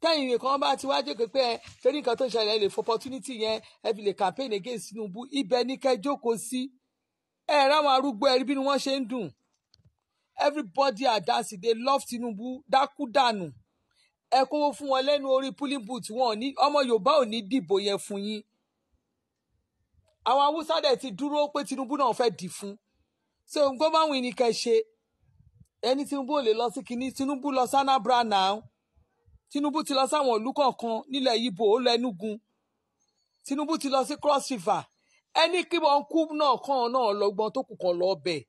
tẹ́yìn nìkan bá ti wájú pé pé ẹ torí nǹkan tó ń ṣẹlẹ̀ lè fọpọtúnítì yẹn ẹ fi lè campaign against Tinubu ibẹ̀ ní kẹ́ jókòó sí ẹ ráwọn arúgbó ẹ rí bí wọ́n ṣe ń dùn everybody àdásí they love Tinubu dákúdànù ẹ kówó fún wọn lẹ́nu orí pulling boot wọn ọmọ Yorùbá ò ní dìbò yẹn fún yín àwọn haúsá dẹ̀ ti dúró pé Tinubu náà fẹ́ dì fún so nǹkan bá wù ní kẹ́ ṣe ẹni Tinubu ò lè lọ sí kinní Tinubu lọ sí Anambra now Tinubu ti lọ sáwọn ìlú kọ̀ọ̀kan nílẹ̀ Ìbò ó lọ Enugu Tinubu ti lọ sí Cross River ẹni kí wọn kú náà kàn náà lọ́gbọ́n tó kù kàn lọ bẹ̀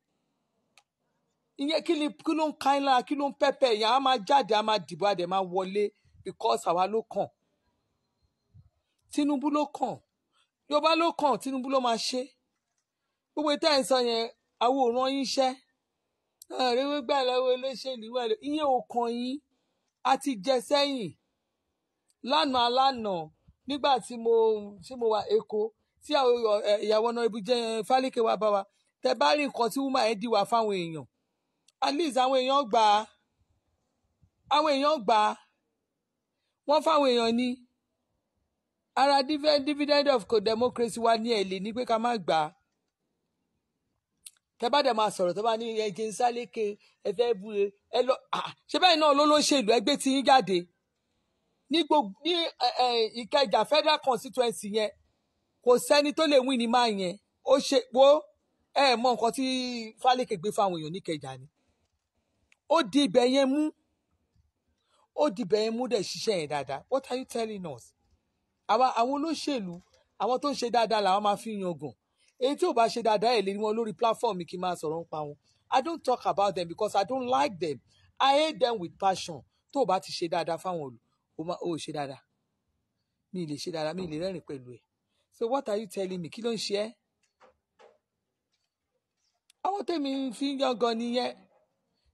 ìyẹn kí ni kí ló ń ka ńlá kí ló ń pẹ́pẹ́ ìyẹn a máa jáde a máa dìbò a máa wọlé because àwa ló kàn Tinubu ló kàn tó bá ló kàn Tinubu ló máa ṣe gbogbo ìta ìsọ yẹn àwòrán yín ṣẹ́ ààrẹ gbà lọ́wọ́ olóṣèlú wà lọ iye òkan yín a ti jẹ sẹ́yìn lánàá lánàá nígbà tí mo tí mo wà Èkó tí ìyàwó ọ̀nà ibùjẹ Fálíkè wá bá wa tẹ bá rí nǹkan tí wúmà ẹ̀ dìwà fáwọn èèyàn at least àwọn èèyàn gbà á àwọn èèyàn gbà wọ́n fáwọn èèyàn ní ara dividend of democracy wa ní èlé ní pé ká má gbà á tẹ bá dẹ̀ máa sọ̀rọ̀ tó bá ní ẹ̀jẹ̀ ń sáléke ẹ fẹ́ búre ẹ lọ ṣé báyìí náà ló ló ṣe ìlú ẹgbẹ́ tí yín jáde ní gbogbo ní Ìkẹjà federal constituency yẹn kò sẹ́ni tó lè win ní máa yẹn ó ṣe wo ẹ mọ nǹkan tí Fálékè gbé fáwọn èèyàn níkẹjà ni ó di ibẹ̀ yẹn mú ó di ibẹ̀ yẹn mú dẹ̀ ṣiṣẹ́ yẹn dáadáa what are you telling us? àwa àwọn olóṣèlú àwọn tó ń ṣe dáadáa làwọn máa fi yangàn èyí tí ò bá ṣe dáadáa ẹ̀ lè rí wọn lórí platform kí n máa sọ̀rọ̀ ń pa wọn I don't talk about them because I don't like them I hate them with passion tó o bá ti ṣe dáadáa fáwọn olù o ò ṣe dáadáa mi ì lè ṣe dáadáa mi ì lè rẹ́rìn pẹ̀lú ẹ̀ so what are you telling me kí ló ń ṣe ẹ́ àwọn tèmi fi ń yangàn nìyẹn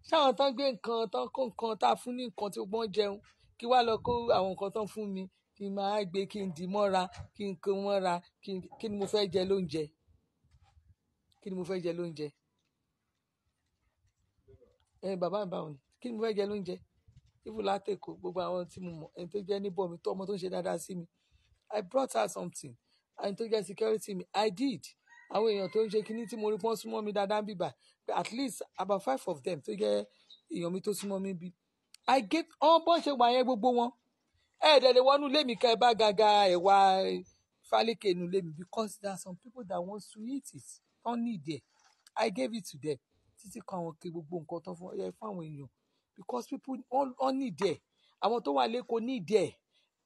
ṣáwọn tán gbé nǹkan tán kó nǹkan tá a fún ní nǹkan tí wọ́n jẹun kí wàá lọ kó àwọn nǹkan tán fún mi kí n máa gbé kí n dì mọ́ra kí n kó mọ́ra kí ni mo fẹ́ jẹ lóúnjẹ kí ni mo fẹ́ jẹ lóúnjẹ ẹ bàbá mi báwo kí ni mo fẹ́ jẹ lóúnjẹ even látẹ̀kọ́ gbogbo àwọn tí mo mọ̀ ẹni tó jẹ́ níbọ̀ mi tó ọmọ tó ń ṣe dáadáa sí mi I brought her something ẹni tó jẹ́ security mi I did àwọn èèyàn tó ń ṣe kinní tí mo rí pọ́n súnmọ́ mi dáadáa bíbà at least about five of them tó jẹ́ èèyàn mi tó súnmọ́ mi bí I gave all bọ́n ṣe wà gbogbo wọn ẹ̀ẹ́dẹ̀ lè wọnú lémi kẹ́ ẹ bá gaga ẹ̀wà fálíkè nu lémi because there are some people that want to eat it don need it i gave it to them títí kan àwọn kí gbogbo nǹkan tó fún ẹ fún àwọn èèyàn because people all need it àwọn tó wà lẹ́kọ̀ọ́ need it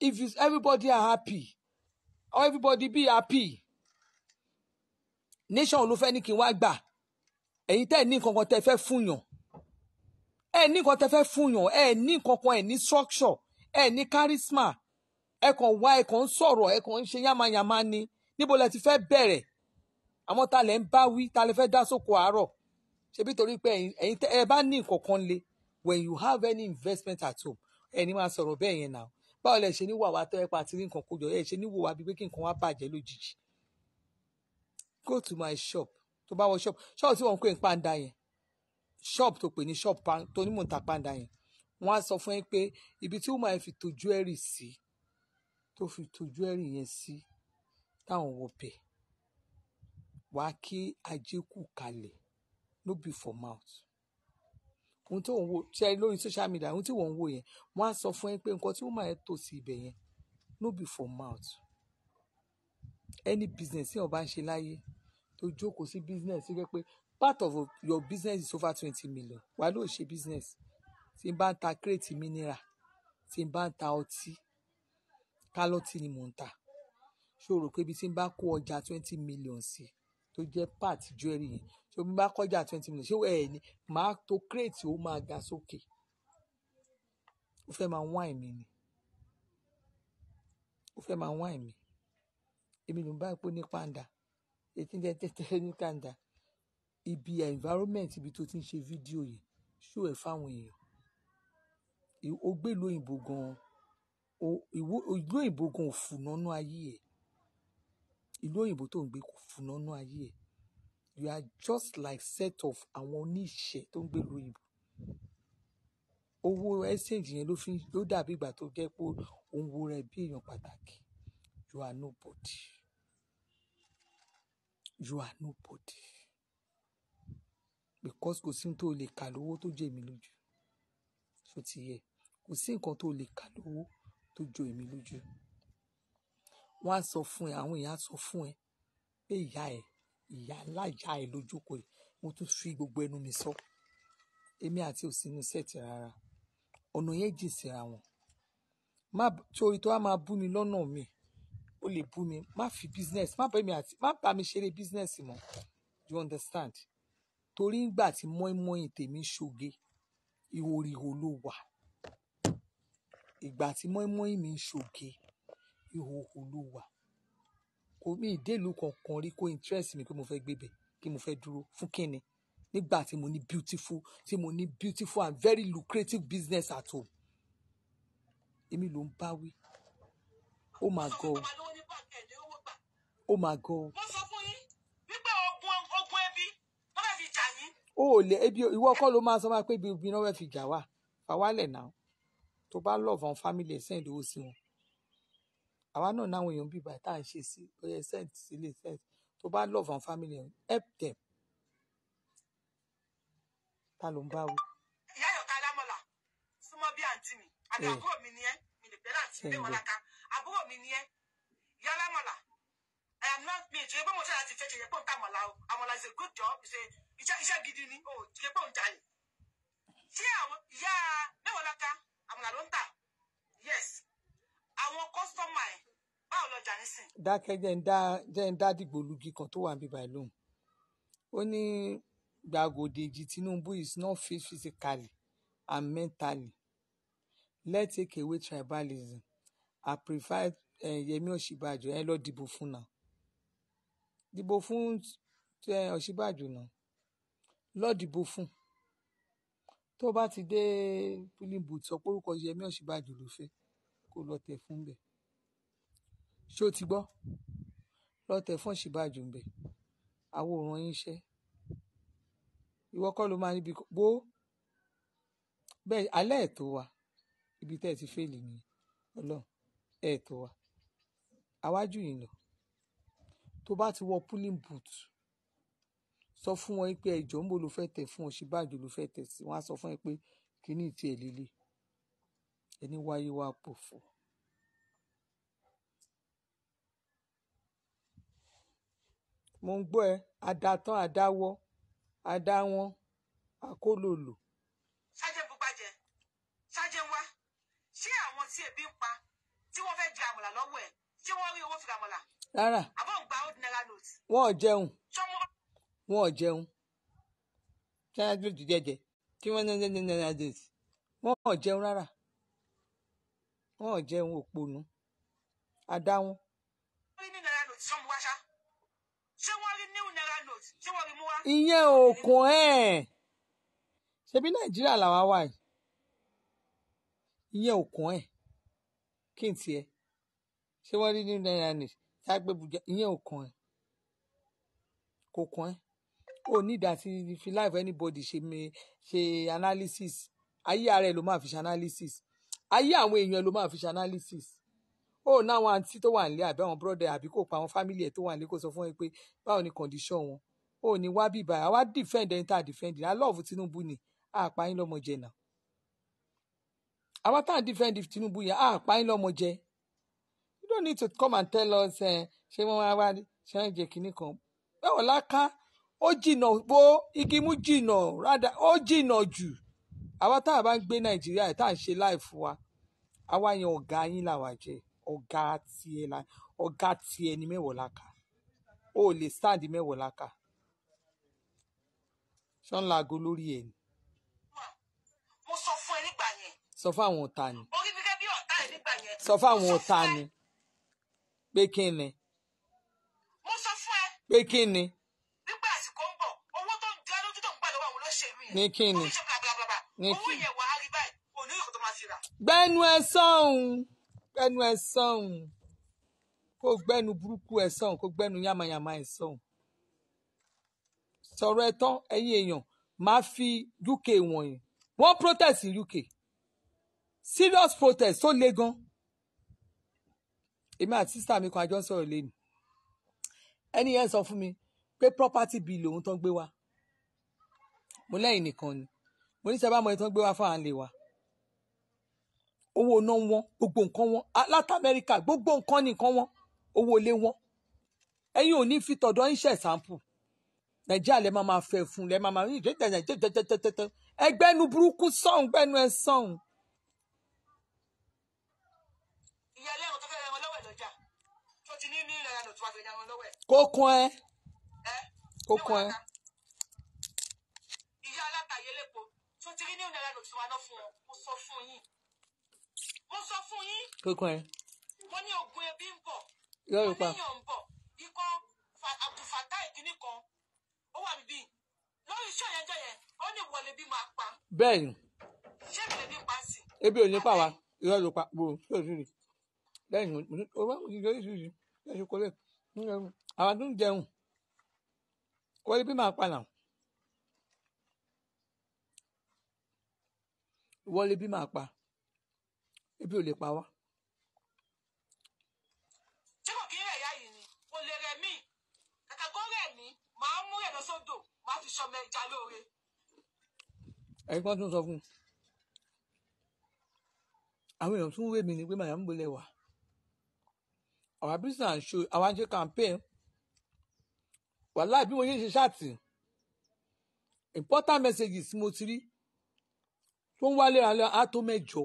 if you, everybody are happy everybody be happy nation ló fẹ́ ní kí n wá gbà ẹ̀yin tẹ́ ẹ̀ ní nǹkan kan tẹ́ fẹ́ fún yàn ẹ̀ ní nǹkan tẹ́ fẹ́ fún yàn ẹ̀ ní nǹkan kan ẹ̀ ní structure ẹ ní kárísímà ẹ kàn wá ẹ kàn ń sọ̀rọ̀ ẹ kàn ń ṣe yánmayànmá ni níbo lẹ ti fẹ́ bẹ̀rẹ̀ àmọ́ ta lẹ ń bá wí ta lẹ fẹ́ dá sóko àárọ̀ ṣebí torí pé ẹ̀yin ẹ bá ní nǹkan le when you have any investment at home ẹni máa sọ̀rọ̀ bẹ́ẹ̀ yẹn náà báwo lẹ ṣe ní wàwá tó ẹ pa àti rí nǹkan kójọ ẹ ṣe ní wòwá bíi pé kí nǹkan wá bàjẹ́ lójijì go to my shop tó bá wọ shop shop tí wọ́n ń pè ní pàǹdà yẹn shop tó pè ní shop tó ní mò ń ta pàǹdà yẹn wọ́n á sọ fún yín pé ibi tí woman fi tọ́jú ẹ̀rì sí tó fi tọ́jú ẹ̀rì yẹn sí táwọn wọbẹ̀ wàá kí àjẹkù kalẹ̀ no be for mouth ohun tó ń wo ṣe lórí social media ohun tí wọ́n ń wo yẹn wọ́n á sọ fún yín pé nǹkan tí woman yẹn tò sí ibẹ̀ yẹn no be for mouth any business tí wọ́n bá ń ṣe láyé tó jókòó sí business tó pé part of your business is over twenty million wàá lóò ṣe business Tí n bá ń ta crate mineral, tí n bá ń ta ọtí, kálọ́tì ni mò ń tà. Ṣé o pé ibi tí n bá kó ọjà twenty million sí tó jẹ́ part jewelry yẹn, ṣé bí bá kó twenty million, ṣé ẹ ní, màá to crate ó máa ga sókè. O fẹ́ máa whine mi ni. O fẹ́ máa whine mi. Èmi ló ń bá pé ní pàǹdà. Etí ń tẹ́tẹ́ ní kàndà. Ibi environment ibi tó ti ń ṣe fídíò yìí, show ẹ̀ fún èèyàn ó gbé ìlú òyìnbó gan-an ìlú òyìnbó gan ò fùnánú ayé ẹ̀ ìlú òyìnbó tó ń gbé kò fùnánú ayé ẹ̀ you are just like set of àwọn oníṣẹ́ tó ń gbé ìlú òyìnbó owó exchange yẹn ló fi ló dàbí ìgbà tó jẹ́ pé òun wo rẹ̀ bí èèyàn pàtàkì you are nobody you are nobody because kò sí ní tó lè kà lówó tó jẹ́ mi lójú ṣó ti yẹ. Yeah kò sí nǹkan tó lè kà lówó tó jọ èmi lójú wọ́n á sọ fún ẹ àwọn èèyàn á sọ fún ẹ pé ìyá ẹ ìyá ńlá ìyá ẹ lójókòó ẹ mo tún fi gbogbo ẹnu mi sọ èmi àti òsínú sẹẹtì rárá ọ̀nà yẹn jìn síra wọn má torí tó wá máa bú mi lọ́nà mi ó lè bú mi má fi business má bá mi àti má bá mi ṣeré business mọ́ you understand torí ńgbà tí mọ́ínmọ́ín tèmi ṣoge ìhòòhò ló wà ìgbà tí mọ́ínmọ́ín mi ń ṣòge ìhòòhò ló wà kò mí ìdèlú kankan rí kó interest mi pé mo fẹ́ gbébẹ̀ kí mo fẹ́ dúró fún kíni nígbà tí mo ní beautiful tí mo ní beautiful and very lucrative business at home èmi ló ń bá wí ó máa gọ ọ ó máa gọ ọ. mo sọ fún yín wípé ogun ogun ebi wọn fẹẹ fi jà yín. o ò lè ebi ìwọ kọ́ ló máa sọ máa pé ibi obìnrin náà fẹẹ fi jà wá fàwálẹ̀ náà tó bá love àwọn family ẹ̀ send owó sí wọn àwa náà náwọn èèyàn bíi bàtà ń ṣe sí ọyẹ send sílé send tó bá love àwọn family ẹ̀ help them ta ló ń bá wí. ìyá yọ̀ká lámọ̀lá súnmọ́ bí àǹtí mi àbí àbúrò mi ni ẹ́ mi lè bẹ́ẹ̀ láti gbé wọn láka àbúrò mi ni ẹ́ ìyá lámọ̀lá I am not me ìṣòro pé mo ṣe láti fẹ́ ṣe ìyẹ́pọ̀ nǹkan àmọ̀lá o àmọ̀lá is a good job ṣe iṣẹ́ gidi ni o ìyẹ́pọ̀ ń jalè ṣé àwọn ìyá mẹ́wàá láka àmàlà ló ń tà yes àwọn kọ́sítọ́mà ẹ̀ báwo lọjà nísìn. dákẹ́ jẹ́ ń dá jẹ́ ń dá dìgbòlugi kan tó wà ń bíbá ìlú ó ní Gbàgòdèjì Tinubu is not fit physically and mentally let's take away tribalism I prefer eh, Yemi Ọ̀ṣínbàjò ẹ lọ dìbò fún náà dìbò fún Ọ̀ṣínbàjò eh, náà lọ dìbò fún tó bá ti dé polling booth sọ pé orúkọ Yẹmí Ọ̀ṣínbàjò ló fẹ́ kó lọ tẹ̀ fún bẹ̀ ṣé o ti gbọ́ lọ tẹ̀ fún Ọ̀ṣínbàjò ń bẹ̀ àwọn yín ṣẹ́ ìwọ kọ́ ló máa níbi gbó bẹ́ẹ̀ alẹ́ ẹ̀tọ́ wa ibi tẹ́ ẹ ti fẹ́ẹ̀lì ni ọlọ́run ẹ̀tọ́ wa àwájú yìí lọ tó bá ti wọ polling booth sọ fún wọn pé ẹjọ́ ń bo ló fẹ́ tẹ̀ fún Ọ̀ṣínbàjò ló fẹ́ tẹ̀ sí wọn á sọ fún ẹ pé kíní ìtì ẹ̀ líle ẹni wáyé wá pòfò. mo ń gbọ́ ẹ adatán adáwọ́ adáwọn akólòlò. ṣájẹ́ bó bàjẹ́ ṣájẹ́ wá ṣé àwọn tí ebi ń pa tí wọ́n fẹ́ jẹ àmọ̀là lọ́wọ́ ẹ̀ ṣé wọ́n rí owó fi ràmọ̀là. rárá àbọ̀ ń gba old naira note. wọ́n ò jẹun wọn ò jẹun sáájú ti jẹjẹ tí wọn ní ní ní àdèsí wọn ò jẹun rárá wọn ò jẹun òpònú àdáwọn. ìyẹn òkun ẹ ṣebí nàìjíríà làwa wà yìí ìyẹn òkun ẹ kí n tiẹ̀ ṣé wọn rí ní náírà nìyí tá a gbé bùjá ìyẹn òkun ẹ kò kàn ẹ ó need àti fi life anybody ṣe mi ṣe analysis ayé ara ẹ ló máa fi ṣe analysis ayé àwọn èèyàn ló máa fi ṣe analysis ó ná àwọn àǹtí tó wà nílé àbí àwọn brother àbí kò pa àwọn family ẹ tó wà nílé kó sọ fún ẹ pé báwo ni condition wọn ó ní wá bíbá àwa defend ẹni tá a defend ní alọ́ọ̀fù Tinubu ni àpá yín lọ́mọ jẹ náà àwa tá à ń defend Tinubu yẹn àpá yín lọ́mọ jẹ you don't need to come and tell us eh, ṣé wọ́n wá wá ṣe ń jẹ kinní kan báwo láká ó jìnà bó igi mú jìnà rádà ó jìnà jù àwa tá a bá ń gbé nàìjíríà tá à ń ṣe láì wa àwa yẹn ọ̀gá yín làwa jẹ́ ọ̀gá tiẹ̀ la ọ̀gá tiẹ̀ ni mẹ́wọ̀ọ́ la kà ó lè stand mẹ́wọ̀ọ́ la kà ṣọ́nlago lórí ẹ̀ ni. mo sọ fún ẹ nígbà yẹn. sọ fún àwọn ọ̀tá ni. orí mi bí ọ̀tá ẹ̀ nígbà yẹn. sọ fún àwọn ọ̀tá ni. pé kí ni. mo sọ fún ẹ. pé kí ni. ní kíni ní kíni gbẹnu ẹ sọhùn gbẹnu ẹ sọhùn kó gbẹnu burúkú ẹ sọhùn kó gbẹnu yàmàyàmà ẹ sọhùn sọ̀rọ̀ ẹ tán ẹ̀yin èèyàn máa fi UK wọ̀nyí wọ́n protest in UK serious protest tó le gan èmi àti sísá mi kan àjọ ń sọ̀rọ̀ lẹ́nu ẹni yẹn sọ fún mi pé property bill òun tán gbé wá mo lẹ́yìn nìkan ni mo ní sábà mọ ẹni tó ń gbé wá fáwọn àlè wa owó iná wọn gbogbo nǹkan wọn láti amẹ́ríkà gbogbo nǹkan nìkan wọn owó ilé wọn ẹ̀yin ò ní fi tọ̀dọ̀ ń ṣe sample nàìjíríà lẹ máa máa fẹ́ fún lẹ máa máa ní ìdíje nàìjíríà tẹ́tẹ́tẹ́tẹ́ ẹgbẹ́nu burúkú sọ̀hún gbẹ́nu ẹ sọ̀hún. ìyáálé àwọn tó fẹ́ ra wọn lọ́wọ́ ẹ̀ lọ́jà tó ti ní ní ìlànà tó wà fẹ́ ra wọn lọ́wọ́ ẹ̀. kókó ẹ kókó ẹ. tó ti ní ònàrà lòtí wa náà fún ọ mo sọ fún yín mo sọ fún yín. kíkún ẹ. mo ní ogun ebi ń bọ̀. yọrù pa mo níyàn ń bọ̀ ikọ́ ìkíní kan ó wà níbí lórí iṣẹ́ yẹn jẹ́ yẹn ó ní ìwọlé bí máa pa. bẹ́ẹ̀ni. ṣé ìbílẹ̀ bí pa sí. ebi ò ní pa wá yọrù pa bò kí o sì rí lẹ́yìn o bá mi jẹ́ ìṣiṣi lẹ́yìn kọ́lẹ̀ àwọn tó ń jẹun wọlé bí máa pa náà. wọlé bí màá pa ebi ò lè pa wá. tí kò kí ń rẹ̀ yá yìí ni kò lè rẹ̀ mí kàkà kó rẹ̀ mí màá mú rẹ̀ lọ sódò màá fi sọmọ ẹja lóore. ẹ̀yin kan tún sọ fún un àwọn èèyàn tún wé mi ni pé màyà ń bolẹ̀ wà our business and show our ṣe campaign wàhálà bí mo ṣe ṣe ṣáàtì important messages mo ti rí tó ń wálé àlọ́ á tó mẹ́jọ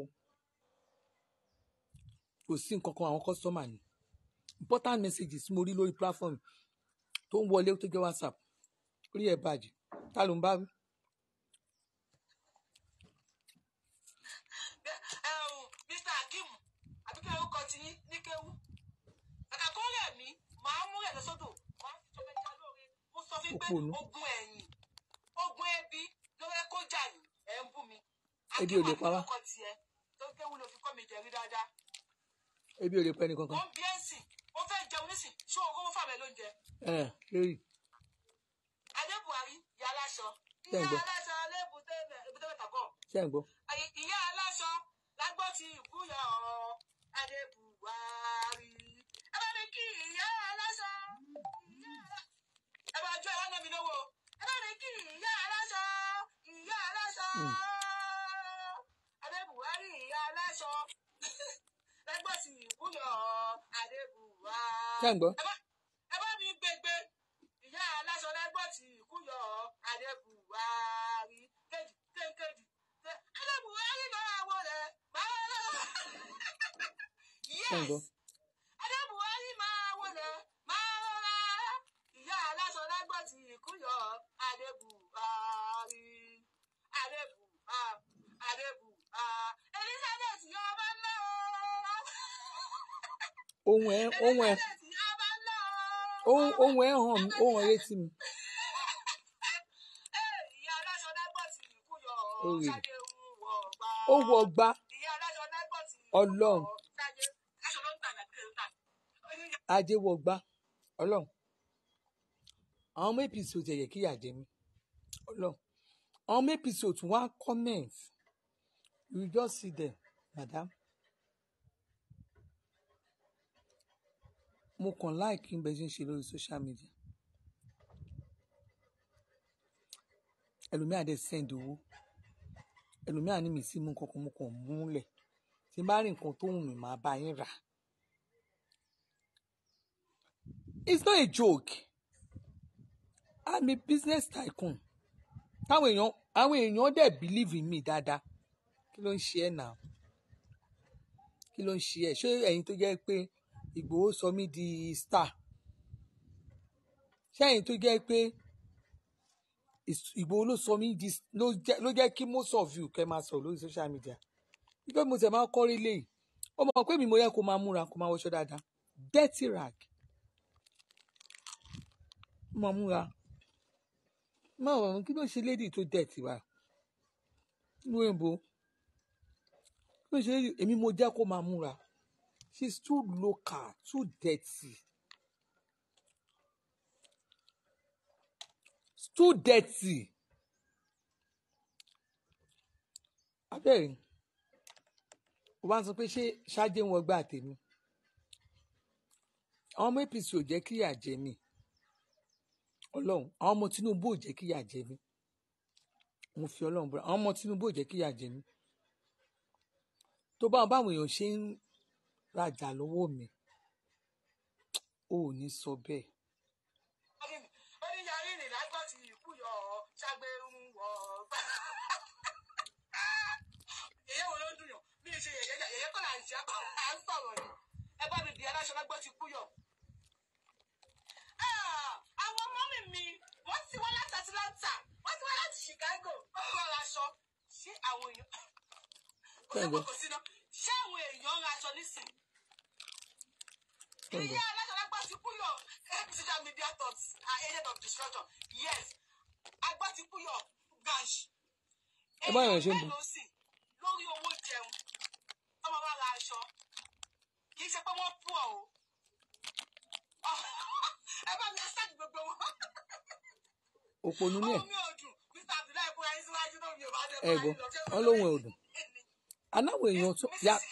kò sí nǹkan kan àwọn kọ́sọ́mà ni important messages mo rí lórí platform tó ń wọlé tó jẹ́ whatsapp rí ẹ̀ bàjẹ́ ta ló ń bá wí. òpònú. ogun ẹ̀yìn ogun ẹbí ló fẹ́ kó jà yìí ebi ò lè pa wá. ebi ò lè pa ẹnì kankan. ó ń bí ẹ̀sìn ó fẹ́ jẹun nísìn ṣé o kówó fàmẹ́ lóúnjẹ. ẹ lórí. adé buhari ìyá aláṣọ ìyá aláṣọ ìyá aláṣọ lágbó ti ìkúyà ọ̀rọ̀ adé buhari ẹ bá mi kí ìyá aláṣọ ẹ bá jọ ẹ wá náà mi lówó ẹ bá mi kí ìyá aláṣọ ìyá aláṣọ. Hmm adé buhari ìyá aláṣọ ẹgbẹ́ sì ìwúyọ̀ adé buhari. ẹ bá mi gbégbé ìyá aláṣọ lẹ́gbọ́ ti ìkúyọ̀ adé buhari kéjì kéjì adé buhari lọ́wọ́ rẹ̀ báwo lọ́wọ́. <laughs> yes. ohun ẹ ohun ẹ ohun ẹ hàn mí ohun ẹ ti mi. ó wọ gbá ọlọ́run adé wọ gbá ọlọ́run àwọn ọmọ APC ò jẹ̀yẹ̀ kí yàjẹ́ mi ọlọ́run àwọn ọmọ APC ò tún wá comment you just see them madam mo kàn like bẹ́ẹ̀ ṣe ń ṣe lórí social media. ẹlòmíà dẹ̀ send owó ẹlòmíà ní mi sí mú nǹkan kan mo kàn múlẹ̀ tí n bá rí nǹkan tó wù mí màá bá yín rà. it's not a joke i'm a business tycoon táwọn èèyàn àwọn èèyàn dẹ̀ believe in me dáadáa kí ló ń ṣe ẹ́ náà kí ló ń ṣe ẹ́ ṣé ẹ̀yin tó jẹ́ pé Ìgbòho sọ mí di star sẹ́yìn tó jẹ́ pé Ìgbòho ló sọ mí di ló jẹ́ kí most of you kẹ́ máa sọ̀rọ̀ lórí social media wípé mo tẹ̀ máa kọ́rí lé yìí ó mọ̀ pé mi mo yẹ kó máa múra kó máa wọṣọ dáadáa dirty rag mo múra má wà kí ló ṣe lady tó dirty wa lóyìnbó kí ló ṣe lady èmi mo jẹ́ kó máa múra She's too local, too dirty. too dirty. Abẹ́rẹ́ o wá sọ pé ṣé ṣáájú wọn gbà tèmi. Àwọn ọmọ APC ò jẹ́ kíyà jẹ mí. Ọlọ́run àwọn ọmọ Tinubu ò jẹ́ kíyà jẹ mí. Mo fi Ọlọ́run búra àwọn ọmọ Tinubu ò jẹ́ kíyà jẹ mí. Tó bá wọn báwọn èèyàn ṣe ń rajà lọ́wọ́ mi o ò ní sọ bẹ́ẹ̀. ó ní yarí rìn lágbàtì ìkúyọ ṣàgbérun wọ gbà. yèyé wo ló ń dùn yàn bí ṣe yèyé yèyé kọ́ là ń ṣe à ń sọ̀rọ̀ ni ẹ bá mi di aláṣọ lágbàtì ìkúyọ. àwọn mọ́mì mi wọ́n ti wá láti Atlanta wọ́n ti wá láti Chicago wọ́n wá aṣọ ṣé àwọn èèyàn. ó lè wọ́n kò sí náà ṣé àwọn èèyàn ń raṣọ nísìn ìyá aláṣọ lápá ti kú yọ social media thoughts are agent of destruction yes agbá ti kú yọ gash èèyàn mélòó sì lórí owó jẹun ọmọ wa ra aṣọ kì í ṣe pé wọ́n pọ̀ o <laughs> ẹ bá mi ṣáàjì gbogbo wọn. òpó nínú ẹ. ọmọ mi ò dùn mr abdullahi kúra ẹ síwájú náà mi ò bá dé báyìí lọ. ẹ gbọ́ ọ ò dùn aláwọ̀ èèyàn tó. yà àwọn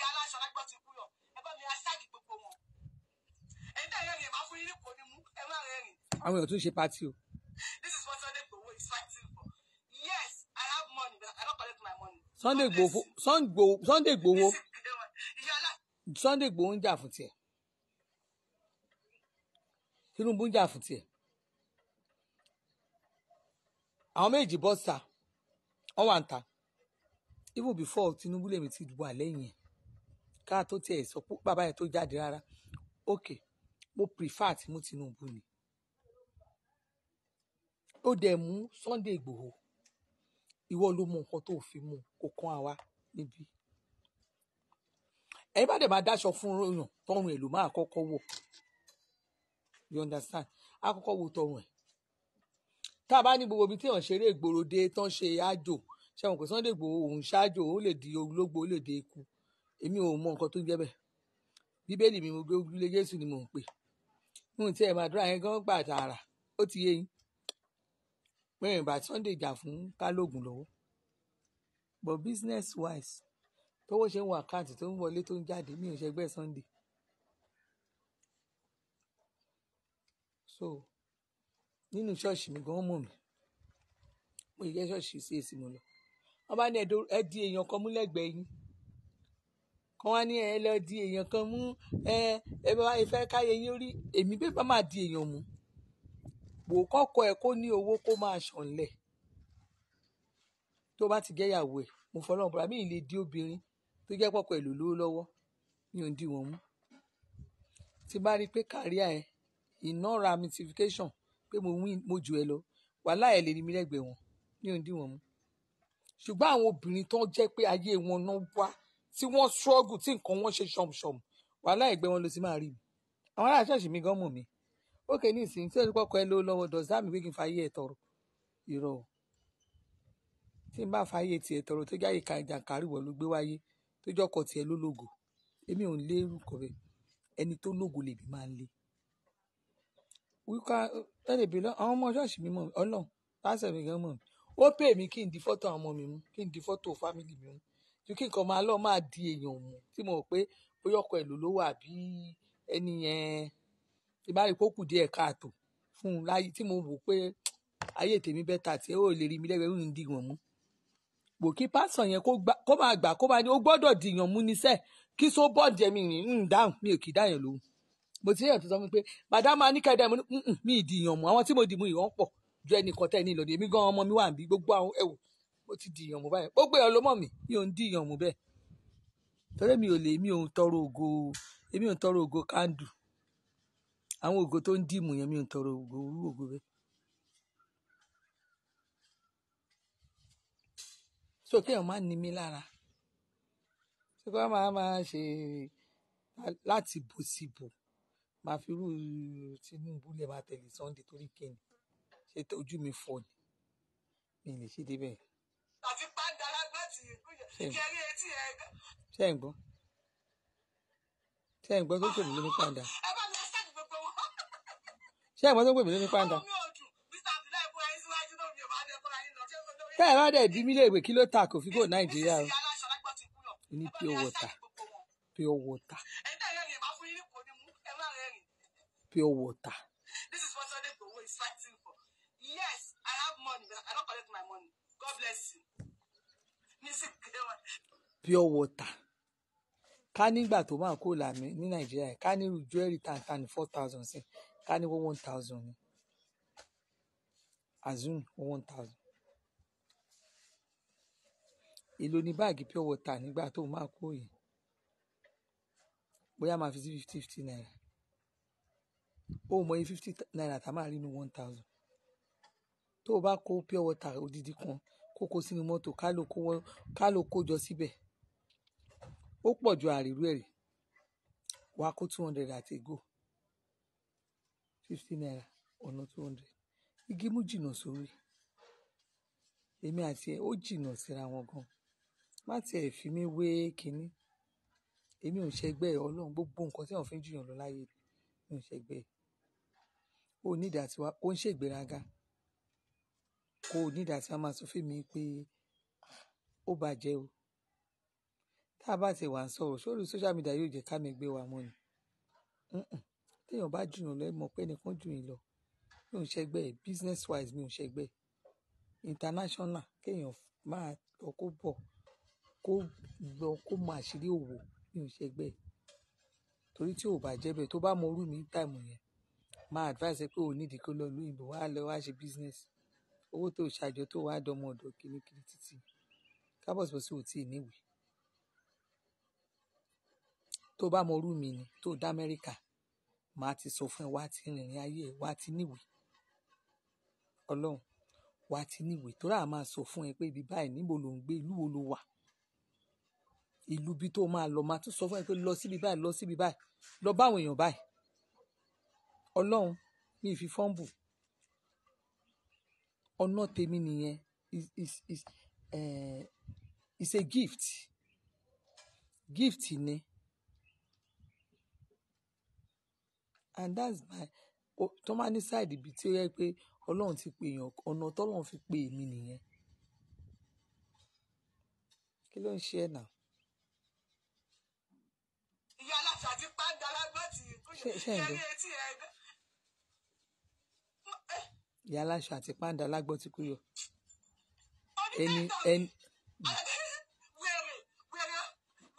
èèyàn tó ń ṣe pati o. this is what Sunday Igboho is fighting for. yes I have money but I don't collect Sunday Igboho ń jà fún tiẹ̀ Tinubu ń jà fún tiẹ̀ àwọn méjì bọ́ sà ń ta even before Tinubu lèmi ti wà lẹ́yìn ẹ̀ ká tó tiẹ̀ sọ pé bàbá ẹ̀ tó jáde rárá ok mo prefer àti mú Tinubu ni ó dẹ̀ mú Sunday Ìgbòho ìwọ ló mọ nǹkan tó fi mú kó kán àwa níbí ẹ̀yin bá dẹ̀ máa dáṣọ fún ròyàn tọrùn ẹ̀ ló máa kọ́kọ́ wò you understand á kọ́kọ́ wò tọrùn ẹ̀ tá a bá ní gbogbo ibi tí èèyàn ṣeré ìgboro dé tán ṣe àjò ṣẹ́wọ̀n pé Sunday Igboho òun ṣáájú òun lè di ológbò ó lè di eku èmi ò mọ nǹkan tó ń jẹ́ bẹ́ẹ̀ bíbélì mi mo gbé ojúlé Jésù ni mò ń pè mò ń tiẹ̀ máa dúrà yẹn gbà tààrà ó ti yé yín mẹ́rin bá Sunday jà fún kálógun lọ́wọ́ but business wise tówó ṣe ń wọ àkáǹtì tó ń wọlé tó ń jáde mi ò ṣẹgbẹ́ Sunday so nínú ṣọ́ọ̀ṣì mi gan mọ̀ mi mo yẹ ṣọ́ọ̀ṣì sí èsì mo lọ wọ́n bá ní ẹ di èèyàn kan mú lẹ́gbẹ̀ẹ́ yín kan wá ní ẹ lọ di èèyàn kan mú ẹ ẹ bá ìfẹ́ káyé yín rí èmi bí bá máa di èèyàn mú wò kọ́kọ́ ẹ kó ní owó kó máa ṣànlẹ̀ tó bá ti gẹ́yàwó ẹ̀ mo fọ́ lọ́wọ́ bọ́ra mi ì lè di obìnrin tó jẹ́ pọ̀pọ̀ ẹ̀ lò lówó mi ò di wọn mú tí bá rí i pé kàríà ẹ ìnára ramification pé mo win ẹ lọ wàhálà ẹ lè ní mi lẹ́gbẹ̀ẹ́ wọn mi ò di wọn mú ṣùgbọ́n àwọn obìnrin tó ń jẹ́ pé ayé wọn náà wá tí wọ́n struggle tí nǹkan wọn ṣe ṣọ̀mṣọ̀m wàhálà ẹ̀gbẹ́ wọn ló ti máa rí mi àwọn ará ṣọ́ọ̀ṣì mi gan mọ̀ mi ókè ní ìsìn tí olùkọ́ kọ́ ẹ ló lọ́wọ́ dọ̀sá mi pé kí n fààyè ẹ̀ tọrọ ìrọ̀ tí n bá fààyè tiẹ̀ tọrọ tó jáde jàǹkàrìwọ̀ ló gbé wáyé tó jọkọ̀ tiẹ̀ ló lògò èmi ò ń lérú kọ̀ bẹ́ẹ̀ ẹni tó lògò lèmi máa ń lé wíkà ẹ̀rẹ̀bí lọ àwọn ọmọ ṣọ́ọ̀ṣì mi mọ̀ ọlọ́run ó pè mí kí n di fọ́tò àwọn ọmọ mi mú kí n di fọ́tò fámìlì mi mú ju kí nǹkan máa lọ máa di èèyàn mú tí mo rò pé bóyá ọkọ èlò ló wà bí ẹni yẹn ìbára ìkókù díẹ̀ káàtó fún un láyé tí mo wò pé ayé tèmi bẹ́tà tí ó lè rí mi lẹ́gbẹ̀ẹ́ ń dìgbọ̀n mú wò kí pásọ yẹn kó máa gbà kó máa ní ó gbọ́dọ̀ dìyàn mú níṣẹ́ kí so bọ́ọ̀dì ẹ̀mí rìn ń dáhùn mi ò kì í dáyàn lóhùn mo ti yàn tó sọ fún mi pé madam anikẹ́dẹ́ mi ì mú àwọn tí mo dì mú ìwọ́n pọ̀ ju ẹnìkan tẹ́ ẹ ní ìlọ́dẹ èmi gan ọmọ mi wà níbí gbogbo àwọn ẹ̀wò mo ti di ìyànmú báyìí gbogbo èèyàn ló mọ̀ mí mi ò ń di ìyànmú bẹ́ẹ̀ torí mi ò lè mi ò ń tọrọ ògo èmi ò ń tọrọ ògo kándù àwọn ògo tó ń dìmú yẹn mi ò ń tọrọ ògo orú ògo bẹ́ẹ̀. so kéèyàn má ní mi lára ṣé kí máa máa ṣe láti bò sí bò máa fi irú Tinubu lè máa tẹ̀lé Sunday torí kéèyàn ṣé ojú mi fọ́ ni mi lè ṣe débẹ̀. àti pàdà lágbàtì ìkẹrí etí ẹ. ṣé ẹ̀ ń gbọ́ ṣé ẹ̀ ń gbọ́ tó pè mí lóní pàdà. ẹ bá mi ṣáàjì gbogbo wọn. ṣé ẹ̀ ń gbọ́ tó pè mí lóní pàdà. tẹ́ ẹ̀ bá dẹ̀ bí mílíọ̀nù ìwé kí ló ta kò fi kó nàìjíríà o ní pure water pure water pure water. collect my money. God bless you. <laughs> Eh, pure water. Ká nígbà tó máa kó làmì ní Nàìjíríà ká ní jewelry tan tan ní four thousand sí ká ní one thousand ní azun one thousand. Èló ni báàgì pure water nígbà tó máa kó yìí bóyá máa fi sí fifty fifty naira ó mọ iye fifty naira tá máa rí ní one thousand tó o bá kó pure water odidi kan kókó sínú mọ́tò ká ló kó jọ síbẹ̀ ó pọ̀ ju àrírú ẹ̀ rí kó two hundred àti go fifty naira ọ̀nà two hundred igi mú jìnnà sórí èmi àti ẹ ó jìnnà síra wọn gan má tiẹ̀ fi mí wé kínní èmi ò ṣẹgbẹ́ ẹ ọlọ́run gbogbo nǹkan tí wọ́n fi ń jiyàn lọ láyé mi ò ṣẹgbẹ́ ẹ ní ìdá ó ń ṣègbéraga kò need àti máa sọ fún mi pé ah, ó bàjẹ́ o. Tá a bá ti wà ń sọ̀rọ̀, ṣé social media yóò jẹ́ ká mi gbé wa mọ́ ni? Mm-mm. Tí èèyàn bá jù yàn lọ, ẹ mọ̀ pé ẹnìkan jù yín lọ. Mi ò ń ṣẹgbẹ́ ẹ̀, business wise mi ò ń ṣẹgbẹ́ ẹ̀. International kí èèyàn máa lọ kó bọ̀, kó lọ kó mọ àṣírí òwò, mi ò ń ṣẹgbẹ́ ẹ̀. Torí tí ò bá jẹ́ bẹ́ẹ̀, tó bá mọ irú mi time yẹn, máa advice ẹ pé o need kó lọ ìlú òyìnbó lọ wá ṣe business owó tó ṣàjọ tó wàá dọmọ ọ̀dọ̀ kìnnìkìnnì títì kábọ̀sibọ̀sì ò tí ì níwèé tó bá mọrú mi ni tó dá amẹ́ríkà màá ti sọ fún ẹ wá ti rìnrìn ayé ẹ wá ti níwèé ọlọ́run wá ti níwèé tó rà máa sọ fún ẹ pé ibi báyìí níbo ló ń gbé ìlú wo ló wà ìlú bí tó máa lọ máa tún sọ fún ẹ pé lọ síbi báyìí lọ síbi báyìí lọ báwọn èèyàn báyìí ọlọ́run mi ì fi fọ́ǹbù ọ̀nà tèmi nìyẹn is is is eh, is a gift gift ni and that's my tó máa side ibi tí ó yẹ pé ọlọ́run ti pè yàn ọ̀nà tọ́lọ́run fi pè mí nìyẹn kí ló ń ṣe ẹ̀ náà. ìyá aláṣà ti pàdé alágbàtì kúrò ní ẹni etí ẹgbẹ́ ìyá aláṣọ àti pàǹdà alágbọ́ ti kú yọ. ẹni ẹni.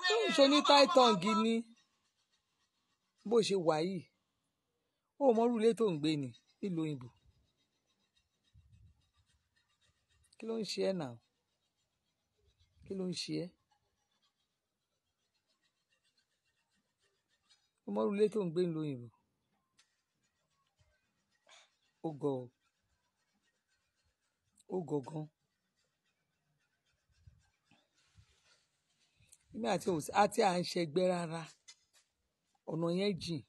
tó ń ṣoní táìtọ́ǹgì ni bó ṣe wà yìí ó mọrú ilé tó ń gbé ni nílùú òyìnbó kí ló ń ṣe ẹ́ náà kí ló ń ṣe ẹ́ ó mọrú tó ń gbé nílùú òyìnbó ó gọ̀ ọ́ ògo gan nígbà tí òun àti à ń ṣẹgbẹ́ rárá ọ̀nà yẹn jìn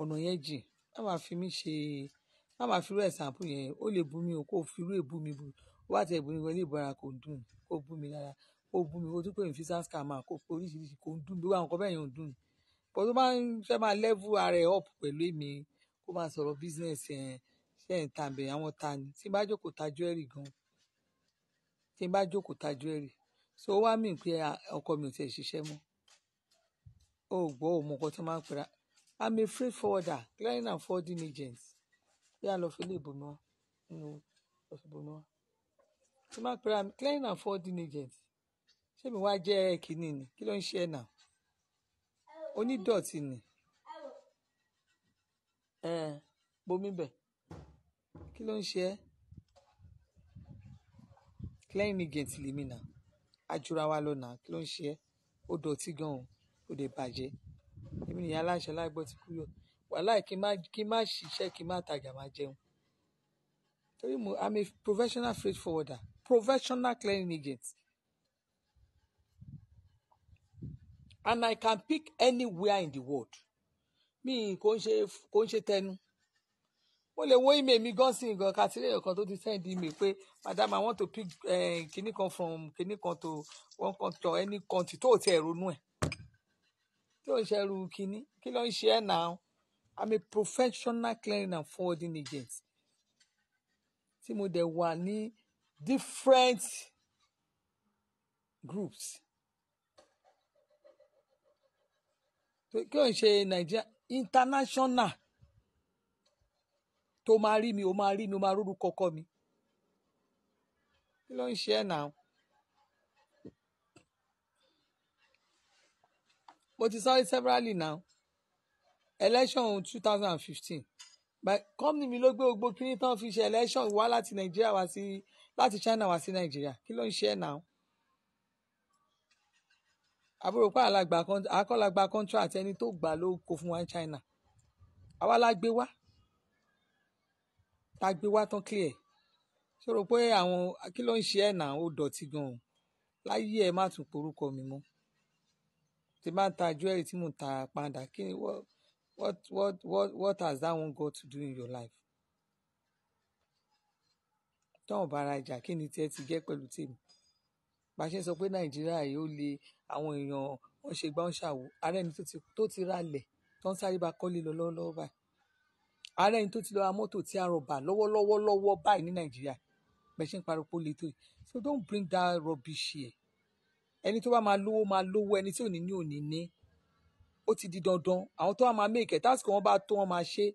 ọ̀nà yẹn jìn má máa fi mí ṣe má máa fi irú ẹ̀sàmpù yẹn ó lè bú mi o kò fi irú èbú mi bú ó bá tẹ̀ bú mi wọlé ìbọra kò dùn kò bú mi rárá kò bú mi kò tún pè mí fi sáà scammer kò pé oríṣiríṣi kò ń dùn bí wàá nǹkan bẹ́ẹ̀ yẹn ò dùn bọ́ tó máa ń fẹ́ máa level ara ẹ̀ up pẹ̀lú èmi kó máa sọ̀rọ̀ business yẹn tẹ́ ń ta àbẹ̀rẹ̀ àwọn ta ni tí bá jókòó ta jewelry gan tí bá jókòó ta jewelry so ó wá mí pé ọkọ mi ò tiẹ̀ ṣiṣẹ́ mọ́ ó gbọ́ òun mọ̀ nǹkan tó máa ń pera i'm a free forwarder clearing and forwarding agent bí a lọ fi lè bò náà nínú ọ̀ṣọ́gbó náà tí máa pera clearing and forwarding agent ṣé mi wá jẹ́ kínní ni kí ló ń ṣe ẹ̀ náà onídọ̀tí ni bomi bẹ̀ kí ló ń ṣe ẹ́ clearing agent lèmi nà ajura wa lọ nà kí ló ń ṣe ẹ́ ó dọ̀tí gan-an ó dẹ̀ bàjẹ́ èmi nìyá aláṣẹ alágbọ́ ti kúrò wàhálà kí n má ṣiṣẹ́ kí n má tajà má jẹun torí mo i'm a professional freight forwarder professional clearing agent and i can pick anywhere in the world mi kò ń ṣe kò ń ṣe tẹnu ó lè wo email mi gan sí nǹkan kàtílẹ̀ ọ̀kan tó ti send email pé madam i want to pick eh, kinní kan from kinní kan to one country to any country tó ti ẹ̀ ronú ẹ̀ tí ò ṣe ẹrù kinní kí ló ń ṣe ẹ̀ náà i'm a professional clearing and forwarding agent tí mo dẹ̀ wà ní different groups kí ló ṣe Nigeria international tó máa rí mi ó máa rí mi ó máa rórúkọ ọkọ mi kí ló ń ṣe ẹ́ náà. mo ti sọ severally now election two thousand and fifteen by company mi ló gbé gbogbo kíní tán fi ṣe election wá láti nàìjíríà wá sí láti china wá sí nàìjíríà kí ló ń ṣe ẹ́ náà àbúrò pa àkọlàgbà contract ẹni tó gbà ló kó fún wa china àwa la gbé wá tá a gbé wá tán clear ṣó pé àwọn kí ló ń ṣe ẹ̀ náà ó dọ̀tí gan-an láyé ẹ má tún porúkọ mi mọ́ tí bá ń ta jewelry tí mò ń ta padà kí ni what what what what has that one got to do in your life tọ́hún bára ìjà kí ni tiẹ̀ ti jẹ́ pẹ̀lú tèmi bá a ṣe ń sọ pé nàìjíríà yìí ó àwọn èèyàn wọn ṣe gbọ́n ṣàwò ààrẹ ni tó ti ralẹ̀ tó ń sáré bá kọ́lé lọ lọ́wọ́lọ́wọ́ báyìí ààrẹ ẹni tó ti lọ ra mọ́tò tí a rọ̀bà lọ́wọ́lọ́wọ́ lọ́wọ́ báyìí ní nàìjíríà mẹ́ṣẹ́ ń pariwo yìí so don't bring that rubbish here ẹni tó bá máa lówó máa lówó ẹni tí ò ní ní ò ní ní ó ti di dandan àwọn tó wà máa make it tásìkò wọn bá tó wọn máa ṣe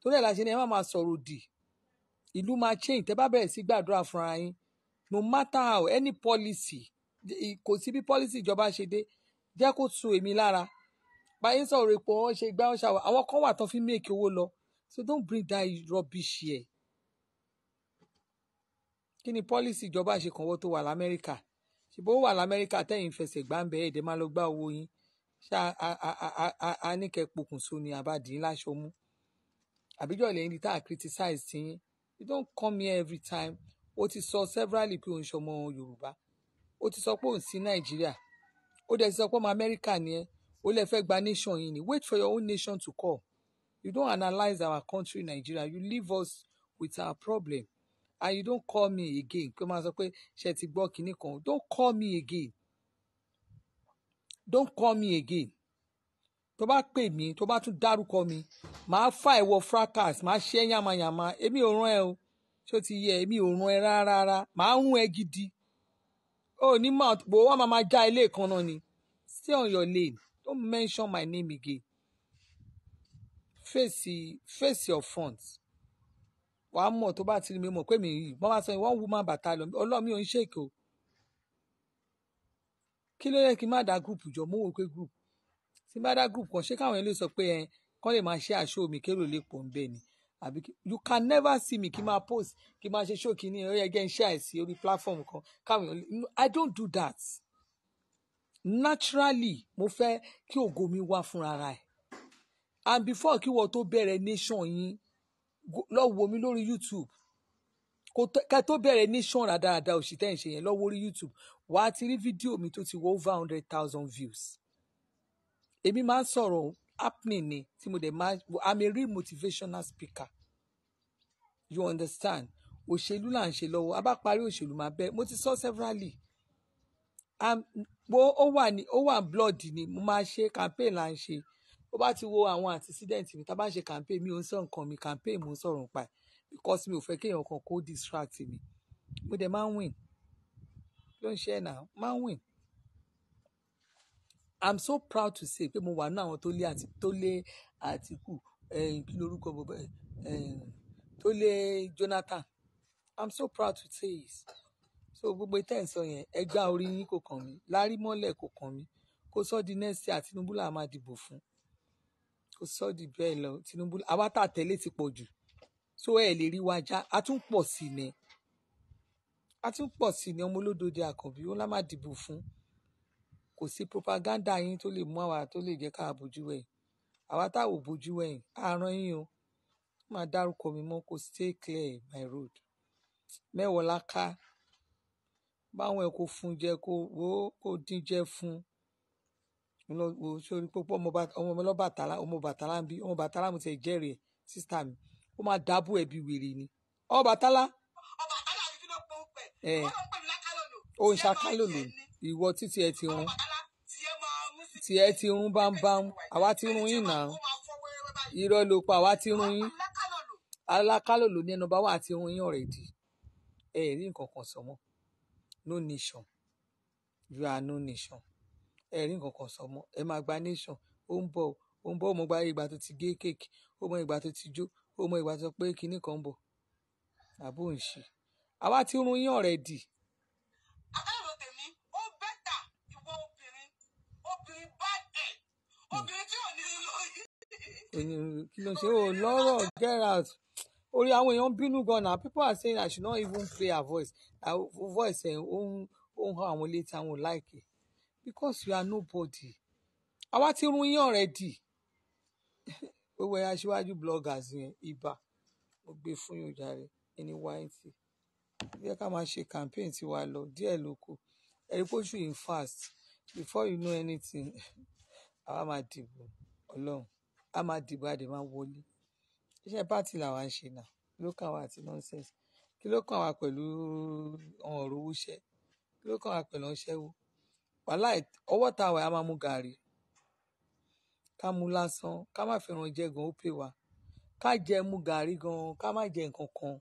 torí ẹ̀ la ṣe ni ẹ má máa sọ̀rọ̀ òdì ìlú máa change tẹ́ bá bẹ̀rẹ̀ sí gbàdúrà fúnra yín no matter how any policy kò sí bí policy ìjọba ṣe dé jẹ́ kó tu èmi lára báyìí sọ̀rọ̀ èpò wọn ṣe gbá wọn ṣàwọ̀ àwọn kan wà tán fi make owó lọ So don't bring that rubbish here. Kí ni pọ́lísì ìjọba àṣekànwọ́ tó wà l'Amẹ́ríkà? Ṣùgbọ́n ó wà l'Amẹ́ríkà tẹ́yìn fẹsẹ̀ gbá ń bẹ ẹ̀dẹ̀ máa lọ gbá owó yín. Ṣá a ní kẹ́ pokùnso ni àbádìí láṣọ mú. Àbíjọ́ ilẹ̀ yín ni tá a criticize ti yín. You don't come here every time. O ti sọ severally pé òun ṣọmọ Yorùbá. O ti sọ pé òun sí Nàìjíríà. O dẹ̀ ti sọ pé ọmọ Amẹ́ríkà ni ẹ́. O lè fẹ́ gba nation yìí ni. Wait for your own nation to call. You don't analyze our country, Nigeria. You leave us with our problem. And you don't call me again. Don't call me again. Don't call me again. Tó bá pè mí, tó bá tún dárúkọ mi, màá fà ẹ̀wọ̀ fracas, màá ṣe yàmàyàmà. Èmi ò rán ẹ o. Ṣé o ti yẹ èmi ò rán ẹ rárá? Màá rún ẹ gidi. O ní mouth, bò wọ́n máa ma já ilé kan náà ni. Stay on your lane. Don't mention my name again fèsì fèsì your front wàá mọ̀ tó bá ti rí mi mọ̀ pé mi yìí wọ́n máa sọ one woman battalion ọlọ́mi ò ń ṣèké o kí ló yẹ kí n má dá group jọ mú wò pé group tí n bá dá group kan ṣé káwọn yẹn lè sọ pé ẹ kán lè máa ṣe àṣọ mi kérò lè pọ̀ ń ni àbí you can never see me kí n máa post kí n máa ṣe show kìíní ó yẹ kí n àìsí orí platform kan káwọn yẹn I don't do that naturally mo fẹ́ kí ògo mi wá fúnra rẹ̀ and before kí wọ́n tó bẹ̀rẹ̀ nation yín lọ wò mí lórí YouTube ká tó bẹ̀rẹ̀ nation rádaràda òṣìṣẹ́ ìṣe yẹn lọ́wọ́ orí YouTube wàá ti rí fídíò mi tó ti wọ over hundred thousand views èmi máa ń sọ̀rọ̀ happening ni tí mo dẹ̀ máa I'm a real motivational speaker you understand òṣèlú là ń ṣe lọ́wọ́ a bá parí òṣèlú máa bẹ́ẹ̀ mo ti sọ severally wo ó wà ní ó wà blood ni mo máa ṣe campaign là ń ṣe ó bá ti wo àwọn antecedent mi tá a bá ń ṣe campaign mi ò ń sọ nǹkan mi campaign mo ń sọ̀rọ̀ nípa ẹ̀ because mi ò fẹ́ kéèyàn kan kó distract mi mo dẹ̀ máa ń win ló ń ṣe ẹ̀ máa ń win i'm so proud to say pé mo wà ní àwọn tó lé àti tó lé Àtíkù eh, kí lórúkọ bọ̀bọ̀ eh, tó lé Jonathan i'm so proud to say this so gbogbo ìtẹ́ ń sọ yẹn ẹgbà orí yín kò kàn mí lárí mọ́lẹ̀ kò kàn mí kó sọ́ di nẹ́ẹ̀sì àti Tinubu làá máa dìbò fún kò sọ di bẹ́ẹ̀ lọ Tinubu àwa tá a tẹ̀lé ti pọ̀ jù so ẹ̀ lè rí wa já a tún pọ̀ sí ni a tún pọ̀ sí ni ọmọ olódòde àkànbí ó lá dìbò fún kò sí propaganda yín tó lè mú àwa tó lè jẹ́ ká bójú wẹ̀yìn àwa tá ò bójú wẹ̀yìn àárọ̀ yín o máa dárúkọ mi mọ́ kó stay clear my road mẹ́wọ̀ọ́ láká báwọn ẹ̀ kó fún jẹ kó wó kó dín jẹ fún mi lọ wo ọmọ mi ọmọ bàtàlá ń ọmọ bàtàlá mo ti jẹ́rìí ẹ̀ sísítà mi ó máa dábò ẹ̀bí wèrè ni ọmọ bàtàlá. ọmọ bàtàlá àbí kí ló pọ̀ pẹ̀ ọmọ pẹ̀lú lákàlọ́lò. ó ń ṣàkálòlò ìwọ títí ẹ ti rún tí ẹ ti rún bámbám àwa ti rún yín náà irọ́ ló pa àwa ti rún yín alákálòlò ní ẹnu bá wà àti rún yín ọ̀rẹ́dì ẹ rí nǹkan kan sọ mọ́ no nation you are no nation ẹ̀rí nǹkan kan sọ mọ́ ẹ máa gba nation ó ń bọ̀ ó ń bọ̀ ó mọ gba ìgbà tó ti gé kéèkì ó mọ ìgbà tó ti jó ó mọ ìgbà tó pé kinní kan ń bọ̀ àbó ń ṣe àwa ti run yín ọ̀rẹ́ dì. àbẹ̀rò tèmi ó bẹ́tà ìwọ obìnrin obìnrin bá dẹ̀ obìnrin tí ò ní lóyún. kí ló ṣe o lọ́rọ̀ get out orí àwọn èèyàn ń bínú gan na people are saying I should not even play her voice her voice ẹ̀ eh, ń ó ń hàn àwọn létí àwọn láìkè because you are nobody àwa ti run yín already gbogbo ẹ̀yà aṣíwájú bloggers yẹn ibà mo gbé fún yóò jàre ẹni wáìtì jẹ́ ká máa ṣe campaign tiwa lọ díẹ̀ ló kù ẹ̀rí pójú in fast before you know anything àwa máa dìbò ọlọ́run a máa dìbò a dẹ̀ máa wọlé iṣẹ́ pàtì làwa ń ṣe náà kí ló kàn wá àti nonsense kí ló kàn wá pẹ̀lú ọ̀rọ̀ owó ṣẹ́ kí ló kàn wá pẹ̀lú ọ̀ṣẹ́wó wàláì ọwọ́ tá a wà á máa mu gàrí ká mu lásán ká má fẹ́ràn jẹ gan ó pè wá ká jẹ mu gàrí gan ká má jẹ nǹkan kan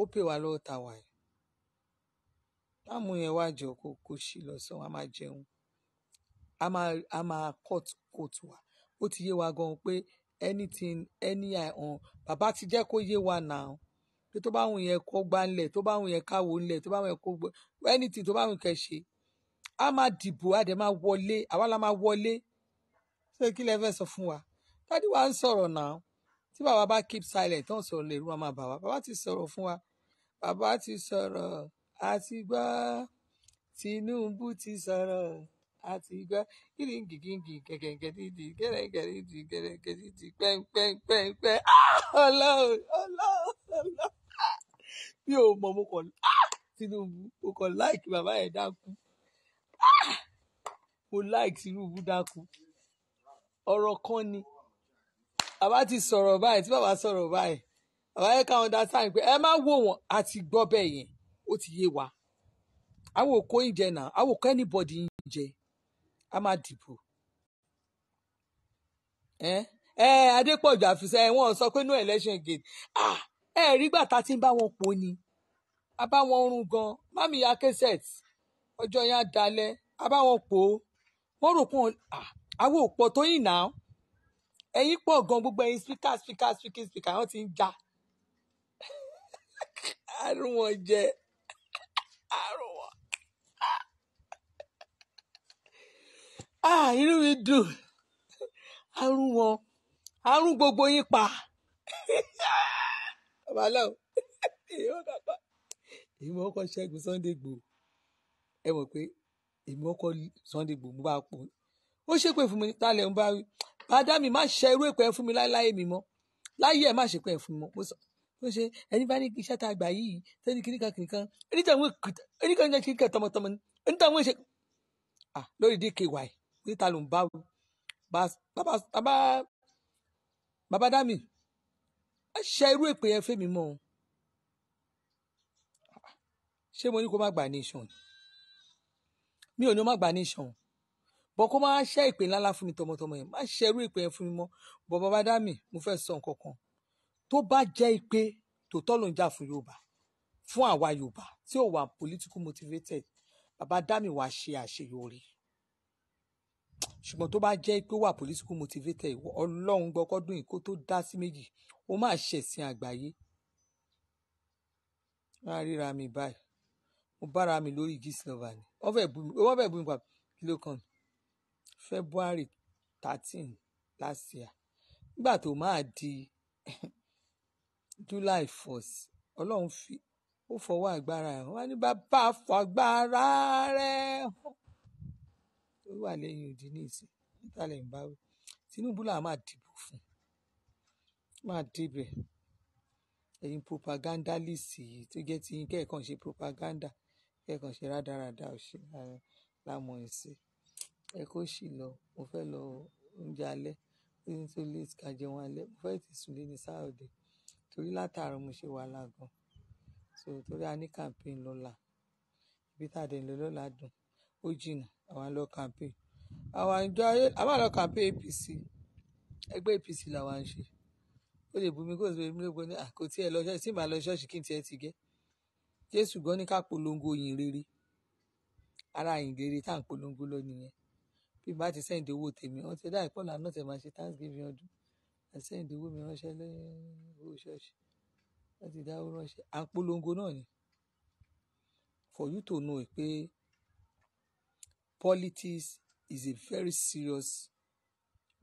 ó pè wá lọ́wọ́ tá wà yìí ká mú yẹn wá jọ kó kó sí lọ́sàn á máa jẹun a máa a máa cut coat wa ó ti yé wa gan pé anything any eye on bàbá ti jẹ́ kó yé wa now pé tó bá wù yẹn kó gbá ńlẹ̀ tó bá wù yẹn káwo ńlẹ̀ tó bá wù yẹn kó gbọ́ anything tó bá wù yẹn kẹ́ ṣe a máa dìbò a dẹ̀ máa wọlé àwa la máa wọlé ṣé kí lẹ fẹ́ sọ fún wa dádì wa ń sọ̀rọ̀ náà tí bàbá bá keep silent tó ń sọ̀rọ̀ lè rú wa máa bà wá bàbá ti sọ̀rọ̀ fún wa bàbá ti sọ̀rọ̀ àti gbọ́ Tinubu ti sọ̀rọ̀ àti gbọ́ kíni gìgìgì gẹ̀gẹ̀gẹ̀ dídì gẹ̀rẹ̀gẹ̀ dídì gẹ̀rẹ̀gẹ̀ dídì pẹ́ńpẹ́ńpẹ́ńpẹ́ ah! ọlọ́run ọlọ́run ọlọ́run ah! mi ò mọ̀ mo kàn ah! Tinubu mo kàn láìkì bàbá yẹn dákú mo like Tinubu dákú ọ̀rọ̀ kan ni bàbá ti sọ̀rọ̀ báyìí tí bàbá sọ̀rọ̀ báyìí bàbá yẹ ká understand pé ẹ má wò wọ́n a ti gbọ́ bẹ́ẹ̀ yẹn ó ti yé wa àwọn òkò ń jẹ náà àwọn òkò anybody ń jẹ a máa dìbò ẹ ẹ Adépọ̀jù àfisẹ́ ẹ wọ́n sọ pé no election gate. ah ẹ rí gbà tá a ti ń bá wọn pò ni a bá wọn rún gan mami ya kẹsẹt ọjọ́ yẹn á dalẹ̀ a bá wọn pò ó wọ́n rò pọ́n àwọn ah, òpó tó yìn náà ẹ̀yin pọ̀ gan gbogbo ẹ̀yin speaker speaker speaking speaker wọ́n ti ń jà àrùn <laughs> wọn jẹ àrùn wọn. <laughs> Ah, inú mi dùn àrùn wọn àrùn gbogbo yín pa wàhálà o èyí wọn kà pa èyí wọn kọ ṣẹ́gun Sunday Igboho ẹ mọ̀ pé èmi kọ́kọ́ Sunday Igboho mo bá pò ó ṣépè fún mi tálẹ̀ ń bá wí bàdá mi má ṣe irú èpè fún mi láéláé mi mọ́ láyé ẹ̀ má ṣe pé ẹ̀ fún mi mọ́ mo sọ ó ṣe ẹni bá ní iṣẹ́ tá a gbà yìí sẹ́ni kìnìkan kìnìkan onítàwọn oníkanìkan kìnìkan tọmọtọmọ ni onítàwọn ṣe ah lórí dky níta ló ń bá wí bàbá bàbá dami má ṣe irú èpè yẹn fún mi mọ́ ṣé mo ní kó má gbà ní iṣan ni mi ò ní o má gbà ní ìṣàn bọ kó má ṣe ìpè ńláńlá fún mi tọmọtọmọ yẹn má ṣe irú ìpè yẹn fún mi mọ́ bọ bàbá dá mi mo fẹ́ sọ nǹkan kan tó bá jẹ́ ìpè tòótọ́ ló ń jà fún Yorùbá fún àwa Yorùbá tí ò wà political motivated bàbá dá mi wàá ṣe àṣeyọrí ṣùgbọ́n tó bá jẹ́ pé wà political motivated ìwọ ọlọ́run gbọ́kọ́dún yìí kó tó dá sí méjì ó máa ṣẹ̀sìn àgbáyé máa ríra mi báyìí bára mi lórí Gistlover ni wọ́n fẹ́ bú mi wọ́n fẹ́ bú February thirteen last year nígbà tó máa di <laughs> July first Ọlọ́run fi ó fọwọ́ agbára ẹ̀ wọ́n á ní bàbá fọ agbára rẹ̀ ó wà lẹ́yìn òdì ní ìsìn nítàlẹ̀ ń báwí Tinubu là máa dìbò fún máa débẹ̀ ẹ̀yin propagandalist yìí tó jẹ́ ti yín kẹ́ẹ̀kan ṣe propaganda kẹ́ẹ̀kan ṣe rádaràda òṣì lámọ̀ ẹ̀sìn ẹ kó sì lọ mo fẹ́ lọ oúnjẹ alẹ́ títí tó lè ká jẹun alẹ́ mo fẹ́ ti sùn lé ní sáàdì torí látàárọ̀ mo ṣe wàhálà gan so torí a ní campaign lọ́la ibi tá a dẹ̀ lọ lọ́la dùn ó jìnnà àwa lọ campaign àwa ìjọ ayé àwa lọ campaign APC ẹgbẹ́ APC làwa ń ṣe ó lè bu mi kó o sì bẹ mi lóògbé ní àkótí ẹ lọ tí màá lọ ṣọ́ọ̀ṣì kí n tiẹ̀ ti gẹ́ Jésù gan ní ká polongo ìyìn rere ara ìyìn rere tá à ń polongo lọ nìyẹn bí n bá ti sẹ́ǹdì owó tèmi wọ́n ti dáì pọ́ọ̀lù àná tẹ̀ máa ṣe thanksgiving ọdún àti sẹ́ǹdì owó mi ránṣẹ́ lẹ́yìn owó ṣọ́ọ̀ṣì wọ́n ti dáwó ránṣẹ́ à ń polongo náà ni for you to know pé politics is a very serious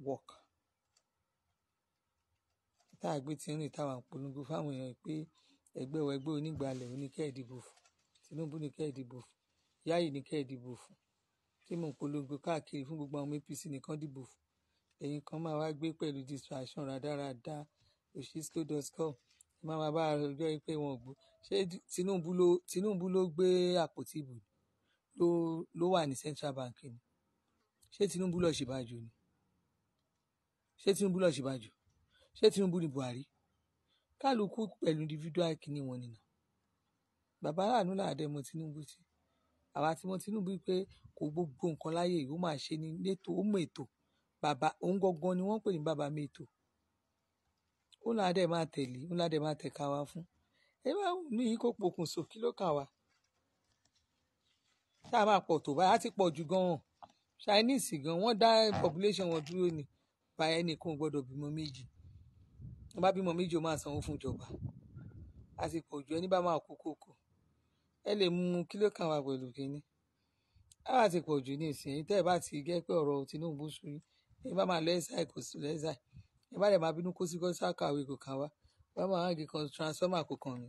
work tá a gbé ti ń rìn táwọn polongo fáwọn èèyàn pé ẹgbẹ́ wa ẹgbẹ́ onígbàlẹ̀ oníkẹ́ ìdìbò fún Tinubu ní kẹ́ ìdìbò fún Yayi ní kẹ́ ìdìbò fún tí mò ń polongo káàkiri fún gbogbo àwọn APC nìkan dìbò fún ẹ̀yin kan máa wá gbé pẹ̀lú distraction rádaràda oshisco.com ẹ máa bá àjọ pé wọn ò gbó ṣé Tinubu ló gbé àpótí ìbò ló wà ní central bank ni ṣé Tinubu ló ṣèbàjò ni ṣé Tinubu ló ṣèbàjò ṣé Tinubu ni Buhari kálukú pẹ̀lú individual kìíní wọn nìyà bàbá aláàánú làdẹ mọ Tinubu sí àwa tí mọ Tinubu pé kò gbogbo nǹkan láyé yìí ó máa ṣe ní létò ó mọ ètò bàbá òun gangan ni wọ́n pè ní bàbá mi ètò ó làdẹ máa tẹ̀lé ó làdẹ máa tẹ̀ka wa fún ẹ bá ní yìí kó pokùnso kí ló kà wá tá a máa pọ̀ tó báyà ti pọ̀ jù gan-an Chinese gan wọ́n dá population wọn dúró ni báyẹn nìkan gbọ́dọ̀ bímọ méjì tó bá bímọ méjì ó máa sanwó fún ìjọba àsìkò òjò ẹni bá máa kú kòkò ẹ lè mú kílò kan wá pẹ̀lú kínní àwọn àsìkò òjò ní ìsìn yìí tẹ́ ẹ bá ti gẹ́ pé ọ̀rọ̀ Tinubu sùn yìí ẹ bá máa lẹ́sà kò sùn lẹ́sà ẹ bá dẹ̀ máa bínú kó sí kó sákàwé kò kàn wá bá máa hàn kíkan transformer kò kàn mí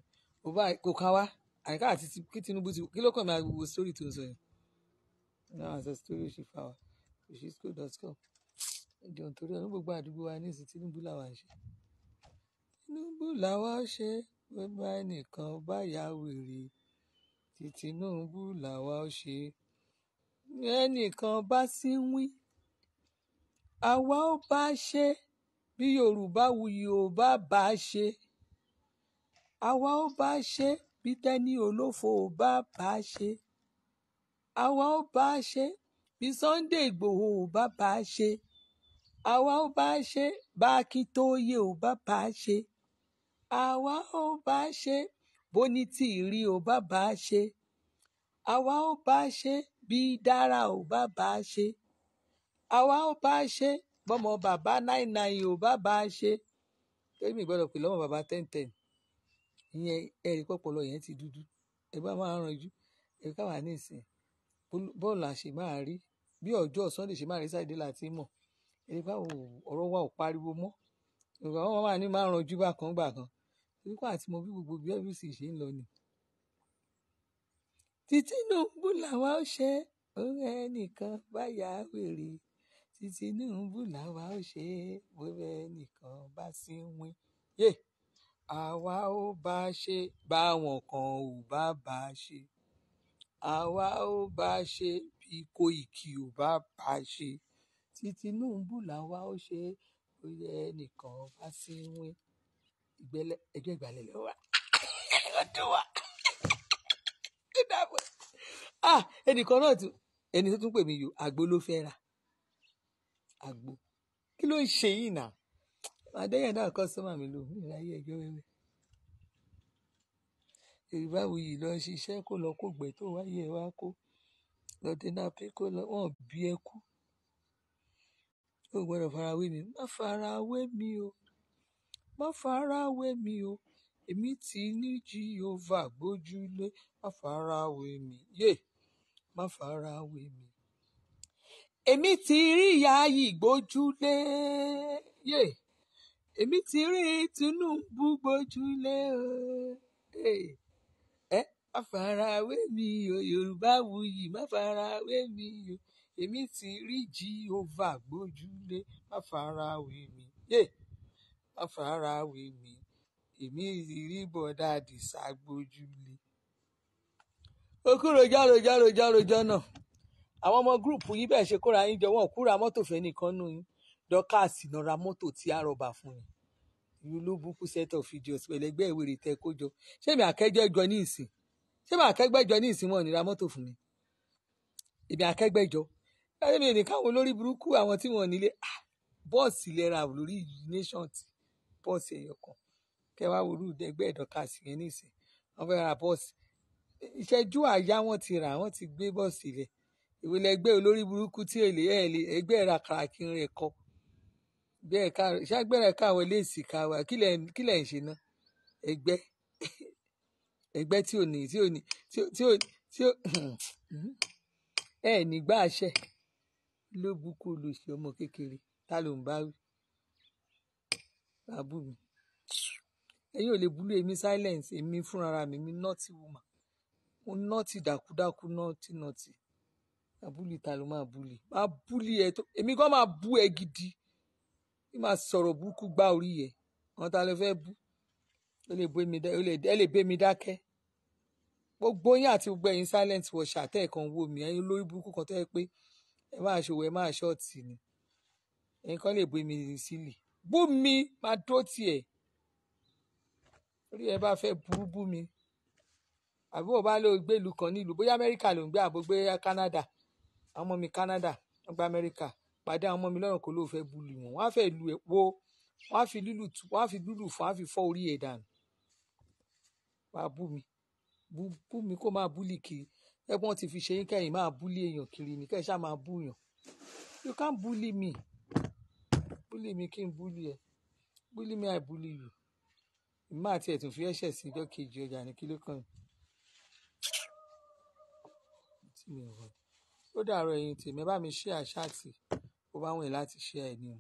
kò kàn wá àyíká àti kí Tinubu ti kí ló kàn mí àgbo story tó ń sọ yìí náà àṣà story ṣì fà wá òṣìṣkò dot com ìjọ nítorí ọ̀nà gbogbo àdúgbò wa ní ìsìn Tinubu làwọn àṣẹ tinubu làwa ṣe bó bá ẹnìkan bá ya wèrè tí tinubu làwa ṣe ẹnìkan bá sí wí àwa ó bá ṣe bí yorùbá wuyì ò bá bá ṣe àwa ó bá ṣe bí tẹni olófo ò bá bá ṣe àwa ó bá ṣe bí sunday igbòho ò bá bá ṣe àwa ó bá ṣe bá akíntóye ò bá bá ṣe àwa ó bá ṣe bó ní tí ìrí o bá bá ṣe àwa ó bá ṣe bí dára ò bá bá ṣe àwa ó bá ṣe bọ́mọ bàbá nine nine ò bá bá ṣe torí mi gbọ́dọ̀ pè lọ́mọ bàbá ten ten ìyẹn ẹ̀rí pọpọlọ yẹn ti dúdú ẹgbẹ máa ranjú ẹgbẹ káwa ní ìsìn bọ́ọ̀lù àṣẹ máa rí bí ọjọ́ sunday ṣe máa rí sáyidé láti mọ̀ ẹgbẹ káwọn ọ̀rọ̀ wa ò pariwo mọ́ ìgbà wọn máa ní máa ranjú bákan gbà torí kó àti mọ bí gbogbo bí ọ́fíìsì ṣe ń lọ ni. títí nùbù làwa ó ṣe ọ̀rẹ́ ẹnìkan bá yà wèrè títí nùbù làwa ó ṣe ọ̀rẹ́ ẹnìkan bá sí wín. àwa ó bá ṣe báwọn kan ò bá bá ṣe àwa ó bá ṣe bí Koiki ò bá bá ṣe tí Tinubu làwa ó ṣe ọ̀rẹ́ ẹnìkan bá sí wín ìgbẹ́lẹ̀ ẹjọ́ ìgbàlẹ̀ lọ wa ọdún wa kí dàbọ̀ ah ẹnìkan náà tún ẹni tó tún pè mí yò àgbo ló fẹ́ ra àgbo kí ló ń ṣe yìí nà adéyàn náà kọ́sọ́mà mi lò ní ìráyé ẹjọ́ wẹ́wẹ́ yorùbá wuyì lọ ṣiṣẹ́ kó lọ kó gbẹ tó wáyé ẹ wá kó lọ́dínà pé kó lọ wọ́n bí ẹ kú ó gbọ́dọ̀ farawé mi má farawé mi o má farawé mi o èmi ti ní Jehovah gbójúlé má farawé mi yé má farawé mi. èmi ti rí ìyá yìí gbójúlé yé èmi ti rí Tinubu gbójúlé o ẹ má farawé mi o Yorùbá wuyì má farawé mi o èmi ti rí Jehovah gbójúlé má farawé mi yé. Yeah. Afárànwémi, èmi rí bọ̀dá Àdìsá gbójúlé. Ó kúrò járo járo járo jọ́nà. Àwọn ọmọ gúrùpù yín bẹ́ẹ̀ ṣe kóra yín jọ wọ́n kúra mọ́tò fẹ́ nìkan nù yín. Dorcas lọ ra mọ́tò tí a rọ̀bà fún yín. Irú ló búkú set of videos pẹ̀lú ẹgbẹ́ ìwèrè tẹ kó jọ. Ṣé èmi àkẹ́jọ́ jọ ní ìsìn? Ṣé èmi àkẹ́gbẹ́ jọ ní ìsìn wọn ò ní ra mọ́tò fún mi? Èmi àkẹ́gbẹ́ jọ. Ẹ̀rẹ́ mi nìkan àwọn olórí burúkú àwọn tí wọ́n nílé. Ah, bọ́ọ̀sì lẹ́ra lórí nation tí bọ́ọ̀sì ẹ̀yọ̀ kan kẹ́ wá wúrú ẹgbẹ́ ìdọ́kasì yẹn nìsín wọ́n fẹ́ ra bọ́ọ̀sì ìṣẹ́jú àyá wọ́n ti rà wọ́n ti gbé bọ́ọ̀sì rẹ̀ ìwé lẹgbẹ́ olórí burúkú tí èlé ẹ̀ lè ẹgbẹ́ ra kàràkiri rẹ̀ kọ bẹ́ẹ̀ ká ṣàgbẹ́ rẹ̀ káwọ́ léèsì káwọ́ kí lẹ̀ ń ṣe ná ẹgbẹ́ <laughs> ẹgbẹ́ tí ò ní tí ò ní tí ò tí ò tí ò <clears throat> ẹ̀ nígbà àṣẹ ló bukú olùṣe ọmọ kékeré ta ló ń bá wí bàbú mi ẹ̀yin ò lè búlú èmi silence èmi fúnra mi mi nọ́ọ̀tì wùmà mo nọ́ọ̀tì dàkúdàkú nọ́ọ̀tì nọ́ọ̀tì àbúlì ta ló máa búlì máa búlì ẹ tó èmi kàn máa bú ẹ gidi bí máa sọ̀rọ̀ burúkú gbá orí yẹ àwọn ta ló fẹ́ bú ó lè bẹ́ mi dákẹ́ gbogbo yín àti gbogbo ẹ̀yin silent watch àtẹ́ kan wo mi ẹ̀yin olórí burúkú kan tẹ́ pé ẹ máa ṣòwò ẹ máa ṣọ́ọ̀tì ni ẹ̀yin kan lè bẹ́ mi sílì bú mi máa dó tiẹ̀ orí ẹ bá fẹ́ burú bú mi àbí ò bá lọ gbé ìlú kan nílùú bóyá amẹ́ríkà ló ń gbé àbó gbé canada àwọn ọmọ mi canada wọ́n gba amẹ́ríkà pàdé àwọn ọmọ mi lọ́rùn kó ló fẹ́ bu lù wọ́n wọ́n á fẹ́ lu ẹ̀ wo wọ́n á fi lùlù wọ́n á fi lùlù fún wọ́n á fi fọ́ orí ẹ̀ dànù wàá bú mi bú bú mi kó máa búlì kiri ẹ̀gbọ́n ti fi ṣe yín kẹ́yìn máa búlì èèyàn kiri ni kẹ́yìn ṣáà máa bú yàn you can't bully me. Búlì me kí n búlì ẹ. Búlì mi I bully you. Ìmá àti ẹ̀tún fi ẹ̀ṣẹ̀ sí ijọ́ kejì ọjà ní kí ló kàn yín. Ó dàárọ̀ ẹ̀yin tèmi, bá mi share ṣáàtì. Ó bá wùn ẹ́ láti share ẹ̀ ni o.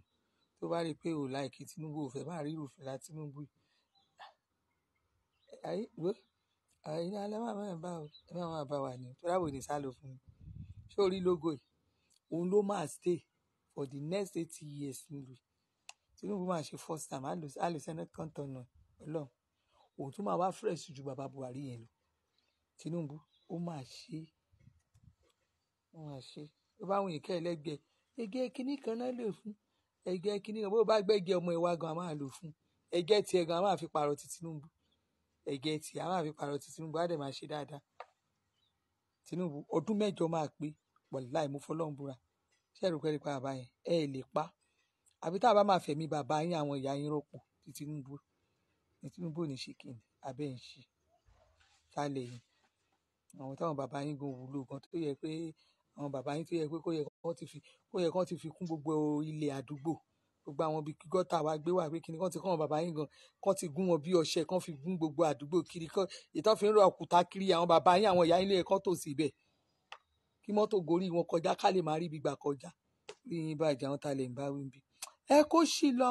Tó bá rí pé o like Tinubu, o fẹ́ máa rí irúfẹ́ láti Tinubu. Ayé wo? Ayé alẹ́ máa máa bá o. Ẹ máa máa bá wa ni. Torí àwọ̀ ni sálọ fún mi. Ṣé o rí logo yìí? Òun ló máa stay for the next eighty years nílùú Tinubu máa ṣe first time á lè senate kan tọ̀nà ọlọ́run òun tún máa wá fresh ju bàbá Buhari yẹn lọ Tinubu ó máa ṣe ó máa ṣe ó bá wùn ìkẹ́ ẹlẹ́gbẹ́ ẹgẹ́ kínní kan náà lò fún ẹgẹ́ kínní kan bó bá gbẹ́gẹ́ ọmọ ìwà gan a máa lò fún ẹgẹ́ tiẹ̀ gan a máa fi pààrọ̀ ti Tinubu ẹgẹ́ tiẹ̀ a máa fi pààrọ̀ ti Tinubu á dẹ̀ máa ṣe dáadáa Tinubu ọdún mẹ́jọ máa pé wàláì mo fọlọ́run búra ṣé ẹ̀rù pẹ́ẹ́rì pa bàbá yẹn ẹ lè pa àbí tá a bá máa fẹ̀mí bàbá yín àwọn ìyá yín rọ́pò ní Tinubu ní Tinubu ní ṣìkìnì abẹ́ ń ṣe ta lè yìn àwọn táwọn bàbá yín gan wúlò gan tó yẹ pé àwọn bàbá yín tó yẹ pé kó yẹ kán ti fi kó yẹ kán ti fi kún gbogbo ilé àdúgbò gbogbo àwọn bíi gọ́tà wa gbé wà pé kí ni kán ti kọ́ àwọn bàbá yín gan kán ti gún wọn bí ọṣẹ kán fi gún gbogbo àdúgbò kiri kán ìtàn fi ń rọ kiri àwọn bàbá yín àwọn ìyá yín lè kán tò bẹ́ẹ̀ kí mọ́tò gorí wọn kọjá ká lè máa rí ibi gbà kọjá rí yín bàjẹ́ àwọn ta lè ń bá wí bí. ẹ kó sí lọ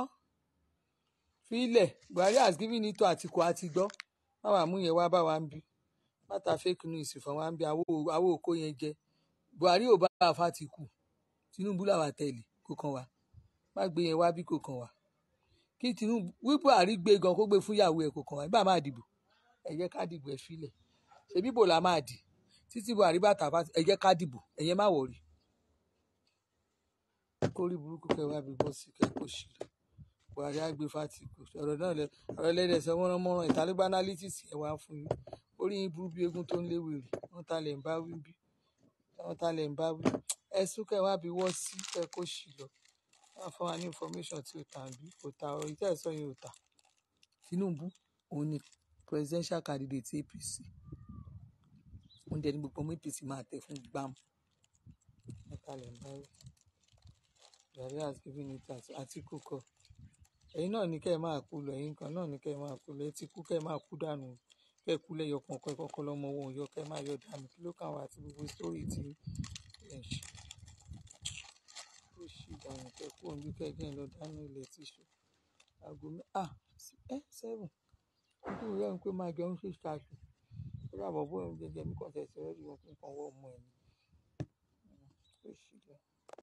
filẹ̀ Buhari has given it to Àtìkù àti gbọ́ má wàá mú yẹn wá bá wa ń bí mátà fake news fún wa ń bí àwo òkó yẹn jẹ Buhari ò bá àfàtìkù Tinubu làwà tẹ̀lé kó kàn wá má gbé yẹn wá bí kò kàn wá kí Tinubu wí Buhari gbé gan kó gbé fún ìyàwó ẹ̀ kàn wá nígbà máa dìbò ẹ jẹ́ ká dìbò ẹ filẹ̀ ṣebí bò la máa dì títí buhari bá tàbá ẹ jẹ́ ká dìbò ẹ̀yẹ má wọ̀rí kórí burúkú kẹwàá bí bọ́sì kẹ́kọ̀ọ́ sí i buhari àgbẹ̀ fatiku ọ̀rọ̀ náà lẹ ọ̀rọ̀ ẹlẹ́dẹ̀ sọ wọ́n rán mọ́rán ìtàlẹ́gbà analytics ẹ̀ wá fún yín orí yín burú bí egun tó ń léwèrè wọ́n ta lẹ̀ ń bá wí bí wọ́n ta lẹ̀ ń bá wí ẹ sún kẹwàá bí wọ́n sí kẹ́kọ̀ọ́ sí i lọ wọ́n fún wa ní information tí ò tà bí kò ta ọ̀rọ̀ ìtẹ́sọ̀ yẹn ò tà Tinubu òun ni presidential candidate APC oúnjẹ ní gbogbo ọmọ APC máa tẹ̀ fún gbam natalie mbari Gani has given it as Atiku kọ ẹ̀yin náà ní kẹ́ ẹ máa kú lọ ẹ̀yin kan náà ní kẹ́ ẹ máa kú lọ ẹ ti kú kẹ́ ẹ máa kú dànù kẹ́ ẹ kú lẹ́yọ kọ̀ọ̀kan kọ́kọ́ lọ́mọ owó òun yọ kẹ́ ẹ máa yọ dànù kí ló kàn wá àti gbogbo sítórì tí ẹ ṣe ó ṣì dànù kẹ́ kú òun bí kẹ́gẹ́ lọ dànù ilẹ̀ tíṣù aago mẹ́ ah ẹ sẹ́wọ̀n ojú rẹ̀ ń pé máa jẹun ṣe ṣáṣù Bravo, bă, de, de micoase, să eu cum com o homem Păi și